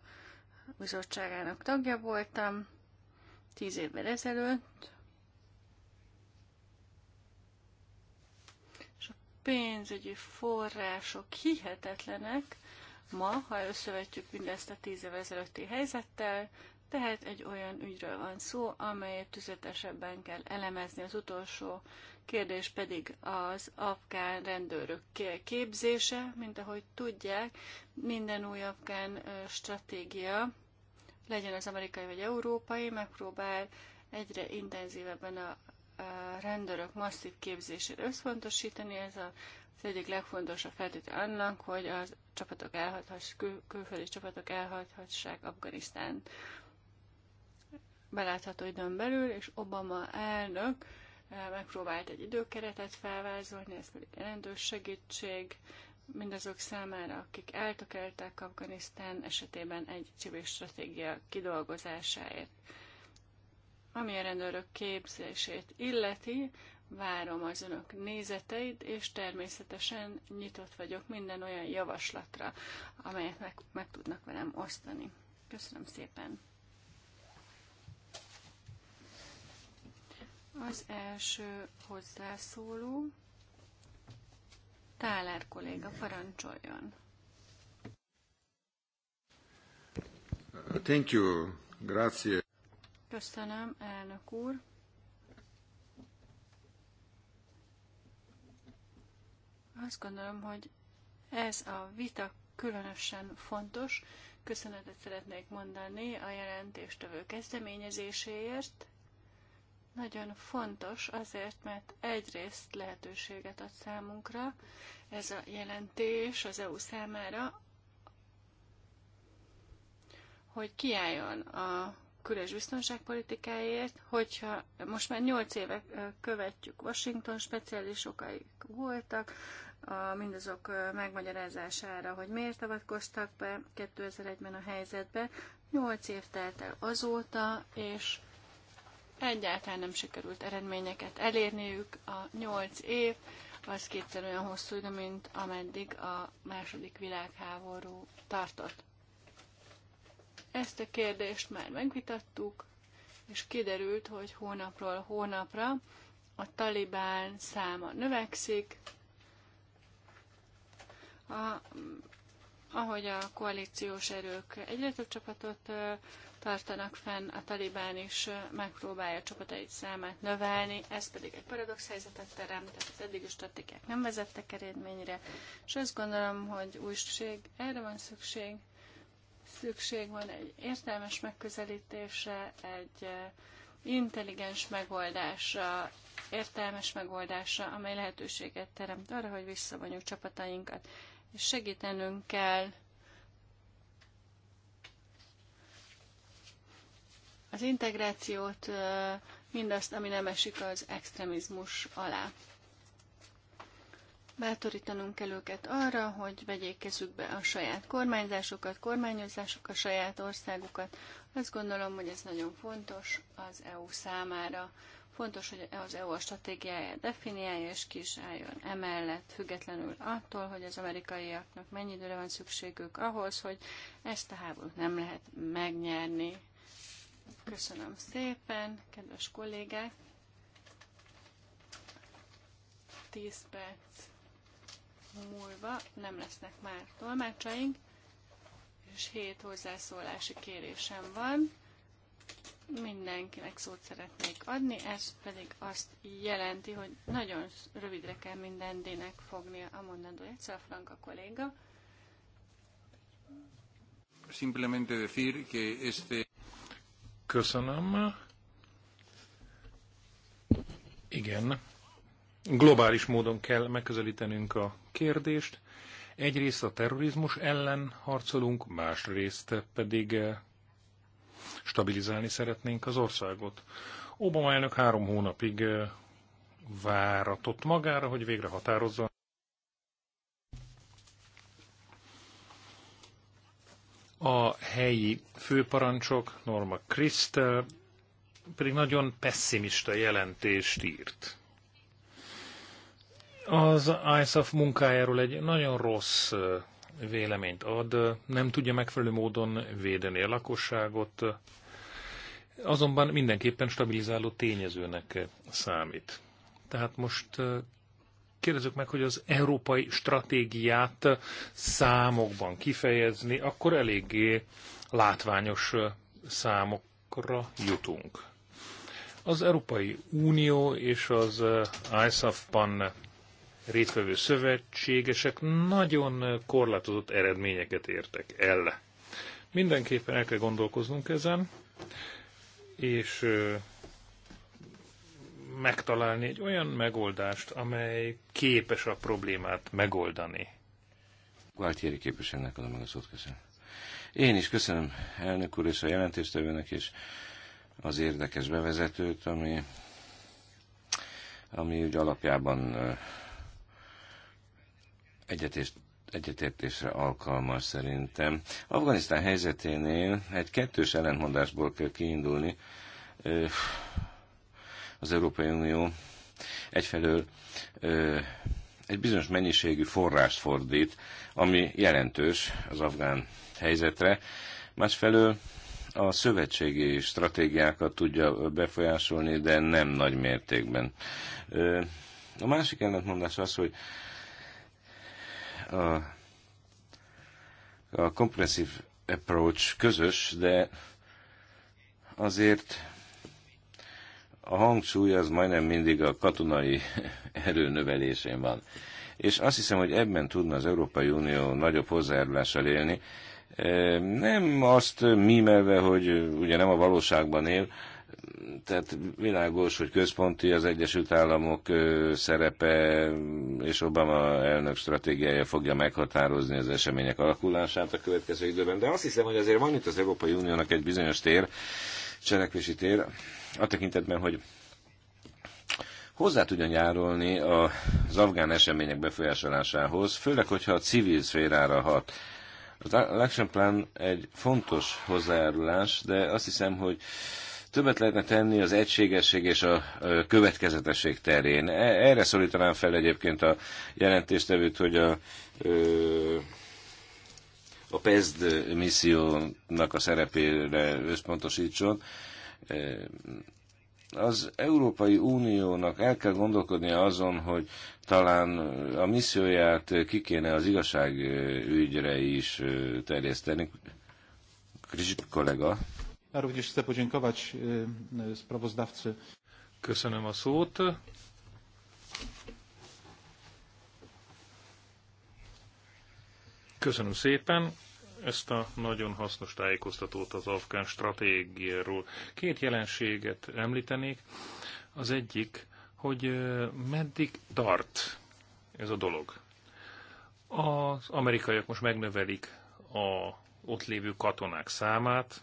bizottságának tagja voltam tíz évvel ezelőtt, és a pénzügyi források hihetetlenek ma, ha összevetjük mindezt a tíz évvel ezelőtti helyzettel, tehát egy olyan ügyről van szó, amelyet tüzetesebben kell elemezni az utolsó kérdés pedig az afgán rendőrök képzése, mint ahogy tudják, minden új afgán stratégia, legyen az amerikai vagy európai, megpróbál egyre intenzívebben a rendőrök masszív képzését összpontosítani. Ez a, az egyik legfontosabb feltétel annak, hogy a csapatok elhagyhass, kül, külföldi csapatok elhagyhassák Afganisztánt belátható időn belül, és Obama elnök megpróbált egy időkeretet felvázolni, ez pedig jelentős segítség mindazok számára, akik eltökeltek Afganisztán esetében egy civil stratégia kidolgozásáért. Ami a rendőrök képzését illeti, várom az önök nézeteit, és természetesen nyitott vagyok minden olyan javaslatra, amelyet meg, meg tudnak velem osztani. Köszönöm szépen! Az első hozzászóló, Tálár kolléga, parancsoljon. Thank you. Grazie. Köszönöm, elnök úr. Azt gondolom, hogy ez a vita különösen fontos. Köszönetet szeretnék mondani a jelentéstövő kezdeményezéséért, nagyon fontos azért, mert egyrészt lehetőséget ad számunkra ez a jelentés az EU számára, hogy kiálljon a különös biztonságpolitikáért, hogyha most már nyolc éve követjük Washington, speciális okai voltak, a, mindazok megmagyarázására, hogy miért avatkoztak be 2001-ben a helyzetbe. Nyolc év telt el azóta, és egyáltalán nem sikerült eredményeket elérniük. A nyolc év az kétszer olyan hosszú idő, mint ameddig a második világháború tartott. Ezt a kérdést már megvitattuk, és kiderült, hogy hónapról hónapra a talibán száma növekszik, a, ahogy a koalíciós erők egyre több csapatot tartanak fenn, a talibán is megpróbálja a csapatait számát növelni, ez pedig egy paradox helyzetet teremt, tehát az eddigi stratégiák nem vezettek eredményre, és azt gondolom, hogy újség, erre van szükség, szükség van egy értelmes megközelítésre, egy intelligens megoldásra, értelmes megoldásra, amely lehetőséget teremt arra, hogy visszavonjuk csapatainkat, és segítenünk kell az integrációt, mindazt, ami nem esik az extremizmus alá. Bátorítanunk kell őket arra, hogy vegyék kezükbe a saját kormányzásokat, kormányozásokat, a saját országukat. Azt gondolom, hogy ez nagyon fontos az EU számára. Fontos, hogy az EU a stratégiáját definiálja, és ki is álljon emellett, függetlenül attól, hogy az amerikaiaknak mennyi időre van szükségük ahhoz, hogy ezt a háborút nem lehet megnyerni. Köszönöm szépen, kedves kollégák! 10 perc múlva nem lesznek már tolmácsaink, és 7 hozzászólási kérésem van. Mindenkinek szót szeretnék adni, ez pedig azt jelenti, hogy nagyon rövidre kell minden dének fognia a mondandóját. a szóval Franka kolléga. Simplemente decir que este Köszönöm. Igen. Globális módon kell megközelítenünk a kérdést. Egyrészt a terrorizmus ellen harcolunk, másrészt pedig eh, stabilizálni szeretnénk az országot. Obama elnök három hónapig eh, váratott magára, hogy végre határozzon. a helyi főparancsok, Norma Krisztel, pedig nagyon pessimista jelentést írt. Az ISAF munkájáról egy nagyon rossz véleményt ad, nem tudja megfelelő módon védeni a lakosságot, azonban mindenképpen stabilizáló tényezőnek számít. Tehát most kérdezzük meg, hogy az európai stratégiát számokban kifejezni, akkor eléggé látványos számokra jutunk. Az Európai Unió és az ISAF-ban résztvevő szövetségesek nagyon korlátozott eredményeket értek el. Mindenképpen el kell gondolkoznunk ezen, és megtalálni egy olyan megoldást, amely képes a problémát megoldani. Gualtieri ennek adom meg a szót, köszönöm. Én is köszönöm elnök úr és a jelentéstevőnek is az érdekes bevezetőt, ami, ami úgy alapjában egyetést egyetértésre alkalmas szerintem. Afganisztán helyzeténél egy kettős ellentmondásból kell kiindulni az Európai Unió egyfelől ö, egy bizonyos mennyiségű forrást fordít, ami jelentős az afgán helyzetre, másfelől a szövetségi stratégiákat tudja befolyásolni, de nem nagy mértékben. A másik ellentmondás az, hogy a, a comprehensive approach közös, de azért a hangsúly az majdnem mindig a katonai erő növelésén van. És azt hiszem, hogy ebben tudna az Európai Unió nagyobb hozzájárulással élni, nem azt mímelve, hogy ugye nem a valóságban él, tehát világos, hogy központi az Egyesült Államok szerepe, és Obama elnök stratégiája fogja meghatározni az események alakulását a következő időben. De azt hiszem, hogy azért van itt az Európai Uniónak egy bizonyos tér, cselekvési tér, a tekintetben, hogy hozzá tudja nyárolni az afgán események befolyásolásához, főleg, hogyha a civil szférára hat. Az Action Plan egy fontos hozzájárulás, de azt hiszem, hogy többet lehetne tenni az egységesség és a következetesség terén. E, erre szólítanám fel egyébként a jelentéstevőt, hogy a, a PESD missziónak a szerepére összpontosítson az Európai Uniónak el kell gondolkodnia azon, hogy talán a misszióját ki kéne az igazságügyre is terjeszteni. Krizsik kollega. Köszönöm a szót. Köszönöm szépen ezt a nagyon hasznos tájékoztatót az afgán stratégiáról. Két jelenséget említenék. Az egyik, hogy meddig tart ez a dolog. Az amerikaiak most megnövelik a ott lévő katonák számát,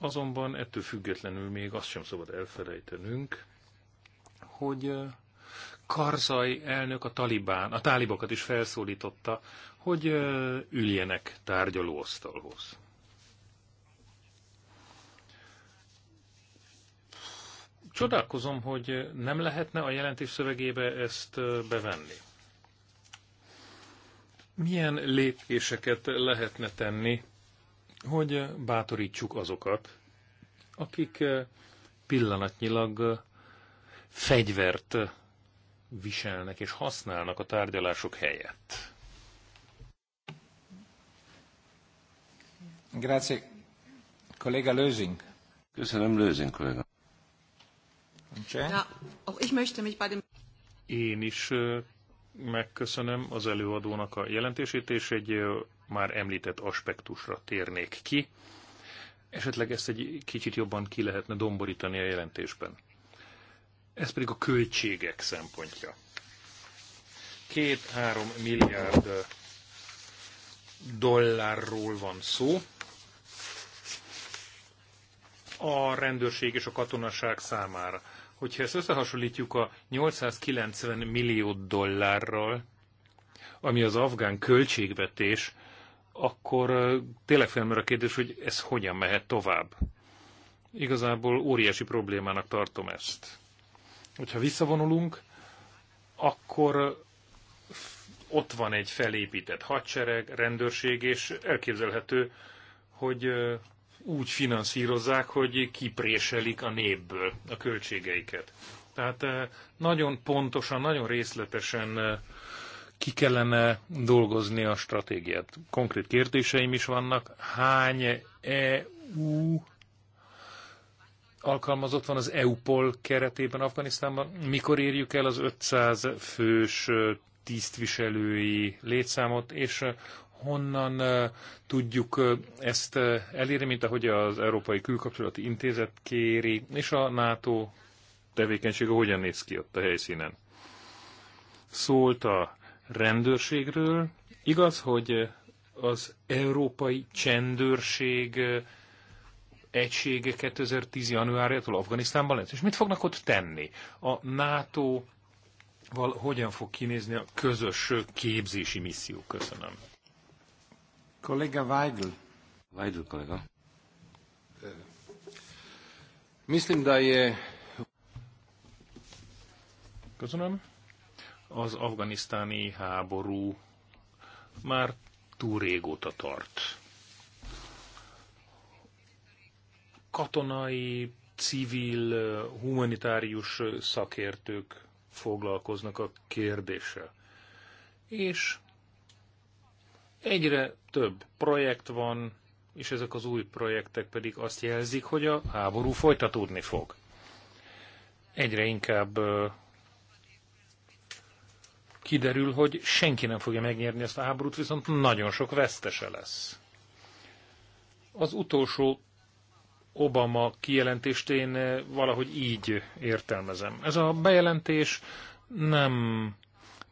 azonban ettől függetlenül még azt sem szabad elfelejtenünk, hogy Karzai elnök a talibán, a tálibokat is felszólította, hogy üljenek tárgyalóasztalhoz. Csodálkozom, hogy nem lehetne a jelentés szövegébe ezt bevenni. Milyen lépéseket lehetne tenni, hogy bátorítsuk azokat, akik pillanatnyilag fegyvert viselnek és használnak a tárgyalások helyett? Grazie. Kollega Lösing. Köszönöm, Lösing kollega. Oh, Én is megköszönöm az előadónak a jelentését, és egy már említett aspektusra térnék ki. Esetleg ezt egy kicsit jobban ki lehetne domborítani a jelentésben. Ez pedig a költségek szempontja. Két-három milliárd dollárról van szó, a rendőrség és a katonaság számára. Hogyha ezt összehasonlítjuk a 890 millió dollárral, ami az afgán költségvetés, akkor tényleg felmerül a kérdés, hogy ez hogyan mehet tovább. Igazából óriási problémának tartom ezt. Hogyha visszavonulunk, akkor ott van egy felépített hadsereg, rendőrség, és elképzelhető, hogy úgy finanszírozzák, hogy kipréselik a népből a költségeiket. Tehát eh, nagyon pontosan, nagyon részletesen eh, ki kellene dolgozni a stratégiát. Konkrét kérdéseim is vannak. Hány EU alkalmazott van az EUPOL keretében Afganisztánban? Mikor érjük el az 500 fős eh, tisztviselői létszámot, és honnan tudjuk ezt elérni, mint ahogy az Európai Külkapcsolati Intézet kéri, és a NATO tevékenysége hogyan néz ki ott a helyszínen. Szólt a rendőrségről. Igaz, hogy az Európai Csendőrség egysége 2010. januárjától Afganisztánban lesz. És mit fognak ott tenni? A NATO val hogyan fog kinézni a közös képzési misszió? Köszönöm. Kolega Weigl. Weigl, kolega. Mislim, da je... Köszönöm. Az afganisztáni háború már túl régóta tart. Katonai, civil, humanitárius szakértők foglalkoznak a kérdéssel. És Egyre több projekt van, és ezek az új projektek pedig azt jelzik, hogy a háború folytatódni fog. Egyre inkább kiderül, hogy senki nem fogja megnyerni ezt a háborút, viszont nagyon sok vesztese lesz. Az utolsó Obama kijelentést én valahogy így értelmezem. Ez a bejelentés nem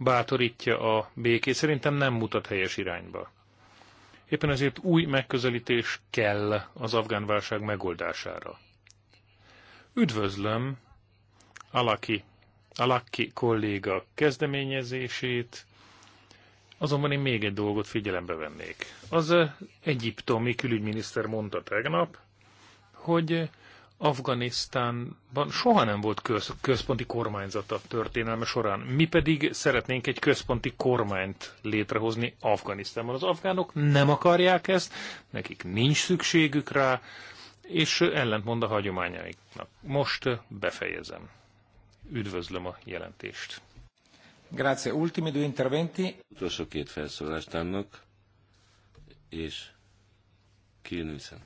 bátorítja a békét, szerintem nem mutat helyes irányba. Éppen ezért új megközelítés kell az afgán válság megoldására. Üdvözlöm Alaki, Alaki kolléga kezdeményezését, azonban én még egy dolgot figyelembe vennék. Az egyiptomi külügyminiszter mondta tegnap, hogy Afganisztánban soha nem volt köz, központi kormányzata történelme során. Mi pedig szeretnénk egy központi kormányt létrehozni Afganisztánban. Az afgánok nem akarják ezt, nekik nincs szükségük rá, és ellentmond a hagyományaiknak. Most befejezem. Üdvözlöm a jelentést. Grazie. Ultimi due interventi. Utolsó két felszólást annak, és Kilnőszen.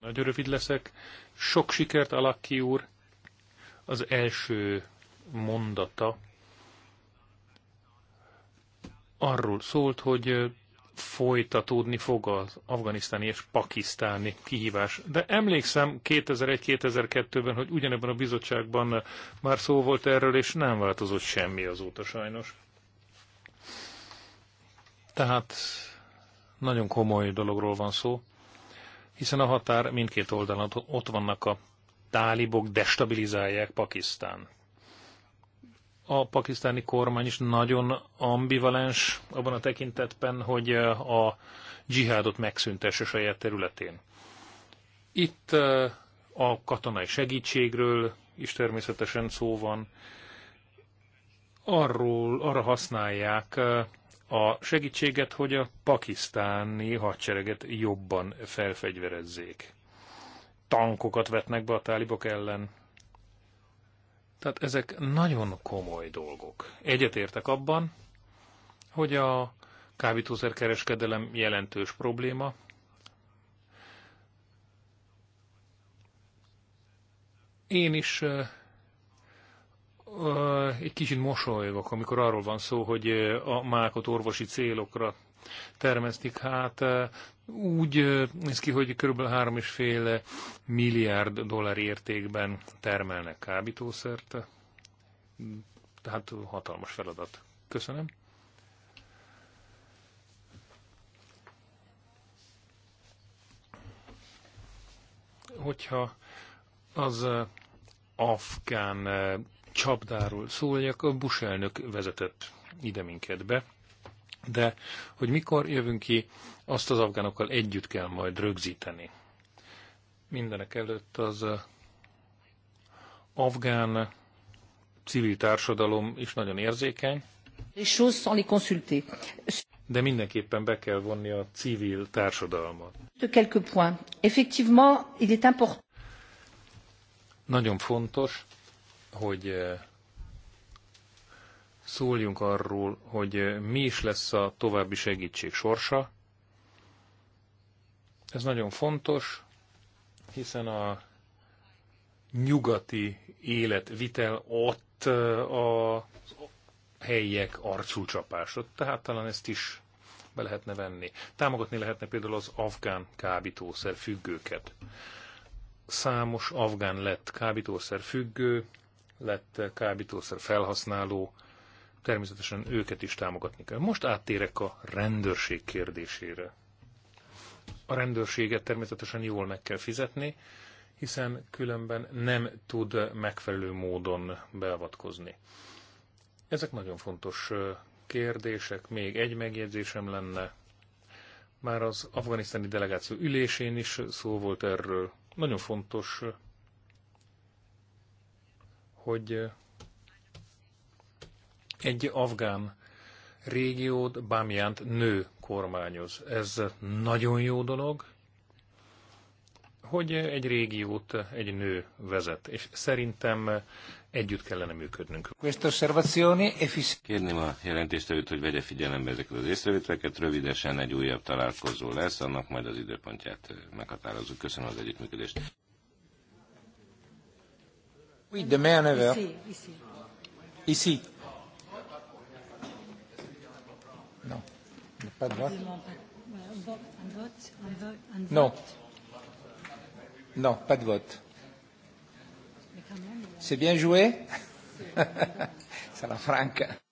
Nagyon rövid leszek. Sok sikert, Alakki úr. Az első mondata arról szólt, hogy folytatódni fog az afganisztáni és pakisztáni kihívás. De emlékszem 2001-2002-ben, hogy ugyanebben a bizottságban már szó volt erről, és nem változott semmi azóta sajnos. Tehát nagyon komoly dologról van szó hiszen a határ mindkét oldalon ott vannak a tálibok, destabilizálják Pakisztán. A pakisztáni kormány is nagyon ambivalens abban a tekintetben, hogy a dzsihádot megszüntesse saját területén. Itt eh, a katonai segítségről is természetesen szó van, arról, arra használják eh, a segítséget, hogy a pakisztáni hadsereget jobban felfegyverezzék. Tankokat vetnek be a tálibok ellen. Tehát ezek nagyon komoly dolgok. Egyetértek abban, hogy a kábítószerkereskedelem jelentős probléma, én is eh, egy kicsit mosolygok, amikor arról van szó, hogy a mákot orvosi célokra termesztik. Hát úgy néz ki, hogy kb. 3,5 milliárd dollár értékben termelnek kábítószert. Tehát hatalmas feladat. Köszönöm. Hogyha az afgán csapdáról szóljak, a Bush elnök vezetett ide minket be, de hogy mikor jövünk ki, azt az afgánokkal együtt kell majd rögzíteni. Mindenek előtt az uh, afgán civil társadalom is nagyon érzékeny, de mindenképpen be kell vonni a civil társadalmat. Nagyon fontos, hogy eh, szóljunk arról, hogy eh, mi is lesz a további segítség sorsa. Ez nagyon fontos, hiszen a nyugati életvitel ott eh, a helyiek arcúcsapásod, tehát talán ezt is be lehetne venni. Támogatni lehetne például az afgán kábítószer függőket. Számos afgán lett kábítószer függő, lett kábítószer felhasználó, természetesen őket is támogatni kell. Most áttérek a rendőrség kérdésére. A rendőrséget természetesen jól meg kell fizetni, hiszen különben nem tud megfelelő módon beavatkozni. Ezek nagyon fontos kérdések. Még egy megjegyzésem lenne. Már az afganisztáni delegáció ülésén is szó volt erről. Nagyon fontos hogy egy afgán régiót, bamiánt nő kormányoz. Ez nagyon jó dolog, hogy egy régiót egy nő vezet, és szerintem együtt kellene működnünk. E Kérném a jelentéstevőt, hogy vegye figyelembe ezeket az észrevételeket. Rövidesen egy újabb találkozó lesz, annak majd az időpontját meghatározunk. Köszönöm az együttműködést. Oui, demain à 9h. Ici, ici. Ici. Non, il n'y a pas de vote. Non. Non, pas de vote. C'est bien joué Sarà franca.